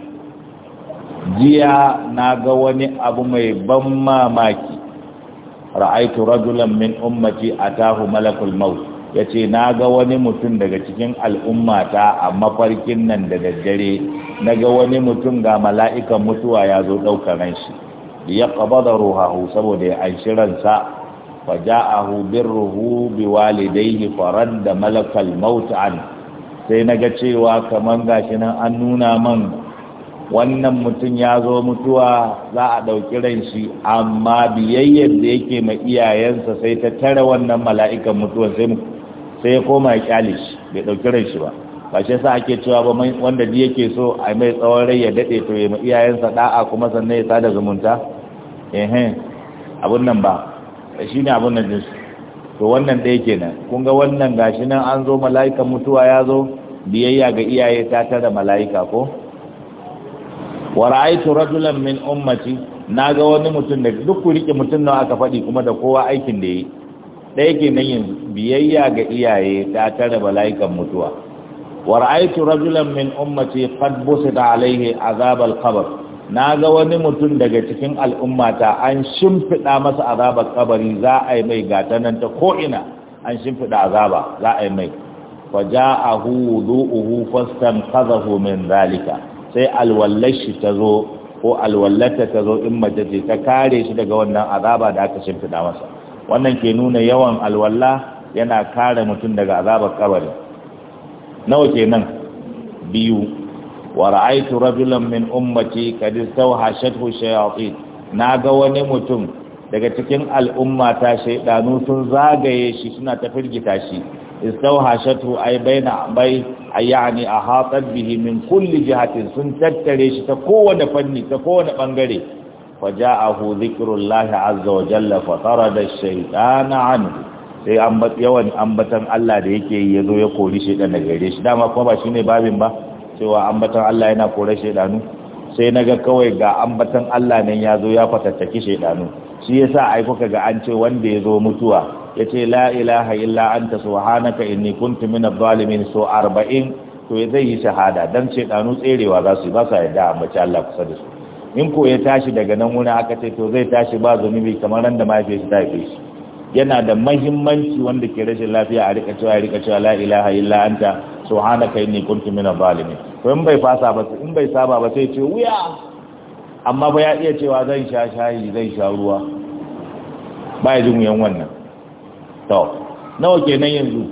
jiya na ga wani abu mai ban mamaki ra'aitu rajulan min ummati atahu malakul maut yace na ga wani mutum daga cikin al'ummata a mafarkin nan da daddare na ga wani mutum ga mala'ikan mutuwa ya zo ɗaukar shi liyaqbada ruhahu saboda ya aishi ransa fa ja'ahu birruhu biwalidayhi faradda malakal maut an sai naga cewa kaman gashi nan an nuna man wannan mutum ya zo mutuwa za a ɗauki ran shi amma biyayyar da yake ma iyayensa sai ta tare wannan mala'ikan mutuwa sai ya koma ya kyale shi bai ɗauki ran shi ba ba shi yasa ake cewa ba wanda ji yake so a mai tsawon rai ya daɗe to ya ma iyayensa da'a kuma sannan ya sada zumunta ehen abun nan ba shi ne abun nan jinsu to wannan ɗaya kenan kun ga wannan gashi nan an zo mala'ikan mutuwa ya zo biyayya ga iyaye ta tara mala'ika ko wa ra'aytu rajulan min ummati ga wani mutum da duk ku rike mutum nawa aka faɗi kuma da kowa aikin da yi ɗaya kenan yin biyayya ga iyaye ta tara mala'ikan mutuwa wa ra'aytu rajulan min ummati qad busita alayhi azab al-qabr na ga wani mutum daga cikin al'ummata an shimfiɗa masa azabar kabari za a yi mai gatanan ta ko'ina an shimfiɗa azaba za a yi mai faja a hudu uhu fastan kazahu min zalika sai alwallashi ta zo ko alwallata ta zo in mace ce ta kare shi daga wannan azaba da aka shimfiɗa masa wannan ke nuna yawan alwalla yana kare mutum daga azabar kabari nawa kenan biyu wa ra'aytu rajulan min ummati qad istawhashathu Na naga wani mutum daga cikin al'umma ta shaydanu sun zagaye shi suna ta firgita shi istawhashatu ay baina bay ayani ahatat bihi min kulli jihatin sun tattare shi ta kowane fanni ta kowane bangare faja'ahu dhikrullahi azza wa jalla fatarada ash-shaytana anhu sai yawan ambatan Allah da yake yi yazo ya kori shaytan daga gare shi dama kuma ba shine babin ba cewa ambatan Allah yana kore shaidanu sai naga kawai ga ambatan Allah nan ya zo ya fatattaki shaidanu shi yasa ai kuka ga an ce wanda ya zo mutuwa yace la ilaha illa anta subhanaka inni kuntu minadh dhalimin so 40 to zai yi shahada dan shaidanu tserewa za su ba sa yadda ambaci Allah kusa da su in ko ya tashi daga nan wani aka ce to zai tashi ba zunubi kamar ran da mahaifiyar shi ta yana da mahimmanci wanda ke rashin lafiya a rika cewa rika cewa la ilaha illa anta kai inni kuntu mina zalimi to in bai fasa ba in bai saba ba sai ce wuya amma ba ya iya cewa zan sha shayi zan sha ruwa ba ya jin wuyan wannan to nawa kenan yanzu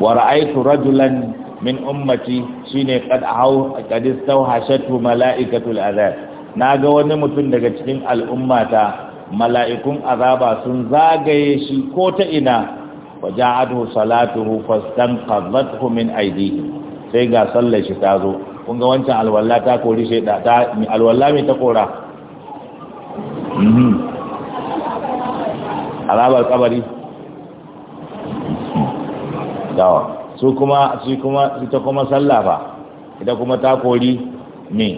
wa ra'aytu rajulan min ummati shine qad hau qad istawhashatu mala'ikatul azab naga wani mutum daga cikin al'ummata mala'ikun azaba sun zagaye shi ko ta ina وجاءته صلاته فاستنقذته من أيديهم sai ga sallar shi ta zo kun ga wancan alwala ta kori shi da ta alwala mai ta kora mhm. alabar kabari dawa su kuma su kuma ta kuma sallah ba ita kuma ta kori me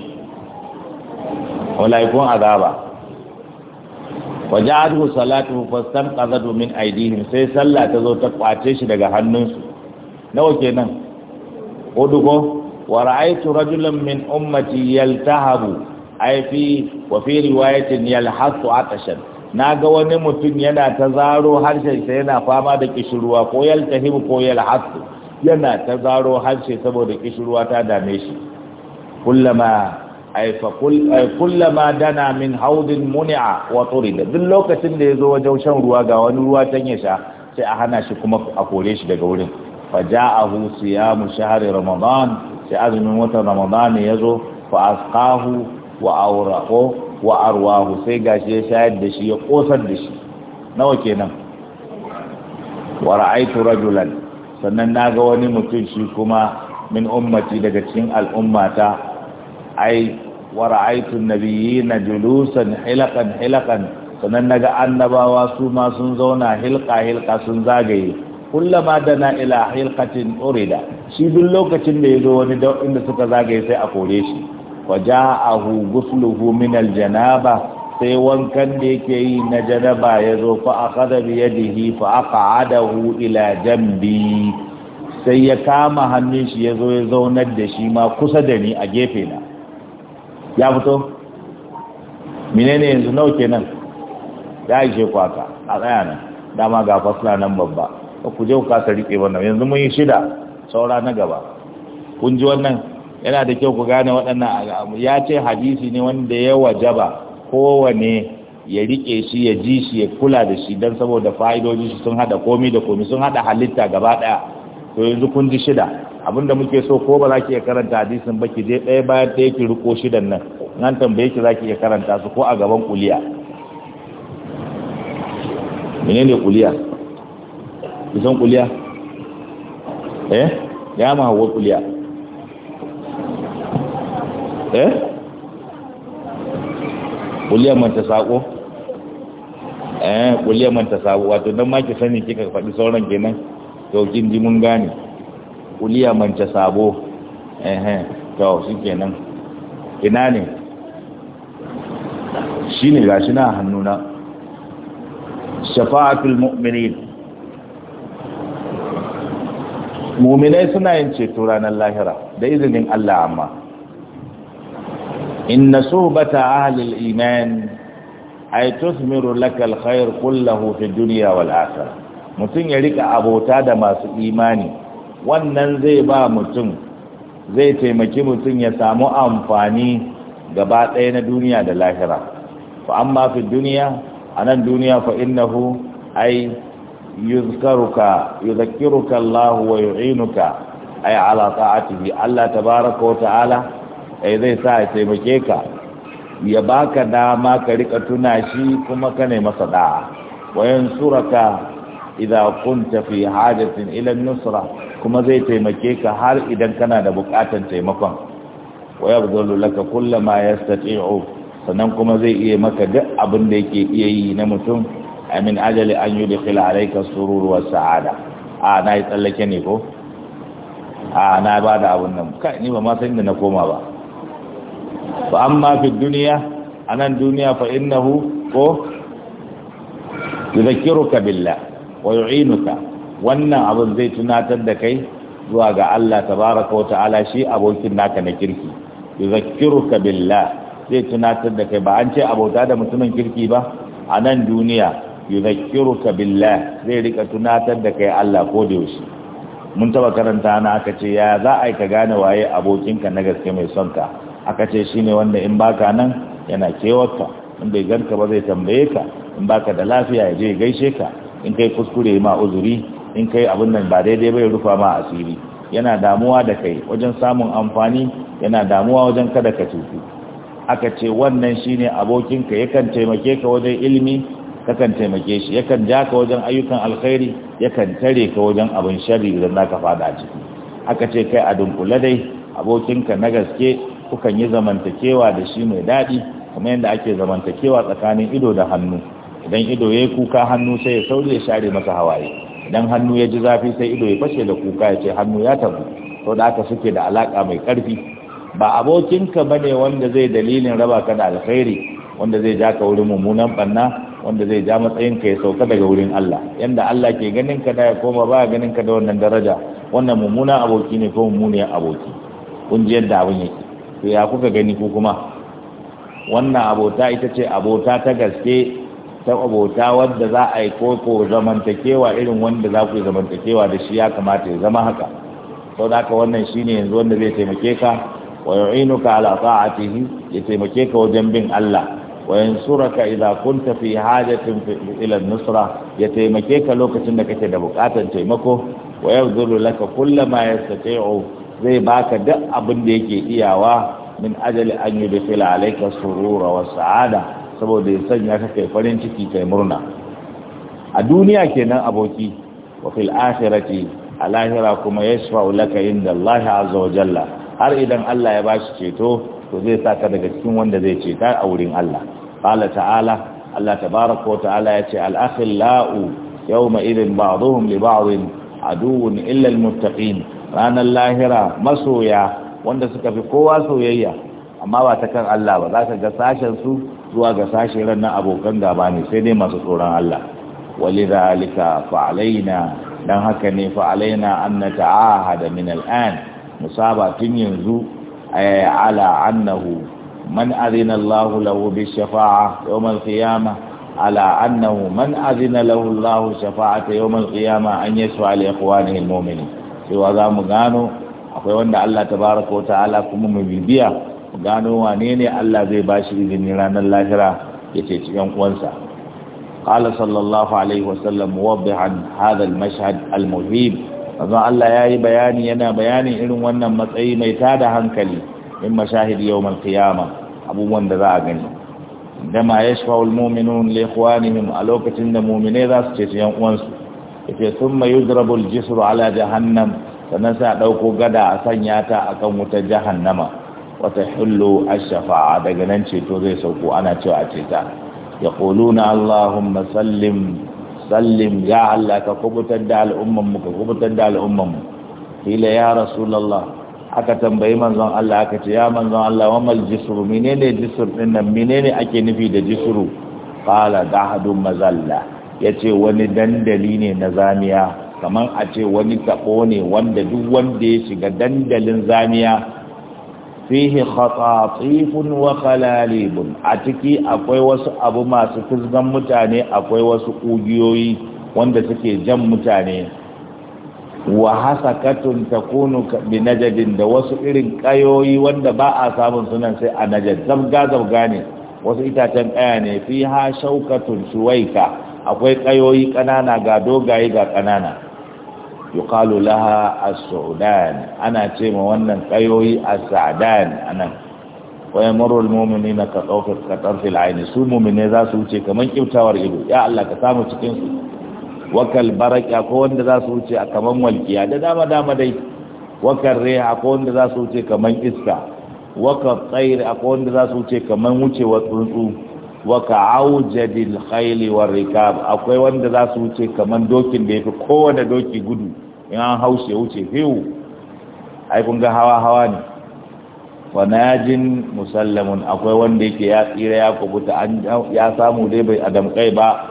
walaikun azaba wajadu salatu salatu qadadu min aidihim sai sallah ta zo ta kwace shi daga hannunsu nawa kenan hudu ko wa ra'aytu rajulan min ummati yaltahabu ay fi wa fi riwayatin yalhasu atashan naga wani mutum yana ta zaro harshen sa yana fama da kishirwa ko yaltahibu ko yalhasu yana ta zaro harshe saboda kishirwa ta dame shi kullama ay fa dana min haudin muni'a wa turida duk lokacin da ya zo wajen shan ruwa ga wani ruwa ta ya sha sai a hana shi kuma a kore shi daga wurin fa ja'ahu siyamu shahri ramadan sai azumin watan ramadan yazo fa asqahu wa awraqo wa arwahu sai gashi ya shayar da shi ya kosar da shi nawa kenan wa ra'aytu rajulan sannan naga wani mutum shi kuma min ummati daga cikin al'ummata ai wa ra'aytu an-nabiyina julusan hilakan hilakan. sanan naga annabawa su ma sun zauna hilqa hilqa sun zagaye kullama dana ila hilqatin urida shi duk lokacin da yazo wani da inda suka zagaye sai a kore shi wa ja'ahu ghusluhu min aljanaba janaba sai wankan da yake yi na janaba yazo zo fa akhadha bi yadihi fa aqadahu ila jambi sai ya kama hannun shi yazo ya zaunar da shi ma kusa da ni a gefe na ya fito ne yanzu nau kenan ya ishe ku a tsaya nan dama ga fasla nan babba ku je ku kasa rike wannan yanzu mun yi shida saura na gaba kun ji wannan yana da kyau ku gane waɗannan ya ce hadisi ne wanda ya wajaba kowane ya rike shi ya ji shi ya kula da shi don saboda fa'idoji sun hada komi da komi sun hada halitta gaba ɗaya to yanzu kun ji shida abinda muke so ko ba za ki iya karanta hadisin ba ki je ɗaya bayan ta yake riko shidan nan nan tambaye ki za ki iya karanta su ko a gaban kuliya mene ne kuliya kusan kuliya eh ya ma hawa kuliya eh kuliya man ta sako eh kuliya man ta sako wato dan ma ki sani kika faɗi sauran kenan to kin ji mun gane kuliya mance sabo ehem to shi kenan ina ne shi ne ga shi na hannuna shafa'atul mu'minin muminai suna yin ceto ranar lahira da izinin Allah amma inna suhbata ahlil iman ay tusmiru laka alkhair kullahu fi dunya wal akhirah mutun ya rika abota da masu imani wannan zai ba mutum zai taimaki mutum ya samu amfani gaba ɗaya na duniya da lahira fa an mafi duniya a nan duniya fa innahu ai yuzkaruka yuzakkiruka Allah wa yu'inuka ai ala ta'atihi Allah tabaraka wa ta'ala ai zai sa ya taimake ka ya baka dama ka rika tuna shi kuma ka ne masa da'a wa yansuraka idza kunta fi hajatin ila nusra kuma zai taimake ka har idan kana da bukatan taimakon wa yabdulu laka kullama yastati'u sannan kuma zai iya maka duk abin da yake iya yi na mutum amin ajali an yudkhil alayka surur wa sa'ada a na yi tsallake ne ko a na ba da abun nan kai ni ba ma san da na koma ba fa amma fi duniya anan duniya fa innahu ko yudhkiruka billah wa yu'inuka wannan abin zai tunatar da kai zuwa ga Allah tabaraka wa ta'ala shi abokin naka na kirki yuzakkiruka billah zai tunatar da kai ba an ce abota da mutumin kirki ba a nan duniya yuzakkiruka billah zai rika tunatar da kai Allah ko da yaushe mun taba karanta na aka ce ya za a yi ka gane waye abokinka na gaske mai son ka aka ce shine wanda in baka nan yana kewarka in bai ganka ba zai tambaye ka in baka da lafiya ya je gaishe ka in kai kuskure ma uzuri in kai abin nan ba daidai bai rufa ma asiri yana damuwa da kai wajen samun amfani yana damuwa wajen kada ka cutu aka ce wannan shine abokinka yakan taimake ka wajen ilimi kakan taimake shi yakan ja ka wajen ayyukan alkhairi yakan tare ka wajen abin shari idan ka fada ciki aka ce kai a dunkule dai abokinka na gaske kukan yi zamantakewa da shi mai daɗi kuma yadda ake zamantakewa tsakanin ido da hannu idan ido ya kuka hannu sai ya sauri ya share masa hawaye idan hannu ya ji zafi sai ido ya fashe da kuka ya ce hannu ya tabu sau da aka suke da alaka mai karfi ba abokinka ba ne wanda zai dalilin raba ka da alkhairi wanda zai ja ka wurin mummunan banna wanda zai ja matsayin ka ya sauka daga wurin Allah yanda Allah ke ganin ka da ya koma ba ganin ka da wannan daraja wannan mummunan aboki ne ko mummuniyar aboki kun ji yadda abin yake to ya kuka gani ko kuma wannan abota ita ce abota ta gaske ta abota wanda za a yi koko zamantakewa irin wanda za ku zamantakewa da shi ya kamata ya zama haka sau da haka wannan shine yanzu wanda zai taimake ka wa yu'inuka ala ta'atihi ya taimake ka wajen bin Allah wa yansuraka idza kunta fi hajatin ila nusra ya taimake ka lokacin da kake da bukatar taimako wa yabdhulu laka kullama yastati'u zai baka duk abin da yake iyawa min ajali an yudkhila alayka surura wa sa'ada saboda ya sanya ka kai farin ciki kai murna a duniya kenan aboki wa fil akhirati a lahira kuma yashfa'u laka inda Allah azza wa jalla har idan Allah ya bashi ceto to zai saka daga cikin wanda zai ceta a wurin Allah qala ta'ala Allah tabaaraka wa ta'ala yace al akhillau yawma idin ba'dhum li ba'dhin aduwwun illa al muttaqin ranar lahira masoya wanda suka fi kowa soyayya amma ba ta kan Allah ba za ka ga sashen su zuwa ga sashe ran na abokan gaba ne sai dai masu tsoron Allah wali zalika fa alaina dan haka ne fa alaina an nata'ahada min al'an musaba tun yanzu ala annahu man azina Allah lahu bi shafa'a yawm al-qiyamah ala annahu man azina lahu Allah shafa'ata yawm al an yashfa li ikhwanihi al-mu'minin sai wa za mu gano akwai wanda Allah tabaraka wa ta'ala kuma mu bibiya gano wane ne Allah zai bashi izini ranar lahira ya ce cikin uwansa qala sallallahu alaihi wasallam muwaddihan hadha al-mashhad al-muhib azan Allah yayi bayani yana bayanin irin wannan matsayi mai tada hankali in mashahid yawmal qiyamah abubuwan da za a gani dama yashfa'ul mu'minun li ikhwanihim a lokacin da muminai za su ce cikin uwansu ce sun yudrabu al-jisru ala jahannam sannan sai a gada a sanya ta akan wutar jahannama wata hullo ashafa'a daga nan ceto zai sauko ana cewa a ceta ya na allahumma sallim sallim ya allah ka kubutar da al'ummanmu ka kubutar da al'ummanmu kila ya rasulallah aka tambayi manzon allah aka ce ya manzon allah wa mal jisru menene jisru din nan menene ake nufi da jisru qala dahadun mazalla yace wani dandali ne na zamiya kamar a ce wani tabo ne wanda duk wanda ya shiga dandalin zamiya fihi khatatifun wa khalalibun a ciki akwai wasu abu masu fizgan mutane akwai wasu kugiyoyi wanda suke jan mutane wa hasakatun takunu bi najadin da wasu irin kayoyi wanda ba a samun sunan sai a najad zabga zabga ne wasu itacen kaya ne fiha shaukatun suwaika akwai kayoyi kanana ga dogaye ga kanana yuqalu laha as-su'dan ana ce ma wannan kayoyi as-sa'dan anan wa yamuru al-mu'minina ka tawfi ka tarfi al-ayn su mu'mine za su wuce kaman kiftawar ido ya Allah ka samu cikin su wakal baraka ko wanda za su wuce a kaman walkiya da dama dama dai wakal riha ko wanda za su wuce kaman iska wakal tsair ko wanda za su wuce kaman wucewar tsuntsu wa aujadil khayli war rikab akwai wanda za su wuce kaman dokin da yafi kowane doki gudu in an haushe wuce fiu ai kun ga hawa hawa ne wa najin musallamun akwai wanda yake ya tsira ya kubuta an ya samu dai bai adam kai ba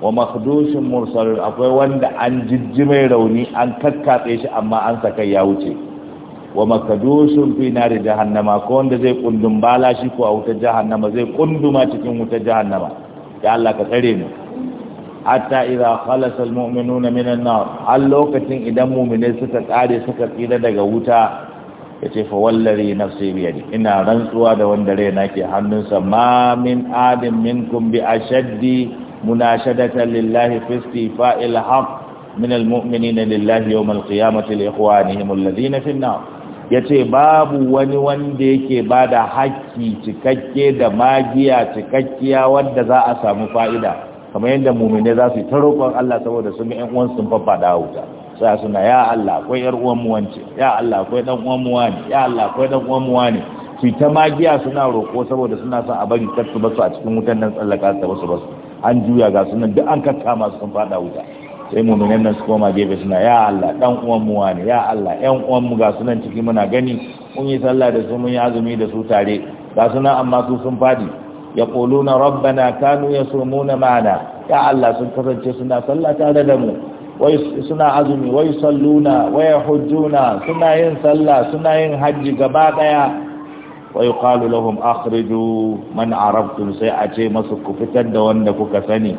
wa makhdushin mursalun akwai wanda an jijjimai rauni an kakkatse shi amma an sakai ya wuce wa makadusun fi nari jahannama ko wanda zai kundum bala shi ko a wutar jahannama zai kunduma cikin wutar jahannama ya Allah ka tsare mu hatta idza khalasa almu'minuna min nar al lokacin idan mu'mine suka tsare suka tsira daga wuta yace fa wallahi nafsi bi yadi ina rantsuwa da wanda rai nake hannunsa ma min adam minkum bi ashaddi munashadatan lillahi fi istifa'il haqq من المؤمنين لله يوم القيامة لإخوانهم الذين في النار ya ce babu wani wanda yake ba da haƙƙi cikakke da magiya cikakkiya wanda za a samu fa'ida kamar yadda mummune za su yi ta roƙon Allah saboda sun yan uwan sun da wuta sai suna ya Allah akwai ‘yar’uwan uwan mu ya Allah akwai ɗan’uwan uwan ya Allah akwai ɗan’uwan uwan mu wani su ta magiya suna roƙo saboda suna son a bari kar su basu a cikin wutan nan tsallaka su basu basu an juya ga sunan duk an masu sun faɗa wuta sai muminan nan su koma gefe suna ya Allah dan uwan mu wane ya Allah yan uwan mu ga sunan ciki muna gani mun yi sallah da su mun yi azumi da su tare ga suna amma su sun fadi ya rabbana kanu yasumuna mana ya Allah sun kasance suna sallah tare da mu wai suna azumi wai salluna wai hujjuna suna yin sallah suna yin hajji gaba daya wai qalu lahum akhriju man arabtum sai a ce masu ku fitar da wanda kuka sani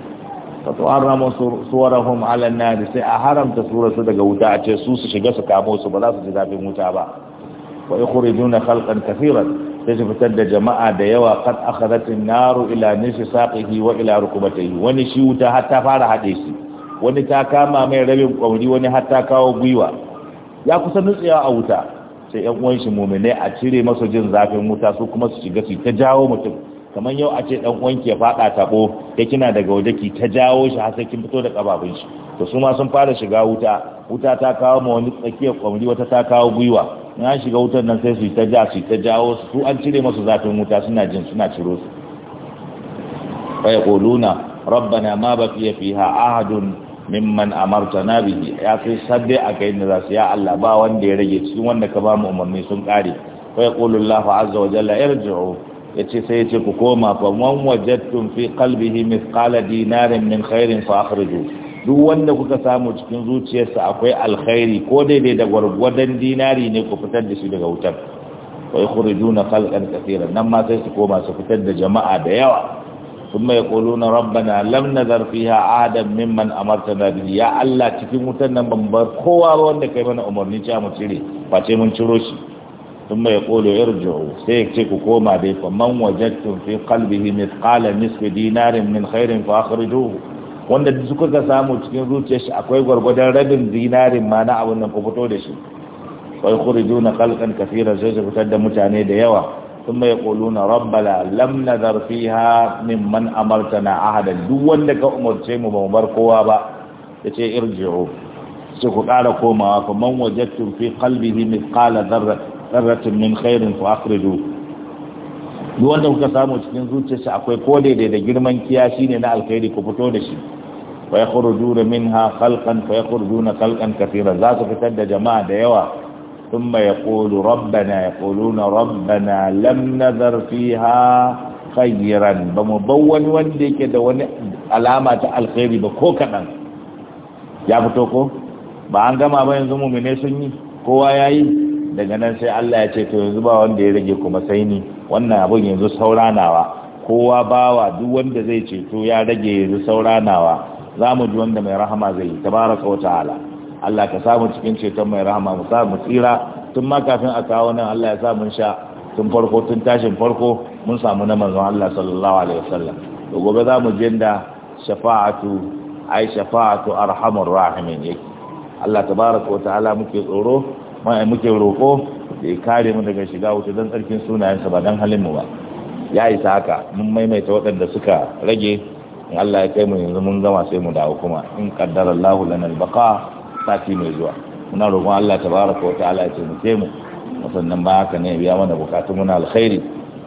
fatuharramu suwarahum ala nar sai a haramta surarsu daga wuta a ce su su shiga su kamo su ba za su ji zafin wuta ba wa yukhrijuna halkan kafiran sai su fitar da jama'a da yawa kan akhadat an-nar ila nisfi saqihi wa ila yi. wani shi wuta har ta fara haɗe shi wani ta kama mai rabin ƙwauri, wani har ta kawo gwiwa ya kusa nutsewa a wuta sai yan uwan shi mu'mine a cire masa jin zafin wuta su kuma su shiga su ta jawo mutum kamar yau a ce dan wanke ya fada tabo kai kina daga waje ki ta jawo shi har sai kin fito da kababin shi to su ma sun fara shiga wuta wuta ta kawo ma wani tsakiyar kwamri wata ta kawo gwiwa na shiga wutar nan sai su ta ja su ta jawo su an cire masu zafin wuta suna jin suna ciro su fa yaquluna rabbana ma baqiya fiha ahadun mimman amartana bihi ya kai sabbe a kai da zasu ya Allah ba wanda ya rage cikin wanda ka ba mu umarni sun kare fa yaqulu Allahu azza wa jalla irji'u yace sai yace ku koma fa man wajadtum fi qalbihi mithqala dinarin min khairin fa duk wanda kuka samu cikin zuciyarsa akwai alkhairi ko daidai da gwargwadon dinari ne ku fitar da shi daga wutar wai khurujuna khalqan kaseeran nan ma sai su koma su fitar da jama'a da yawa thumma yaquluna rabbana lam zarfi fiha adam mimman amartana bihi ya Allah cikin wutan nan ban bar kowa ba wanda kai mana umarni cewa mu cire face mun ciro shi ثم يقول ارجعوا سيكتك كوما دي فمن وجدتم في قلبه مثقال نصف دينار من خير فاخرجوه wanda duk suka ga samu cikin zuciyar shi akwai gwargwadon rabin dinarin ma na abin nan ku fito da shi wai khurujuna na kaseera kafira su fitar da mutane da yawa thumma yaquluna rabbana lam nadhar fiha amarta na ahadan duk wanda ka umarce mu ba mu bar kowa ba ya yace irji'u sai ku kara komawa fa man wajadtum fi qalbihi kala dharratin mustaqarratin min khairin fa akhriju duk wanda kuka samu cikin zuciyar zuciyarsa akwai ko daidai da girman kiya shine na alkhairi ku fito da shi fa yakhruju minha khalqan fa yakhrujuna khalqan katira za su fitar da jama'a da yawa ثم يقول ربنا يقولون ربنا لم نذر فيها خيرا بمبون وندي كده وني علامه الخير بكو alama يا فتوكو ba an gama ba yanzu mumine sun yi kowa ya daga nan sai Allah ya ce to yanzu ba wanda ya rage kuma sai ni wannan abun yanzu sauranawa kowa bawa duk wanda zai ceto ya rage yanzu sauranawa za mu ji wanda mai rahama zai yi tabaraka wa ta'ala Allah ka samu cikin ceton mai rahama mu sa mu tsira tun ma kafin a kawo nan Allah ya sa mun sha tun farko tun tashin farko mun samu na manzon Allah sallallahu alaihi wasallam to gobe za mu je da shafa'atu ai shafa'atu arhamur rahimin yake Allah tabaraka wa ta'ala muke tsoro mai muke roƙo da ya kare mu daga shiga wuta don tsarkin sunayensa ba don halinmu ba ya isa haka mun maimaita waɗanda suka rage in Allah ya kai mu yanzu mun gama sai mu dawo kuma in kaddara lahu lana albaqa sati mai zuwa muna roƙon Allah tabaraka wa ta'ala ya taimake mu sannan ba haka ne biya mana bukatun muna alkhairi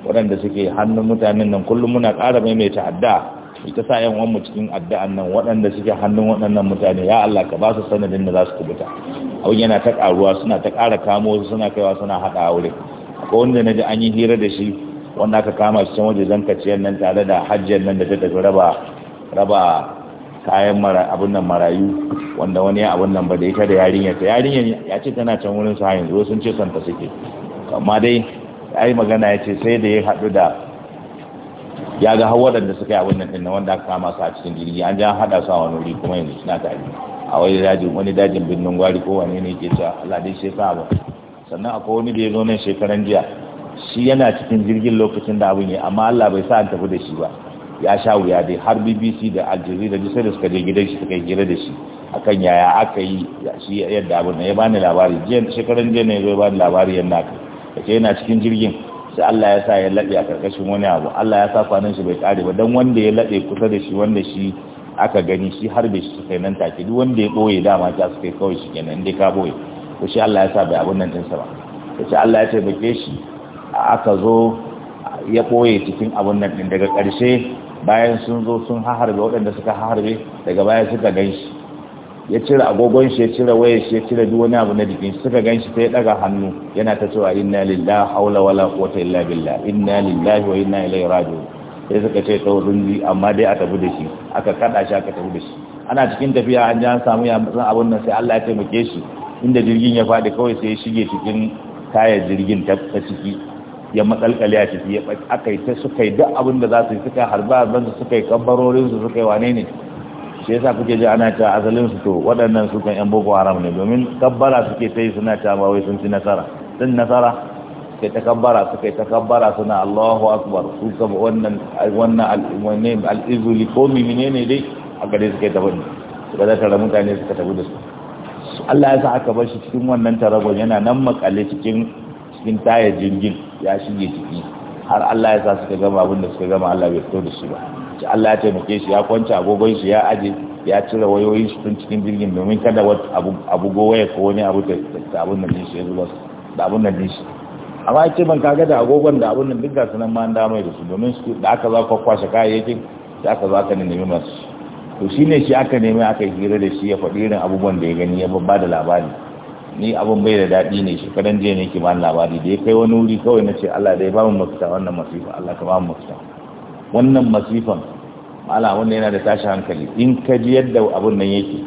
waɗanda suke hannun mutanen nan kullum muna ƙara maimaita adda ita sa yan wanmu cikin addu'an nan waɗanda suke hannun waɗannan mutane ya Allah ka ba su sanadin da za su kubuta abin yana ta ƙaruwa suna ta ƙara kamo su suna kaiwa suna haɗa aure akwai wanda na ji an yi hira da shi wanda aka kama shi can waje zankaciyar nan tare da hajjiyar nan da ta tafi raba raba kayan abin nan marayu wanda wani ya abin nan ba da ita da yarinyar ta yarinyar ya ce tana can wurin sa yanzu sun ce santa suke amma dai ai magana ya ce sai da ya haɗu da ya ga har waɗanda suka yi abin nan wanda aka kama su a cikin jirgi an ja hada su a wani wuri kuma yanzu suna tare a wani dajin wani dajin birnin gwari ko wani ne ke cewa Allah dai shi sa sannan akwai wani da ya zo nan shekaran jiya shi yana cikin jirgin lokacin da abin ya amma Allah bai sa an tafi da shi ba ya sha wuya dai har BBC da Al Jazeera duk da suka je gidan shi suka yi gira da shi akan yaya aka yi shi yadda abin ya bani labari jiya shekaran jiya ne ya bani labari yadda aka yana cikin jirgin sai Allah ya sa ya laɗe a ƙarƙashin wani abu Allah ya sa kwanan shi bai ƙare ba don wanda ya laɗe kusa da shi wanda shi aka gani shi har da shi kai nan take duk wanda ya ɓoye dama ta su kai kawai shi kenan inda ka ɓoye ko shi Allah ya sa bai abun nan ɗinsa ba ko shi Allah ya taimake shi aka zo ya ɓoye cikin abun nan ɗin daga ƙarshe bayan sun zo sun haharbe waɗanda suka haharbe daga baya suka gan shi ya cire agogon shi ya cire waya shi ya cire duk wani abu na jikin shi suka ganshi sai daga hannu yana ta cewa inna lillahi haula wala quwwata illa billah inna lillahi wa inna ilaihi raji'un sai suka ce to rundi amma dai a tafi da shi aka kada shi aka tafi da shi ana cikin tafiya an ji an samu ya mutsan abun nan sai Allah ya taimake shi inda jirgin ya fadi kawai sai ya shige cikin tayar jirgin ta ciki ya matsalkale a ciki ya aka yi ta suka yi duk abin da za su yi suka harba ban su suka yi kabbarorin su suka yi wane ne shi yasa kuke ji ana cewa asalin su to waɗannan su kan yan boko haram ne domin kabbara suke ta yi suna cewa ba wai sun ci nasara sun nasara suke ta kabbara suke ta kabbara suna Allahu akbar su ka wannan wannan al'izuli ko mimine ne dai a gare suke ta bani suka da tare mutane suka tafi da su Allah ya sa aka bar shi cikin wannan taragon yana nan makale cikin cikin tayar jirgin ya shige ciki har Allah ya sa suka gama abin da suka gama Allah bai tsoro da su ba shi Allah ya taimake shi ya kwanci agogon shi ya aje ya cire wayoyin shi tun cikin jirgin domin kada abu go waya ko wani abu da abun nan shi ya zuba da abun nan shi amma ake ban kaga da agogon da abun nan duka sanan ma an damai da su domin su da aka za ka kwashe kayayyakin da aka za ka nemi masu to shi ne shi aka nemi aka hira da shi ya faɗi irin abubuwan da ya gani ya ba da labari ni abun bai da daɗi ne shi kadan jiya ne ke ba labari da ya kai wani wuri kawai na ce Allah dai ba mu mafita wannan masifa Allah ka ba mu mafita wannan masifan ala wanda yana da tashi hankali in ka ji yadda abun nan yake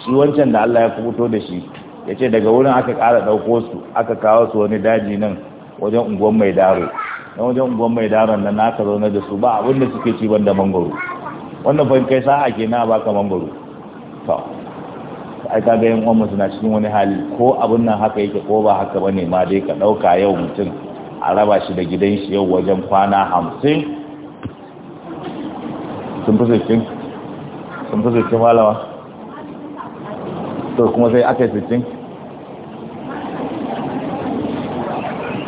shi wancan da Allah ya fito da shi ya ce daga wurin aka ƙara ɗauko su aka kawo su wani daji nan wajen unguwan mai daro na wajen unguwan mai daron nan aka zaune da su ba abin da suke ci banda mangoro wannan fa kai sa'a ke na baka mangoro to ai ka ga yan uwan suna cikin wani hali ko abin nan haka yake ko ba haka bane ma dai ka ɗauka yau mutum a raba shi da gidan shi yau wajen kwana hamsin sun fi sittin sun fi sittin malama to kuma sai aka yi sittin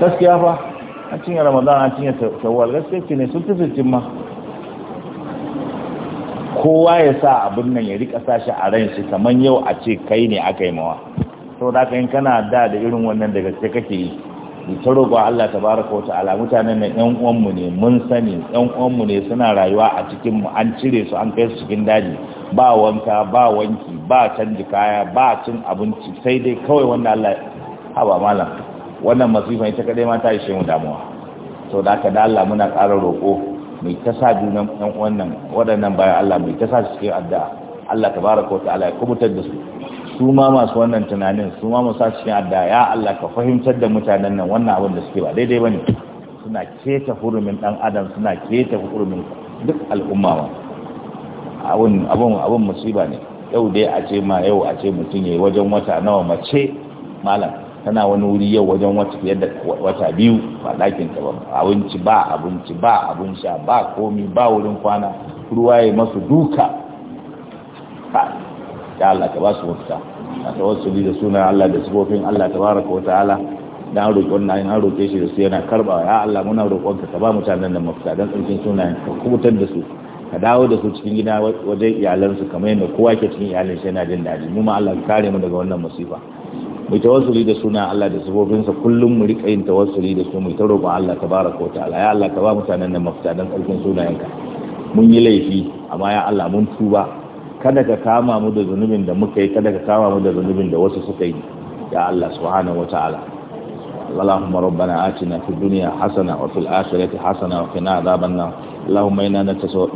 gaskiya fa an cinye ramadan an cinye shawwal gaskiya ce ne sun fi sittin ma kowa ya sa abin nan ya rika sashi a ran shi kamar yau a ce kai ne aka yi mawa sau da aka yin kana da da irin wannan daga sai kake yi mu ta roƙo Allah wata ala mutanen na ƴan uwanmu ne mun sani ƴan uwanmu ne suna rayuwa a cikin mu an cire su an kai su cikin daji ba wanka ba wanki ba canji kaya ba cin abinci sai dai kawai wanda Allah haba malam wannan masifa ita kadai ma ta yi mu damuwa to da haka da Allah muna ƙara roƙo mai ta sa junan ƴan uwan nan waɗannan bayan Allah mai ta sa su cikin addu'a Allah tabaraka ala ya kubutar da su su ma masu wannan tunanin su ma musa cikin adda ya Allah ka fahimtar da mutanen nan wannan abin da suke ba daidai bane suna keta hurumin dan adam suna keta hurumin duk al'umma ba abun abun abun musiba ne yau dai a ce ma yau a ce mutum yayi wajen wata nawa mace malam tana wani wuri yau wajen wata fiye wata biyu ba ɗakin ta ba abinci ba abinci ba abun sha ba komi ba wurin kwana ruwa ya masu duka ya Allah ka ba su mafita a tawassuli da suna Allah da sufofin Allah baraka wa ta'ala da an roƙi wannan an roƙe shi da su yana karɓa ya Allah muna roƙon ka ba mutanen nan mafita don tsarkin sunayen ka kubutar da su ka dawo da su cikin gida wajen iyalansu kamar yadda kowa ke cikin iyalin shi yana jin daɗi mu ma Allah ka kare mu daga wannan masifa mu tawassuli da suna Allah da sa kullum mu riƙa yin tawassuli da su mu ta roƙon Allah baraka wa ta'ala ya Allah ka ba mutanen nan mafita don tsarkin yanka mun yi laifi amma ya Allah mun tuba kada ka kama mu da zunubin da muka yi kada ka kama mu da zunubin da wasu suka yi ya Allah subhanahu wataala اللهم ربنا آتنا في الدنيا حسنة وفي الآخرة حسنة وقنا عذاب النار اللهم إنا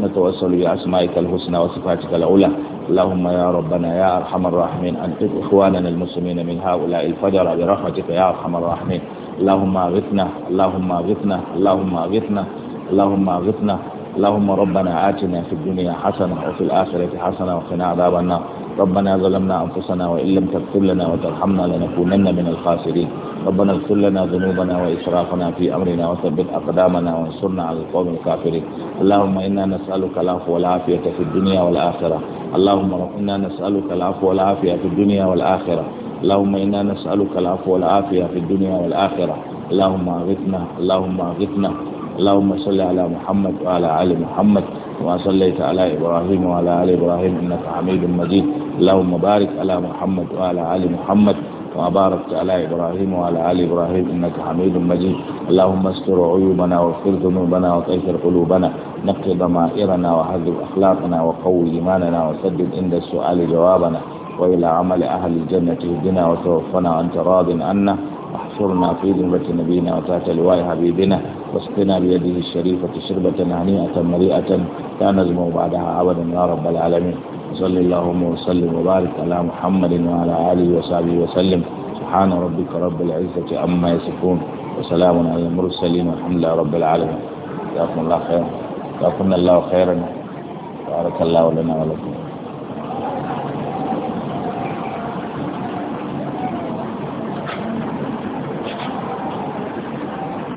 نتوسل بأسمائك الحسنى وصفاتك العلى اللهم يا ربنا يا أرحم الراحمين أنقذ إخواننا المسلمين من هؤلاء الفجر برحمتك يا أرحم الراحمين اللهم أغثنا اللهم أغثنا اللهم أغثنا اللهم أغثنا اللهم ربنا آتنا في الدنيا حسنة وفي الآخرة حسنة وقنا عذاب النار ربنا ظلمنا أنفسنا وإن لم تغفر لنا وترحمنا لنكونن من الخاسرين ربنا اغفر لنا ذنوبنا وإسرافنا في أمرنا وثبت أقدامنا وانصرنا على القوم الكافرين اللهم إنا نسألك العفو والعافية في الدنيا والآخرة اللهم إنا نسألك العفو والعافية في الدنيا والآخرة اللهم إنا نسألك العفو والعافية في الدنيا والآخرة اللهم أغثنا اللهم أغثنا اللهم صل على محمد وعلى آل محمد كما صليت على إبراهيم وعلى آل إبراهيم إنك حميد مجيد اللهم بارك على محمد وعلى آل محمد كما باركت على إبراهيم وعلى آل إبراهيم إنك حميد مجيد اللهم استر عيوبنا واغفر ذنوبنا وطهر قلوبنا نقي ضمائرنا وهذب أخلاقنا وقوي إيماننا وسدد عند السؤال جوابنا وإلى عمل أهل الجنة اهدنا وتوفنا وأنت راض عنا احصرنا في ذمة نبينا وتحت لواء حبيبنا واسقنا بيده الشريفة شربة هنيئة مريئة لا نزمع بعدها أبدا يا رب العالمين وصل اللهم وسلم وبارك على محمد وعلى آله وصحبه وسلم سبحان ربك رب العزة عما يصفون وسلام على المرسلين والحمد لله رب العالمين جزاكم الله خيرا جزاكم الله خيرا بارك الله لنا ولكم